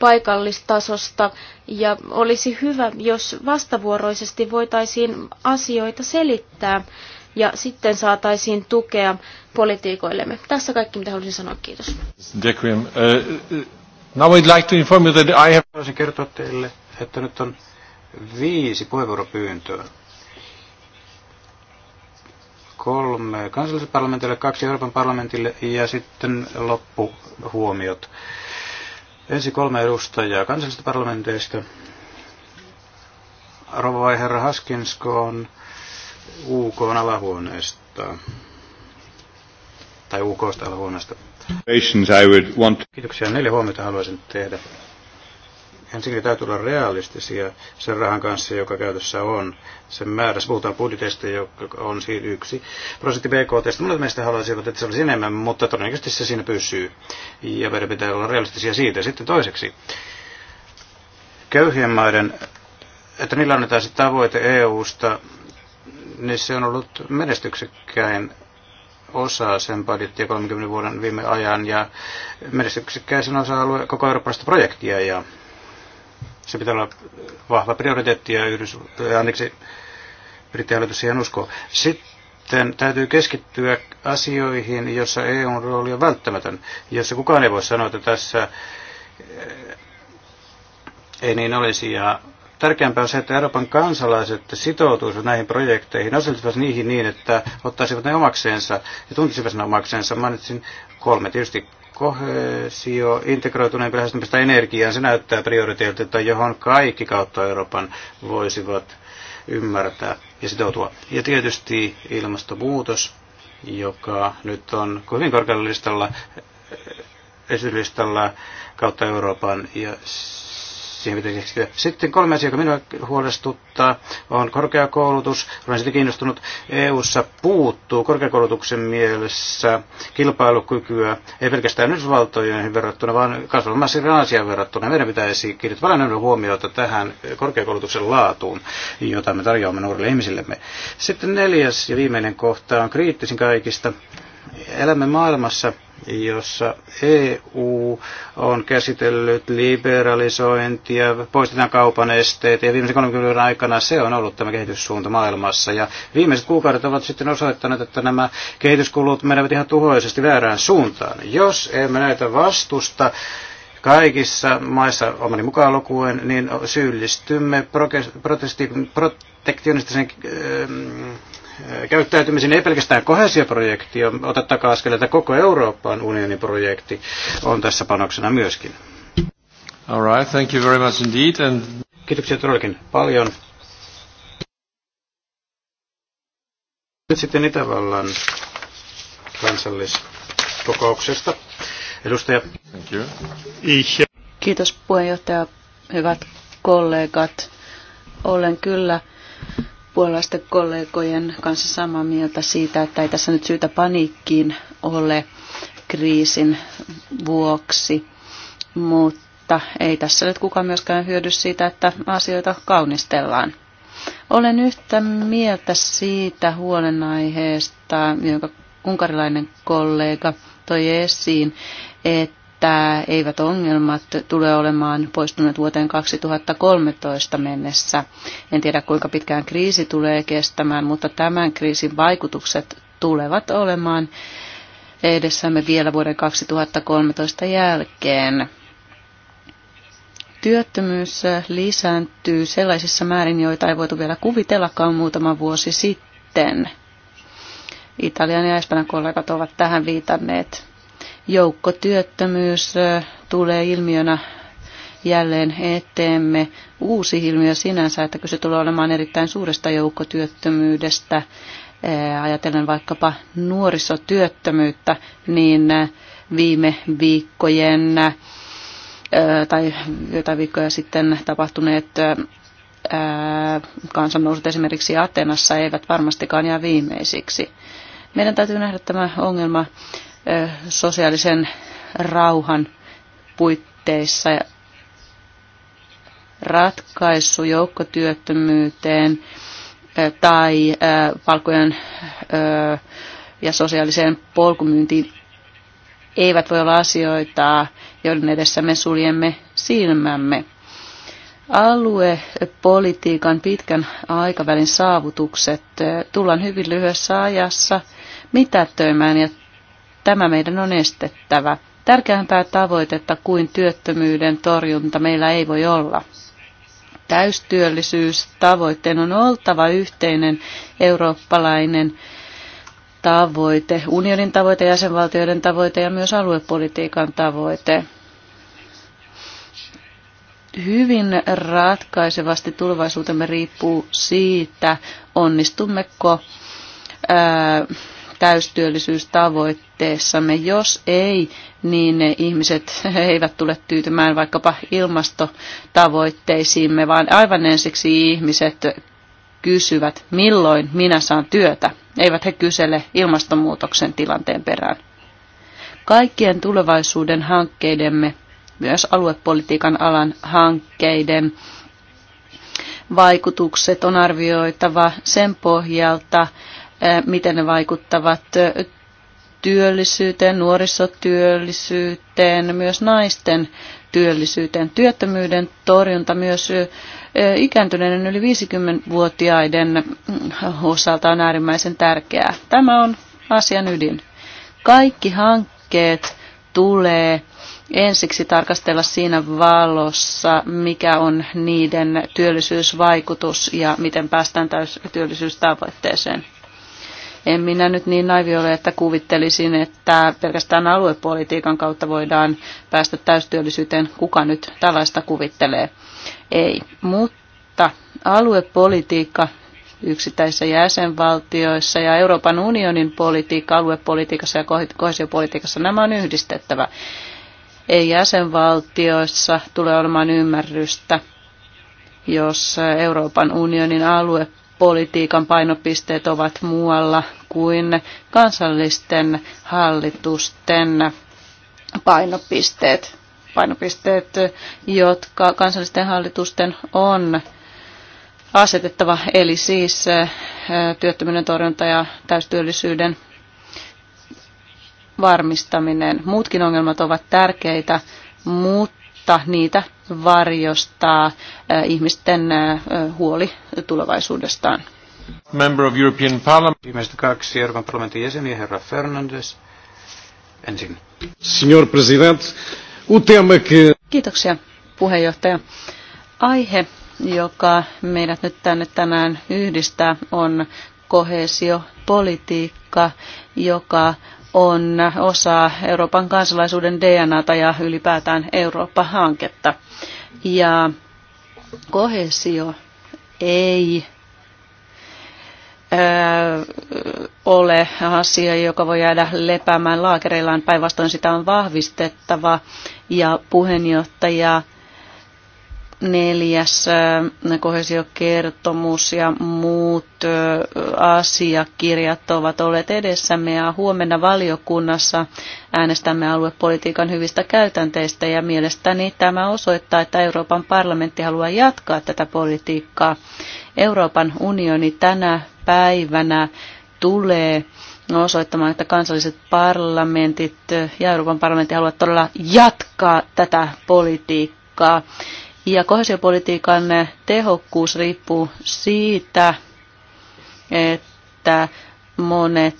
paikallistasosta ja olisi hyvä, jos vastavuoroisesti voitaisiin asioita selittää ja sitten saataisiin tukea politiikoillemme. Tässä kaikki, mitä haluaisin sanoa. Kiitos. Now I'd like to inform you that I have... Voisin kertoa teille, että nyt on viisi puheenvuoropyyntöä. Kolme kansalliselle parlamentille, kaksi Euroopan parlamentille ja sitten loppuhuomiot. Ensi kolme edustajaa kansallisista parlamenteista. Rovoi herra Haskinskoon UK alahuoneesta. Tai UKsta alahuoneesta. Kiitoksia. Neljä huomiota haluaisin tehdä. Ensinnäkin täytyy olla realistisia sen rahan kanssa, joka käytössä on. Sen määrässä puhutaan budjeteista, joka on siinä yksi prosentti BKT. Monet meistä haluaisivat, että se olisi enemmän, mutta todennäköisesti se siinä pysyy. Ja meidän pitää olla realistisia siitä. Sitten toiseksi, köyhien maiden, että niillä annetaan se tavoite EU-sta, niin se on ollut menestyksekkäin osa sen budjettia 30 vuoden viime ajan ja menestyksekkäisen osa-alue koko eurooppalaista projektia ja se pitää olla vahva prioriteetti ja Yhdys, anteeksi, hallitus siihen uskoo. Sitten täytyy keskittyä asioihin, joissa EUn rooli on välttämätön, jossa kukaan ei voi sanoa, että tässä eh, ei niin olisi ja Tärkeämpää on se, että Euroopan kansalaiset sitoutuisivat näihin projekteihin, osallistuisivat niihin niin, että ottaisivat ne omakseensa ja tuntisivat ne omakseensa. Mainitsin kolme tietysti kohesio, integroituneen lähestymistä energiaan, se näyttää prioriteetilta, johon kaikki kautta Euroopan voisivat ymmärtää ja sitoutua. Ja tietysti ilmastonmuutos, joka nyt on hyvin korkealla listalla, eh, esilistalla kautta Euroopan ja siihen pitäisi keskittyä. Sitten kolme asiaa, joka minua huolestuttaa, on korkeakoulutus. Olen siitä kiinnostunut. EU-ssa puuttuu korkeakoulutuksen mielessä kilpailukykyä, ei pelkästään Yhdysvaltojen verrattuna, vaan kasvamassa Aasian verrattuna. Meidän pitäisi kiinnittää paljon enemmän huomiota tähän korkeakoulutuksen laatuun, jota me tarjoamme nuorille ihmisillemme. Sitten neljäs ja viimeinen kohta on kriittisin kaikista. Elämme maailmassa, jossa EU on käsitellyt liberalisointia, poistetaan kaupan esteet ja viimeisen 30 vuoden aikana se on ollut tämä kehityssuunta maailmassa. Ja viimeiset kuukaudet ovat sitten osoittaneet, että nämä kehityskulut menevät ihan tuhoisesti väärään suuntaan. Jos emme näitä vastusta, kaikissa maissa, omani mukaan lukuen, niin syyllistymme protektionistisen käyttäytymisen ei pelkästään kohesioprojektio, otettakaa että koko Euroopan unionin projekti on tässä panoksena myöskin. All right, thank you very much indeed. And... Kiitoksia todellakin paljon. Nyt sitten Itävallan kansalliskokouksesta. Edustaja. Thank you. Kiitos puheenjohtaja, hyvät kollegat. Olen kyllä puolalaisten kollegojen kanssa samaa mieltä siitä, että ei tässä nyt syytä paniikkiin ole kriisin vuoksi, mutta ei tässä nyt kukaan myöskään hyödy siitä, että asioita kaunistellaan. Olen yhtä mieltä siitä huolenaiheesta, jonka unkarilainen kollega toi esiin, että että eivät ongelmat tule olemaan poistuneet vuoteen 2013 mennessä. En tiedä kuinka pitkään kriisi tulee kestämään, mutta tämän kriisin vaikutukset tulevat olemaan edessämme vielä vuoden 2013 jälkeen. Työttömyys lisääntyy sellaisissa määrin, joita ei voitu vielä kuvitellakaan muutama vuosi sitten. Italian ja Espanjan kollegat ovat tähän viitanneet. Joukkotyöttömyys tulee ilmiönä jälleen eteemme. Uusi ilmiö sinänsä, että kyse tulee olemaan erittäin suuresta joukkotyöttömyydestä. Ajatellen vaikkapa nuorisotyöttömyyttä, niin viime viikkojen tai jotain viikkoja sitten tapahtuneet kansannousut esimerkiksi Atenassa eivät varmastikaan jää viimeisiksi. Meidän täytyy nähdä tämä ongelma sosiaalisen rauhan puitteissa ratkaisu joukkotyöttömyyteen tai palkojen ja sosiaaliseen polkumyyntiin eivät voi olla asioita, joiden edessä me suljemme silmämme. Aluepolitiikan pitkän aikavälin saavutukset tullaan hyvin lyhyessä ajassa mitätöimään ja Tämä meidän on estettävä. Tärkeämpää tavoitetta kuin työttömyyden torjunta meillä ei voi olla. Täystyöllisyys tavoitteen on oltava yhteinen eurooppalainen tavoite, unionin tavoite, jäsenvaltioiden tavoite ja myös aluepolitiikan tavoite hyvin ratkaisevasti tulevaisuutemme riippuu siitä, onnistummeko ää, täystyöllisyystavoitteessamme. Jos ei, niin ihmiset eivät tule tyytymään vaikkapa ilmastotavoitteisiimme, vaan aivan ensiksi ihmiset kysyvät, milloin minä saan työtä. Eivät he kysele ilmastonmuutoksen tilanteen perään. Kaikkien tulevaisuuden hankkeidemme, myös aluepolitiikan alan hankkeiden, vaikutukset on arvioitava sen pohjalta, miten ne vaikuttavat työllisyyteen, nuorisotyöllisyyteen, myös naisten työllisyyteen, työttömyyden torjunta myös ikääntyneiden yli 50-vuotiaiden mm, osalta on äärimmäisen tärkeää. Tämä on asian ydin. Kaikki hankkeet tulee ensiksi tarkastella siinä valossa, mikä on niiden työllisyysvaikutus ja miten päästään täys- työllisyystavoitteeseen. En minä nyt niin naivi ole, että kuvittelisin, että pelkästään aluepolitiikan kautta voidaan päästä täystyöllisyyteen. Kuka nyt tällaista kuvittelee? Ei, mutta aluepolitiikka yksittäisissä jäsenvaltioissa ja Euroopan unionin politiikka, aluepolitiikassa ja kohesiopolitiikassa nämä on yhdistettävä. Ei jäsenvaltioissa tule olemaan ymmärrystä, jos Euroopan unionin alue politiikan painopisteet ovat muualla kuin kansallisten hallitusten painopisteet. Painopisteet, jotka kansallisten hallitusten on asetettava, eli siis työttömyyden torjunta ja täystyöllisyyden varmistaminen. Muutkin ongelmat ovat tärkeitä, mutta niitä varjostaa ihmisten huoli tulevaisuudestaan. Member of European Parliament. Viimeiset kaksi Euroopan parlamentin jäseniä, herra Fernandes. Ensin. Signor President, Kiitoksia, puheenjohtaja. Aihe, joka meidät nyt tänne tänään yhdistää, on kohesiopolitiikka, joka on osa Euroopan kansalaisuuden DNAta ja ylipäätään Eurooppa-hanketta. Ja kohesio ei ole asia, joka voi jäädä lepäämään laakereillaan. Päinvastoin sitä on vahvistettava ja puheenjohtaja neljäs kohesiokertomus ja muut asiakirjat ovat olleet edessämme ja huomenna valiokunnassa äänestämme aluepolitiikan hyvistä käytänteistä ja mielestäni tämä osoittaa, että Euroopan parlamentti haluaa jatkaa tätä politiikkaa. Euroopan unioni tänä päivänä tulee osoittamaan, että kansalliset parlamentit ja Euroopan parlamentti haluavat todella jatkaa tätä politiikkaa politiikkaa ja kohesiopolitiikan tehokkuus riippuu siitä, että monet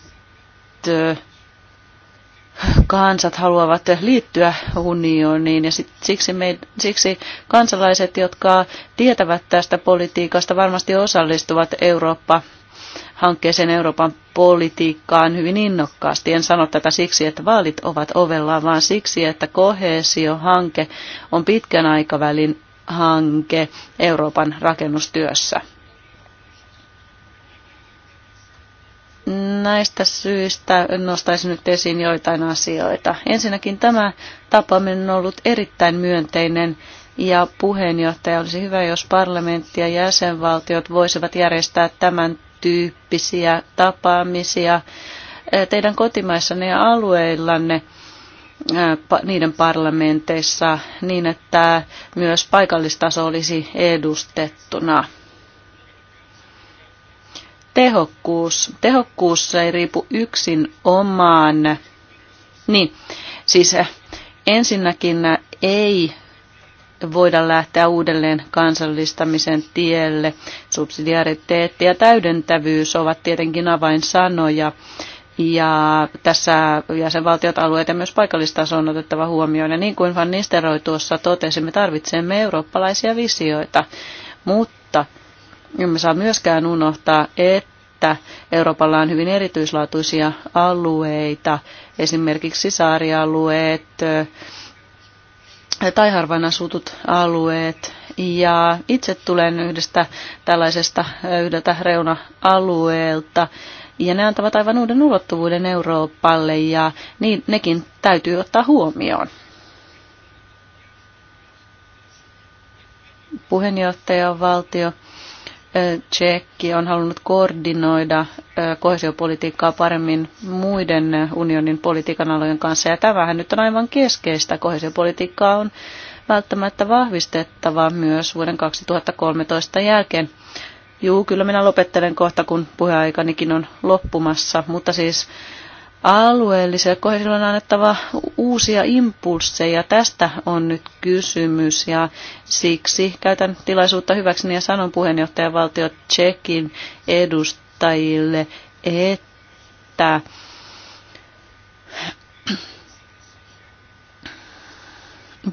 kansat haluavat liittyä unioniin ja siksi, me, siksi kansalaiset, jotka tietävät tästä politiikasta, varmasti osallistuvat Eurooppa hankkeeseen Euroopan politiikkaan hyvin innokkaasti. En sano tätä siksi, että vaalit ovat ovellaan, vaan siksi, että kohesiohanke on pitkän aikavälin hanke Euroopan rakennustyössä. Näistä syistä nostaisin nyt esiin joitain asioita. Ensinnäkin tämä tapaaminen on ollut erittäin myönteinen ja puheenjohtaja olisi hyvä, jos parlamentti ja jäsenvaltiot voisivat järjestää tämän tyyppisiä tapaamisia eh, teidän kotimaissanne ja alueillanne niiden parlamenteissa niin, että myös paikallistaso olisi edustettuna. Tehokkuus. Tehokkuus ei riipu yksin omaan. Niin, siis ensinnäkin ei voida lähteä uudelleen kansallistamisen tielle. Subsidiariteetti ja täydentävyys ovat tietenkin avainsanoja. sanoja ja tässä jäsenvaltiot, alueet ja myös paikallistaso on otettava huomioon. Ja niin kuin Van Nisteroi tuossa totesi, me tarvitsemme eurooppalaisia visioita, mutta emme saa myöskään unohtaa, että Euroopalla on hyvin erityislaatuisia alueita, esimerkiksi saarialueet tai harvaan asutut alueet. Ja itse tulen yhdestä tällaisesta yhdeltä reuna-alueelta, ja ne antavat aivan uuden ulottuvuuden Euroopalle ja niin, nekin täytyy ottaa huomioon. Puheenjohtajavaltio Tsekki on halunnut koordinoida kohesiopolitiikkaa paremmin muiden unionin politiikan alojen kanssa. Ja tämähän nyt on aivan keskeistä. Kohesiopolitiikkaa on välttämättä vahvistettava myös vuoden 2013 jälkeen. Juu, kyllä minä lopettelen kohta, kun puheaikanikin on loppumassa, mutta siis alueelliselle kohdille on annettava uusia impulsseja. Tästä on nyt kysymys ja siksi käytän tilaisuutta hyväkseni ja sanon puheenjohtajan valtio Tsekin edustajille, että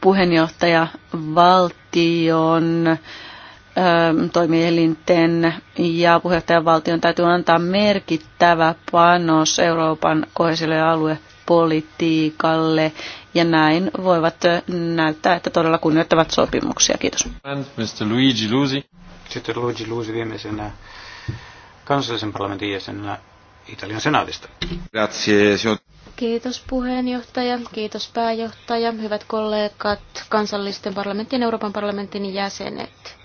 puheenjohtaja valtion Ähm, toimielinten ja puheenjohtajavaltion täytyy antaa merkittävä panos Euroopan kohdiselle ja aluepolitiikalle ja näin voivat äh, näyttää, että todella kunnioittavat sopimuksia. Kiitos. Mr. Luigi Luzi. Sitten Luigi Luzi viimeisenä kansallisen parlamentin jäsenenä Italian senaatista. Kiitos puheenjohtaja, kiitos pääjohtaja, hyvät kollegat, kansallisten parlamenttien Euroopan parlamentin jäsenet.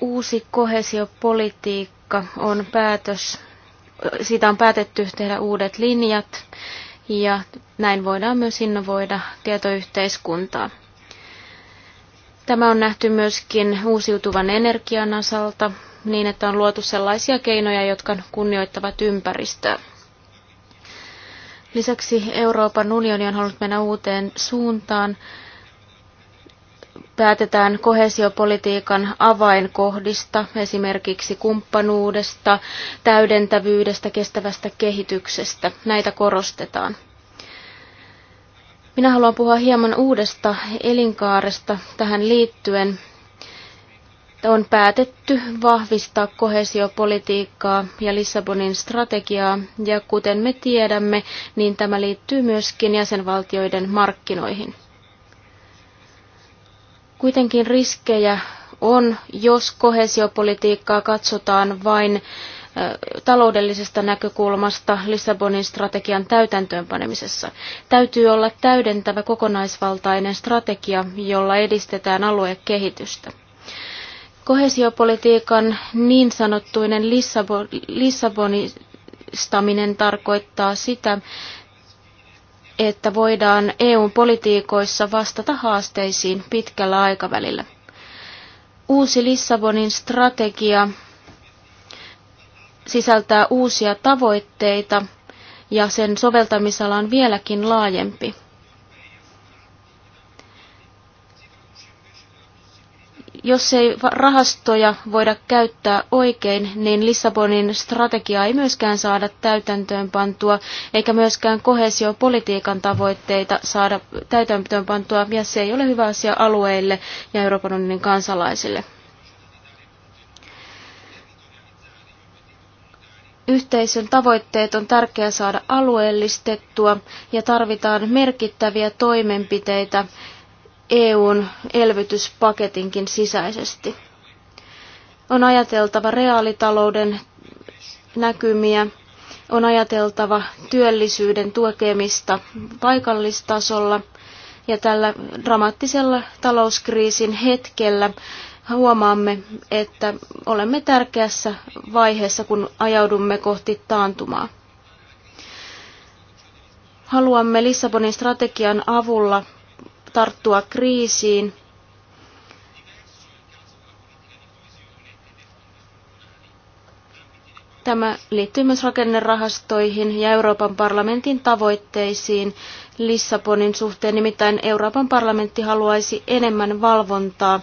Uusi kohesiopolitiikka on päätös, siitä on päätetty tehdä uudet linjat ja näin voidaan myös innovoida tietoyhteiskuntaa. Tämä on nähty myöskin uusiutuvan energian osalta niin, että on luotu sellaisia keinoja, jotka kunnioittavat ympäristöä. Lisäksi Euroopan unioni on halunnut mennä uuteen suuntaan päätetään kohesiopolitiikan avainkohdista, esimerkiksi kumppanuudesta, täydentävyydestä, kestävästä kehityksestä. Näitä korostetaan. Minä haluan puhua hieman uudesta elinkaaresta tähän liittyen. On päätetty vahvistaa kohesiopolitiikkaa ja Lissabonin strategiaa, ja kuten me tiedämme, niin tämä liittyy myöskin jäsenvaltioiden markkinoihin. Kuitenkin riskejä on, jos kohesiopolitiikkaa katsotaan vain taloudellisesta näkökulmasta Lissabonin strategian täytäntöönpanemisessa. Täytyy olla täydentävä kokonaisvaltainen strategia, jolla edistetään aluekehitystä. Kohesiopolitiikan niin sanottuinen Lissabon, Lissabonistaminen tarkoittaa sitä, että voidaan EU-politiikoissa vastata haasteisiin pitkällä aikavälillä. Uusi Lissabonin strategia sisältää uusia tavoitteita ja sen soveltamisala on vieläkin laajempi. Jos ei rahastoja voida käyttää oikein, niin Lissabonin strategia ei myöskään saada täytäntöönpantua, eikä myöskään kohesiopolitiikan tavoitteita saada täytäntöönpantua, ja se ei ole hyvä asia alueille ja Euroopan unionin kansalaisille. Yhteisön tavoitteet on tärkeää saada alueellistettua ja tarvitaan merkittäviä toimenpiteitä, EUn elvytyspaketinkin sisäisesti. On ajateltava reaalitalouden näkymiä, on ajateltava työllisyyden tukemista paikallistasolla ja tällä dramaattisella talouskriisin hetkellä huomaamme, että olemme tärkeässä vaiheessa, kun ajaudumme kohti taantumaa. Haluamme Lissabonin strategian avulla tarttua kriisiin. Tämä liittyy myös rakennerahastoihin ja Euroopan parlamentin tavoitteisiin Lissabonin suhteen. Nimittäin Euroopan parlamentti haluaisi enemmän valvontaa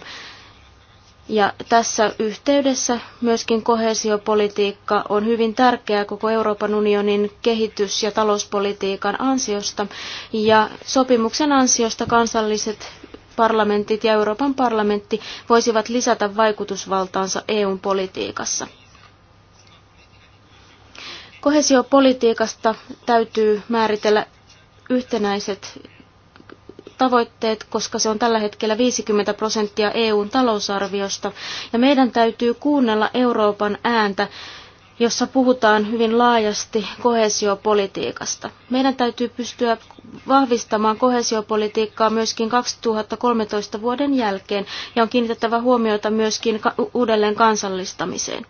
ja tässä yhteydessä myöskin kohesiopolitiikka on hyvin tärkeää koko Euroopan unionin kehitys- ja talouspolitiikan ansiosta. Ja sopimuksen ansiosta kansalliset parlamentit ja Euroopan parlamentti voisivat lisätä vaikutusvaltaansa EUn politiikassa. Kohesiopolitiikasta täytyy määritellä yhtenäiset tavoitteet, koska se on tällä hetkellä 50 prosenttia EUn talousarviosta. Ja meidän täytyy kuunnella Euroopan ääntä, jossa puhutaan hyvin laajasti kohesiopolitiikasta. Meidän täytyy pystyä vahvistamaan kohesiopolitiikkaa myöskin 2013 vuoden jälkeen ja on kiinnitettävä huomiota myöskin uudelleen kansallistamiseen.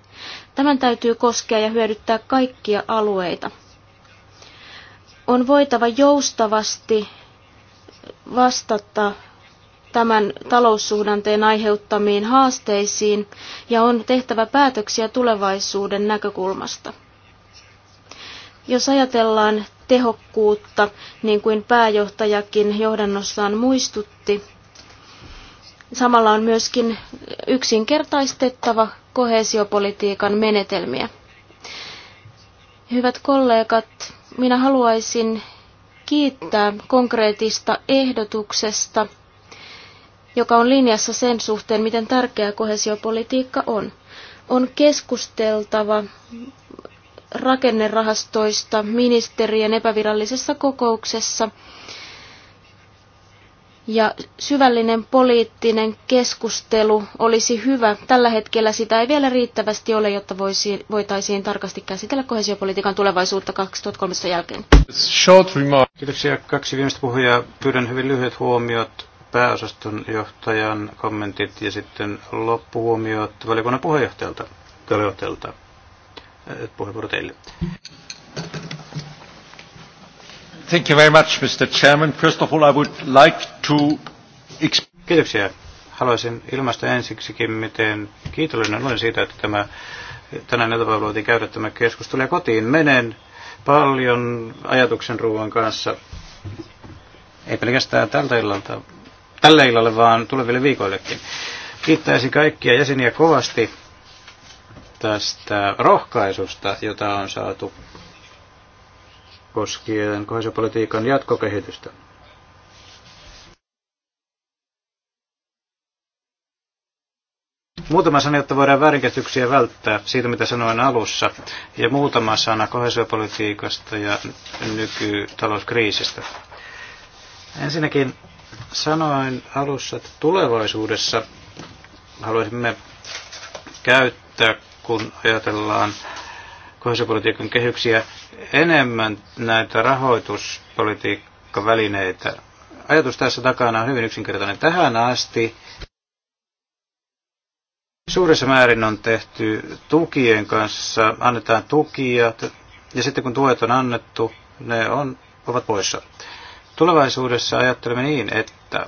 Tämän täytyy koskea ja hyödyttää kaikkia alueita. On voitava joustavasti vastata tämän taloussuhdanteen aiheuttamiin haasteisiin ja on tehtävä päätöksiä tulevaisuuden näkökulmasta. Jos ajatellaan tehokkuutta, niin kuin pääjohtajakin johdannossaan muistutti, samalla on myöskin yksinkertaistettava kohesiopolitiikan menetelmiä. Hyvät kollegat, minä haluaisin kiittää konkreettista ehdotuksesta, joka on linjassa sen suhteen, miten tärkeää kohesiopolitiikka on. On keskusteltava rakennerahastoista ministerien epävirallisessa kokouksessa ja syvällinen poliittinen keskustelu olisi hyvä. Tällä hetkellä sitä ei vielä riittävästi ole, jotta voisi, voitaisiin tarkasti käsitellä kohesiopolitiikan tulevaisuutta 2013 jälkeen. Short remark. Kiitoksia. Kaksi viimeistä puhujaa. Pyydän hyvin lyhyet huomiot pääosaston johtajan kommentit ja sitten loppuhuomiot valiokunnan puheenjohtajalta. puheenjohtajalta. Äh, puheenvuoro teille. Thank you very much, Mr. Chairman. First of all, I would like to... Kiitoksia. Haluaisin ilmaista ensiksikin, miten kiitollinen olen siitä, että tämä, tänään iltapäivällä voitiin käydä tämä keskustelu. Ja kotiin menen paljon ajatuksen ruoan kanssa. Ei pelkästään tältä illalta, tälle illalle, vaan tuleville viikoillekin. Kiittäisin kaikkia jäseniä kovasti tästä rohkaisusta, jota on saatu koskien kohesiopolitiikan jatkokehitystä. Muutama sana, jotta voidaan väärinkäsityksiä välttää siitä, mitä sanoin alussa, ja muutama sana kohesiopolitiikasta ja nykytalouskriisistä. Ensinnäkin sanoin alussa, että tulevaisuudessa haluaisimme käyttää, kun ajatellaan kohdallisuuspolitiikan kehyksiä enemmän näitä rahoituspolitiikkavälineitä. Ajatus tässä takana on hyvin yksinkertainen. Tähän asti suuressa määrin on tehty tukien kanssa, annetaan tukia ja sitten kun tuet on annettu, ne on, ovat poissa. Tulevaisuudessa ajattelemme niin, että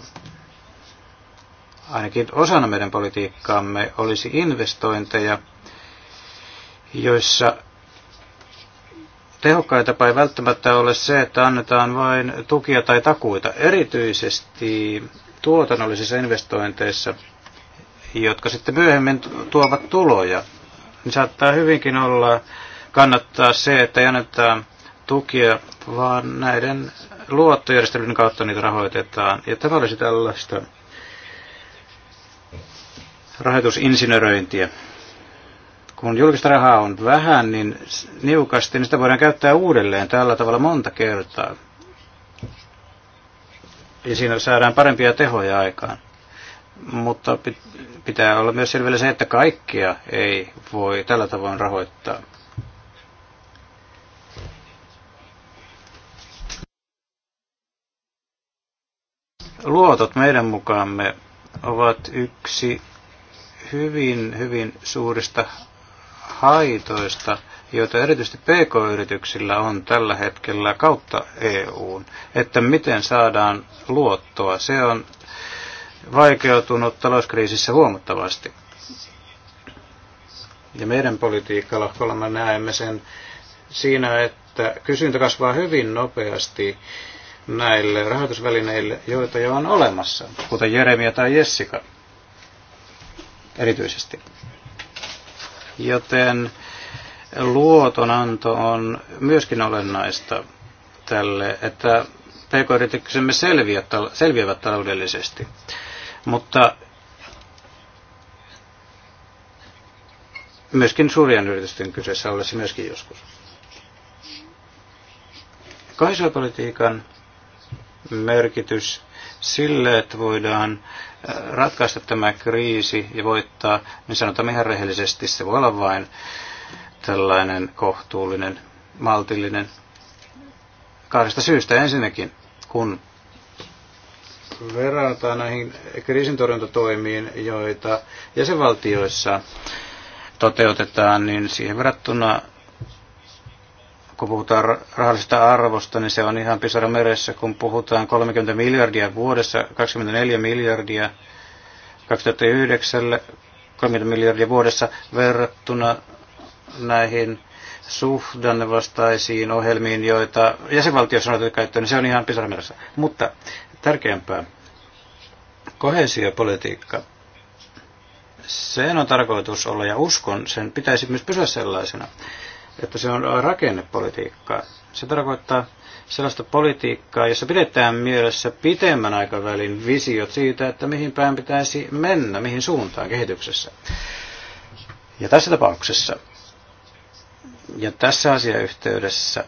ainakin osana meidän politiikkaamme olisi investointeja, joissa tehokkain tapa ei välttämättä ole se, että annetaan vain tukia tai takuita. Erityisesti tuotannollisissa investointeissa, jotka sitten myöhemmin tuovat tuloja, niin saattaa hyvinkin olla kannattaa se, että ei anneta tukia, vaan näiden luottojärjestelyn kautta niitä rahoitetaan. Ja tämä olisi tällaista rahoitusinsinöröintiä kun julkista rahaa on vähän, niin niukasti, niin sitä voidaan käyttää uudelleen tällä tavalla monta kertaa. Ja siinä saadaan parempia tehoja aikaan. Mutta pitää olla myös selvillä se, että kaikkia ei voi tällä tavoin rahoittaa. Luotot meidän mukaamme ovat yksi hyvin, hyvin suurista haitoista, joita erityisesti PK-yrityksillä on tällä hetkellä kautta EUn, että miten saadaan luottoa. Se on vaikeutunut talouskriisissä huomattavasti. Ja meidän politiikalla me näemme sen siinä, että kysyntä kasvaa hyvin nopeasti näille rahoitusvälineille, joita jo on olemassa, kuten Jeremia tai Jessica erityisesti. Joten luotonanto on myöskin olennaista tälle, että pk-yrityksemme selviävät taloudellisesti. Mutta myöskin suurien yritysten kyseessä olisi myöskin joskus. Kaisuapolitiikan merkitys sille, että voidaan ratkaista tämä kriisi ja voittaa, niin sanotaan ihan rehellisesti, se voi olla vain tällainen kohtuullinen, maltillinen. Kahdesta syystä ensinnäkin, kun verrataan näihin kriisintorjuntatoimiin, joita jäsenvaltioissa toteutetaan, niin siihen verrattuna kun puhutaan rahallisesta arvosta, niin se on ihan pisara meressä, kun puhutaan 30 miljardia vuodessa, 24 miljardia 2009, 30 miljardia vuodessa verrattuna näihin suhdannevastaisiin ohjelmiin, joita jäsenvaltioissa on otettu käyttöön, niin se on ihan pisara meressä. Mutta tärkeämpää, kohesiopolitiikka, sen on tarkoitus olla ja uskon, sen pitäisi myös pysyä sellaisena että se on rakennepolitiikkaa. Se tarkoittaa sellaista politiikkaa, jossa pidetään mielessä pitemmän aikavälin visiot siitä, että mihin päin pitäisi mennä, mihin suuntaan kehityksessä. Ja tässä tapauksessa ja tässä asiayhteydessä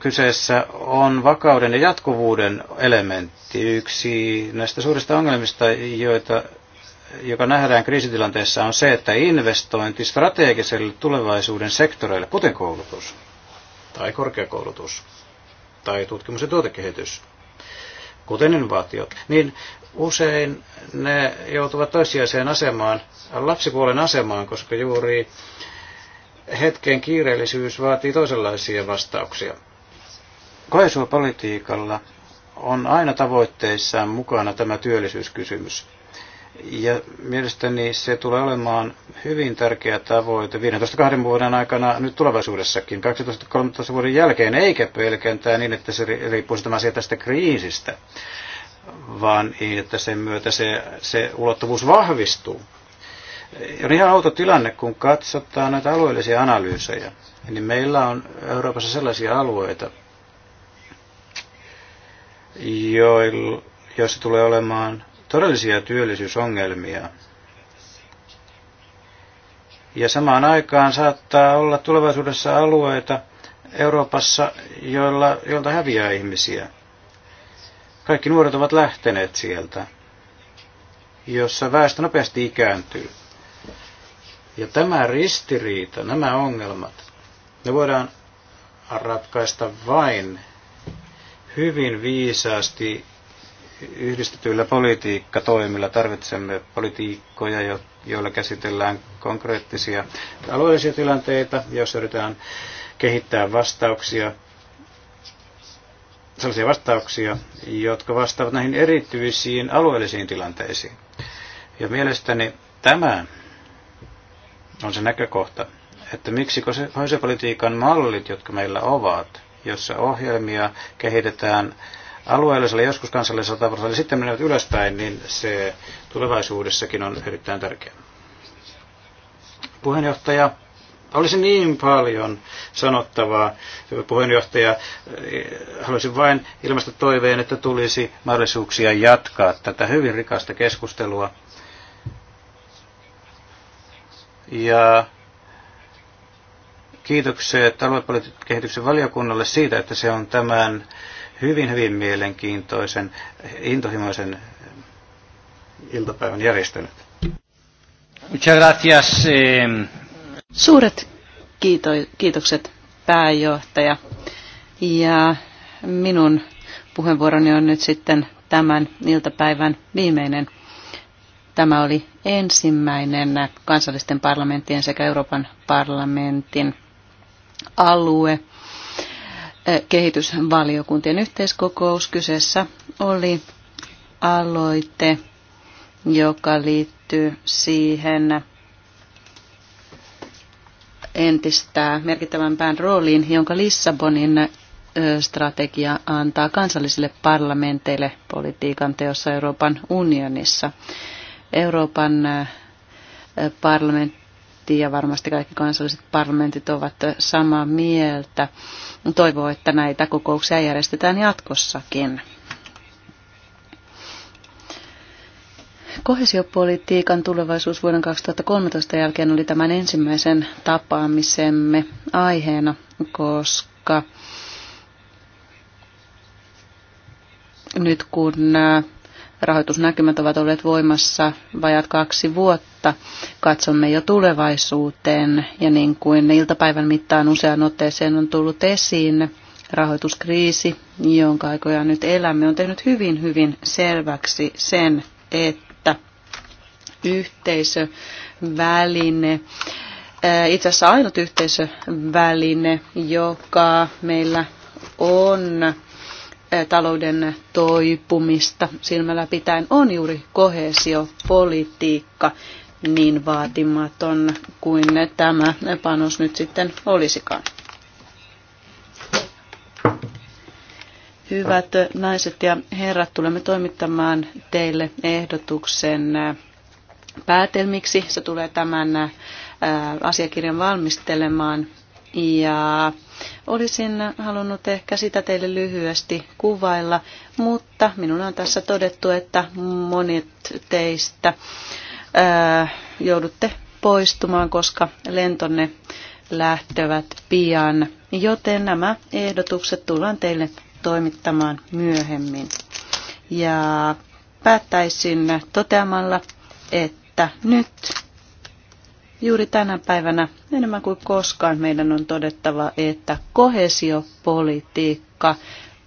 kyseessä on vakauden ja jatkuvuuden elementti, yksi näistä suurista ongelmista, joita joka nähdään kriisitilanteessa, on se, että investointi strategiselle tulevaisuuden sektoreille, kuten koulutus tai korkeakoulutus tai tutkimus- ja tuotekehitys, kuten innovaatiot, niin usein ne joutuvat toissijaiseen asemaan, lapsipuolen asemaan, koska juuri hetken kiireellisyys vaatii toisenlaisia vastauksia. Koesuopolitiikalla on aina tavoitteissaan mukana tämä työllisyyskysymys. Ja mielestäni se tulee olemaan hyvin tärkeä tavoite 15-20 vuoden aikana nyt tulevaisuudessakin, 12-13 vuoden jälkeen, eikä pelkentää niin, että se riippuisi tämä asia tästä kriisistä, vaan niin, että sen myötä se, se ulottuvuus vahvistuu. On ihan outo tilanne, kun katsotaan näitä alueellisia analyysejä, niin meillä on Euroopassa sellaisia alueita, joilla, joissa tulee olemaan todellisia työllisyysongelmia. Ja samaan aikaan saattaa olla tulevaisuudessa alueita Euroopassa, joilla, joilta häviää ihmisiä. Kaikki nuoret ovat lähteneet sieltä, jossa väestö nopeasti ikääntyy. Ja tämä ristiriita, nämä ongelmat, ne voidaan ratkaista vain hyvin viisaasti yhdistetyillä politiikkatoimilla tarvitsemme politiikkoja, joilla käsitellään konkreettisia alueellisia tilanteita, joissa yritetään kehittää vastauksia, sellaisia vastauksia, jotka vastaavat näihin erityisiin alueellisiin tilanteisiin. Ja mielestäni tämä on se näkökohta, että miksi kohesiopolitiikan mallit, jotka meillä ovat, jossa ohjelmia kehitetään Alueelliselle joskus kansallisella tasolla, niin sitten menevät ylöspäin, niin se tulevaisuudessakin on erittäin tärkeä. Puheenjohtaja, olisi niin paljon sanottavaa. Hyvä puheenjohtaja, eh, haluaisin vain ilmaista toiveen, että tulisi mahdollisuuksia jatkaa tätä hyvin rikasta keskustelua. Ja kiitokset kehityksen valiokunnalle siitä, että se on tämän hyvin, hyvin mielenkiintoisen, intohimoisen iltapäivän järjestänyt. Muchas gracias. Suuret kiito, kiitokset pääjohtaja. Ja minun puheenvuoroni on nyt sitten tämän iltapäivän viimeinen. Tämä oli ensimmäinen kansallisten parlamenttien sekä Euroopan parlamentin alue kehitysvaliokuntien yhteiskokous. Kyseessä oli aloite, joka liittyy siihen entistä merkittävämpään rooliin, jonka Lissabonin strategia antaa kansallisille parlamenteille politiikan teossa Euroopan unionissa. Euroopan parlamentti parlamentti ja varmasti kaikki kansalliset parlamentit ovat samaa mieltä. Toivoo, että näitä kokouksia järjestetään jatkossakin. Kohesiopolitiikan tulevaisuus vuoden 2013 jälkeen oli tämän ensimmäisen tapaamisemme aiheena, koska nyt kun äh, Rahoitusnäkymät ovat olleet voimassa vajat kaksi vuotta. Katsomme jo tulevaisuuteen ja niin kuin iltapäivän mittaan usean otteeseen on tullut esiin, rahoituskriisi, jonka aikoja nyt elämme, on tehnyt hyvin hyvin selväksi sen, että yhteisöväline, äh, itse asiassa ainut yhteisöväline, joka meillä on talouden toipumista silmällä pitäen on juuri kohesiopolitiikka niin vaatimaton kuin tämä panos nyt sitten olisikaan. Hyvät naiset ja herrat, tulemme toimittamaan teille ehdotuksen päätelmiksi. Se tulee tämän asiakirjan valmistelemaan ja Olisin halunnut ehkä sitä teille lyhyesti kuvailla, mutta minulla on tässä todettu, että monet teistä ää, joudutte poistumaan, koska lentonne lähtevät pian. Joten nämä ehdotukset tullaan teille toimittamaan myöhemmin. Ja päättäisin toteamalla, että nyt Juuri tänä päivänä enemmän kuin koskaan meidän on todettava, että kohesiopolitiikka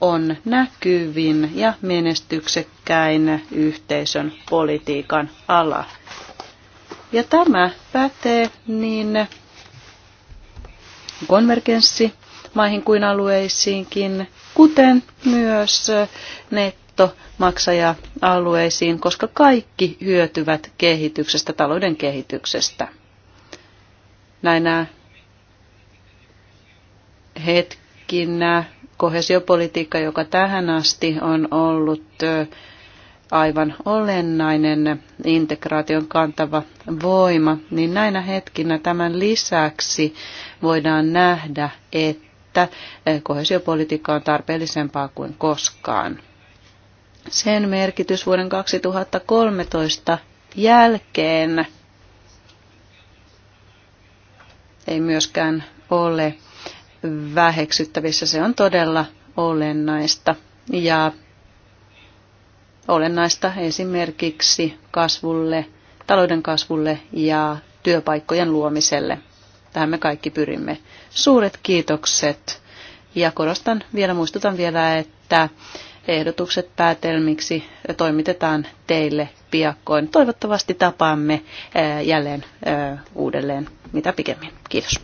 on näkyvin ja menestyksekkäin yhteisön politiikan ala. Ja tämä pätee niin konvergenssi maihin kuin alueisiinkin, kuten myös nettomaksaja-alueisiin, koska kaikki hyötyvät kehityksestä, talouden kehityksestä näinä hetkinä kohesiopolitiikka, joka tähän asti on ollut aivan olennainen integraation kantava voima, niin näinä hetkinä tämän lisäksi voidaan nähdä, että kohesiopolitiikka on tarpeellisempaa kuin koskaan. Sen merkitys vuoden 2013 jälkeen ei myöskään ole väheksyttävissä. Se on todella olennaista. Ja olennaista esimerkiksi kasvulle, talouden kasvulle ja työpaikkojen luomiselle. Tähän me kaikki pyrimme. Suuret kiitokset. Ja korostan vielä, muistutan vielä, että ehdotukset päätelmiksi toimitetaan teille piakkoin. Toivottavasti tapaamme eh, jälleen eh, uudelleen mitä pikemmin. Kiitos.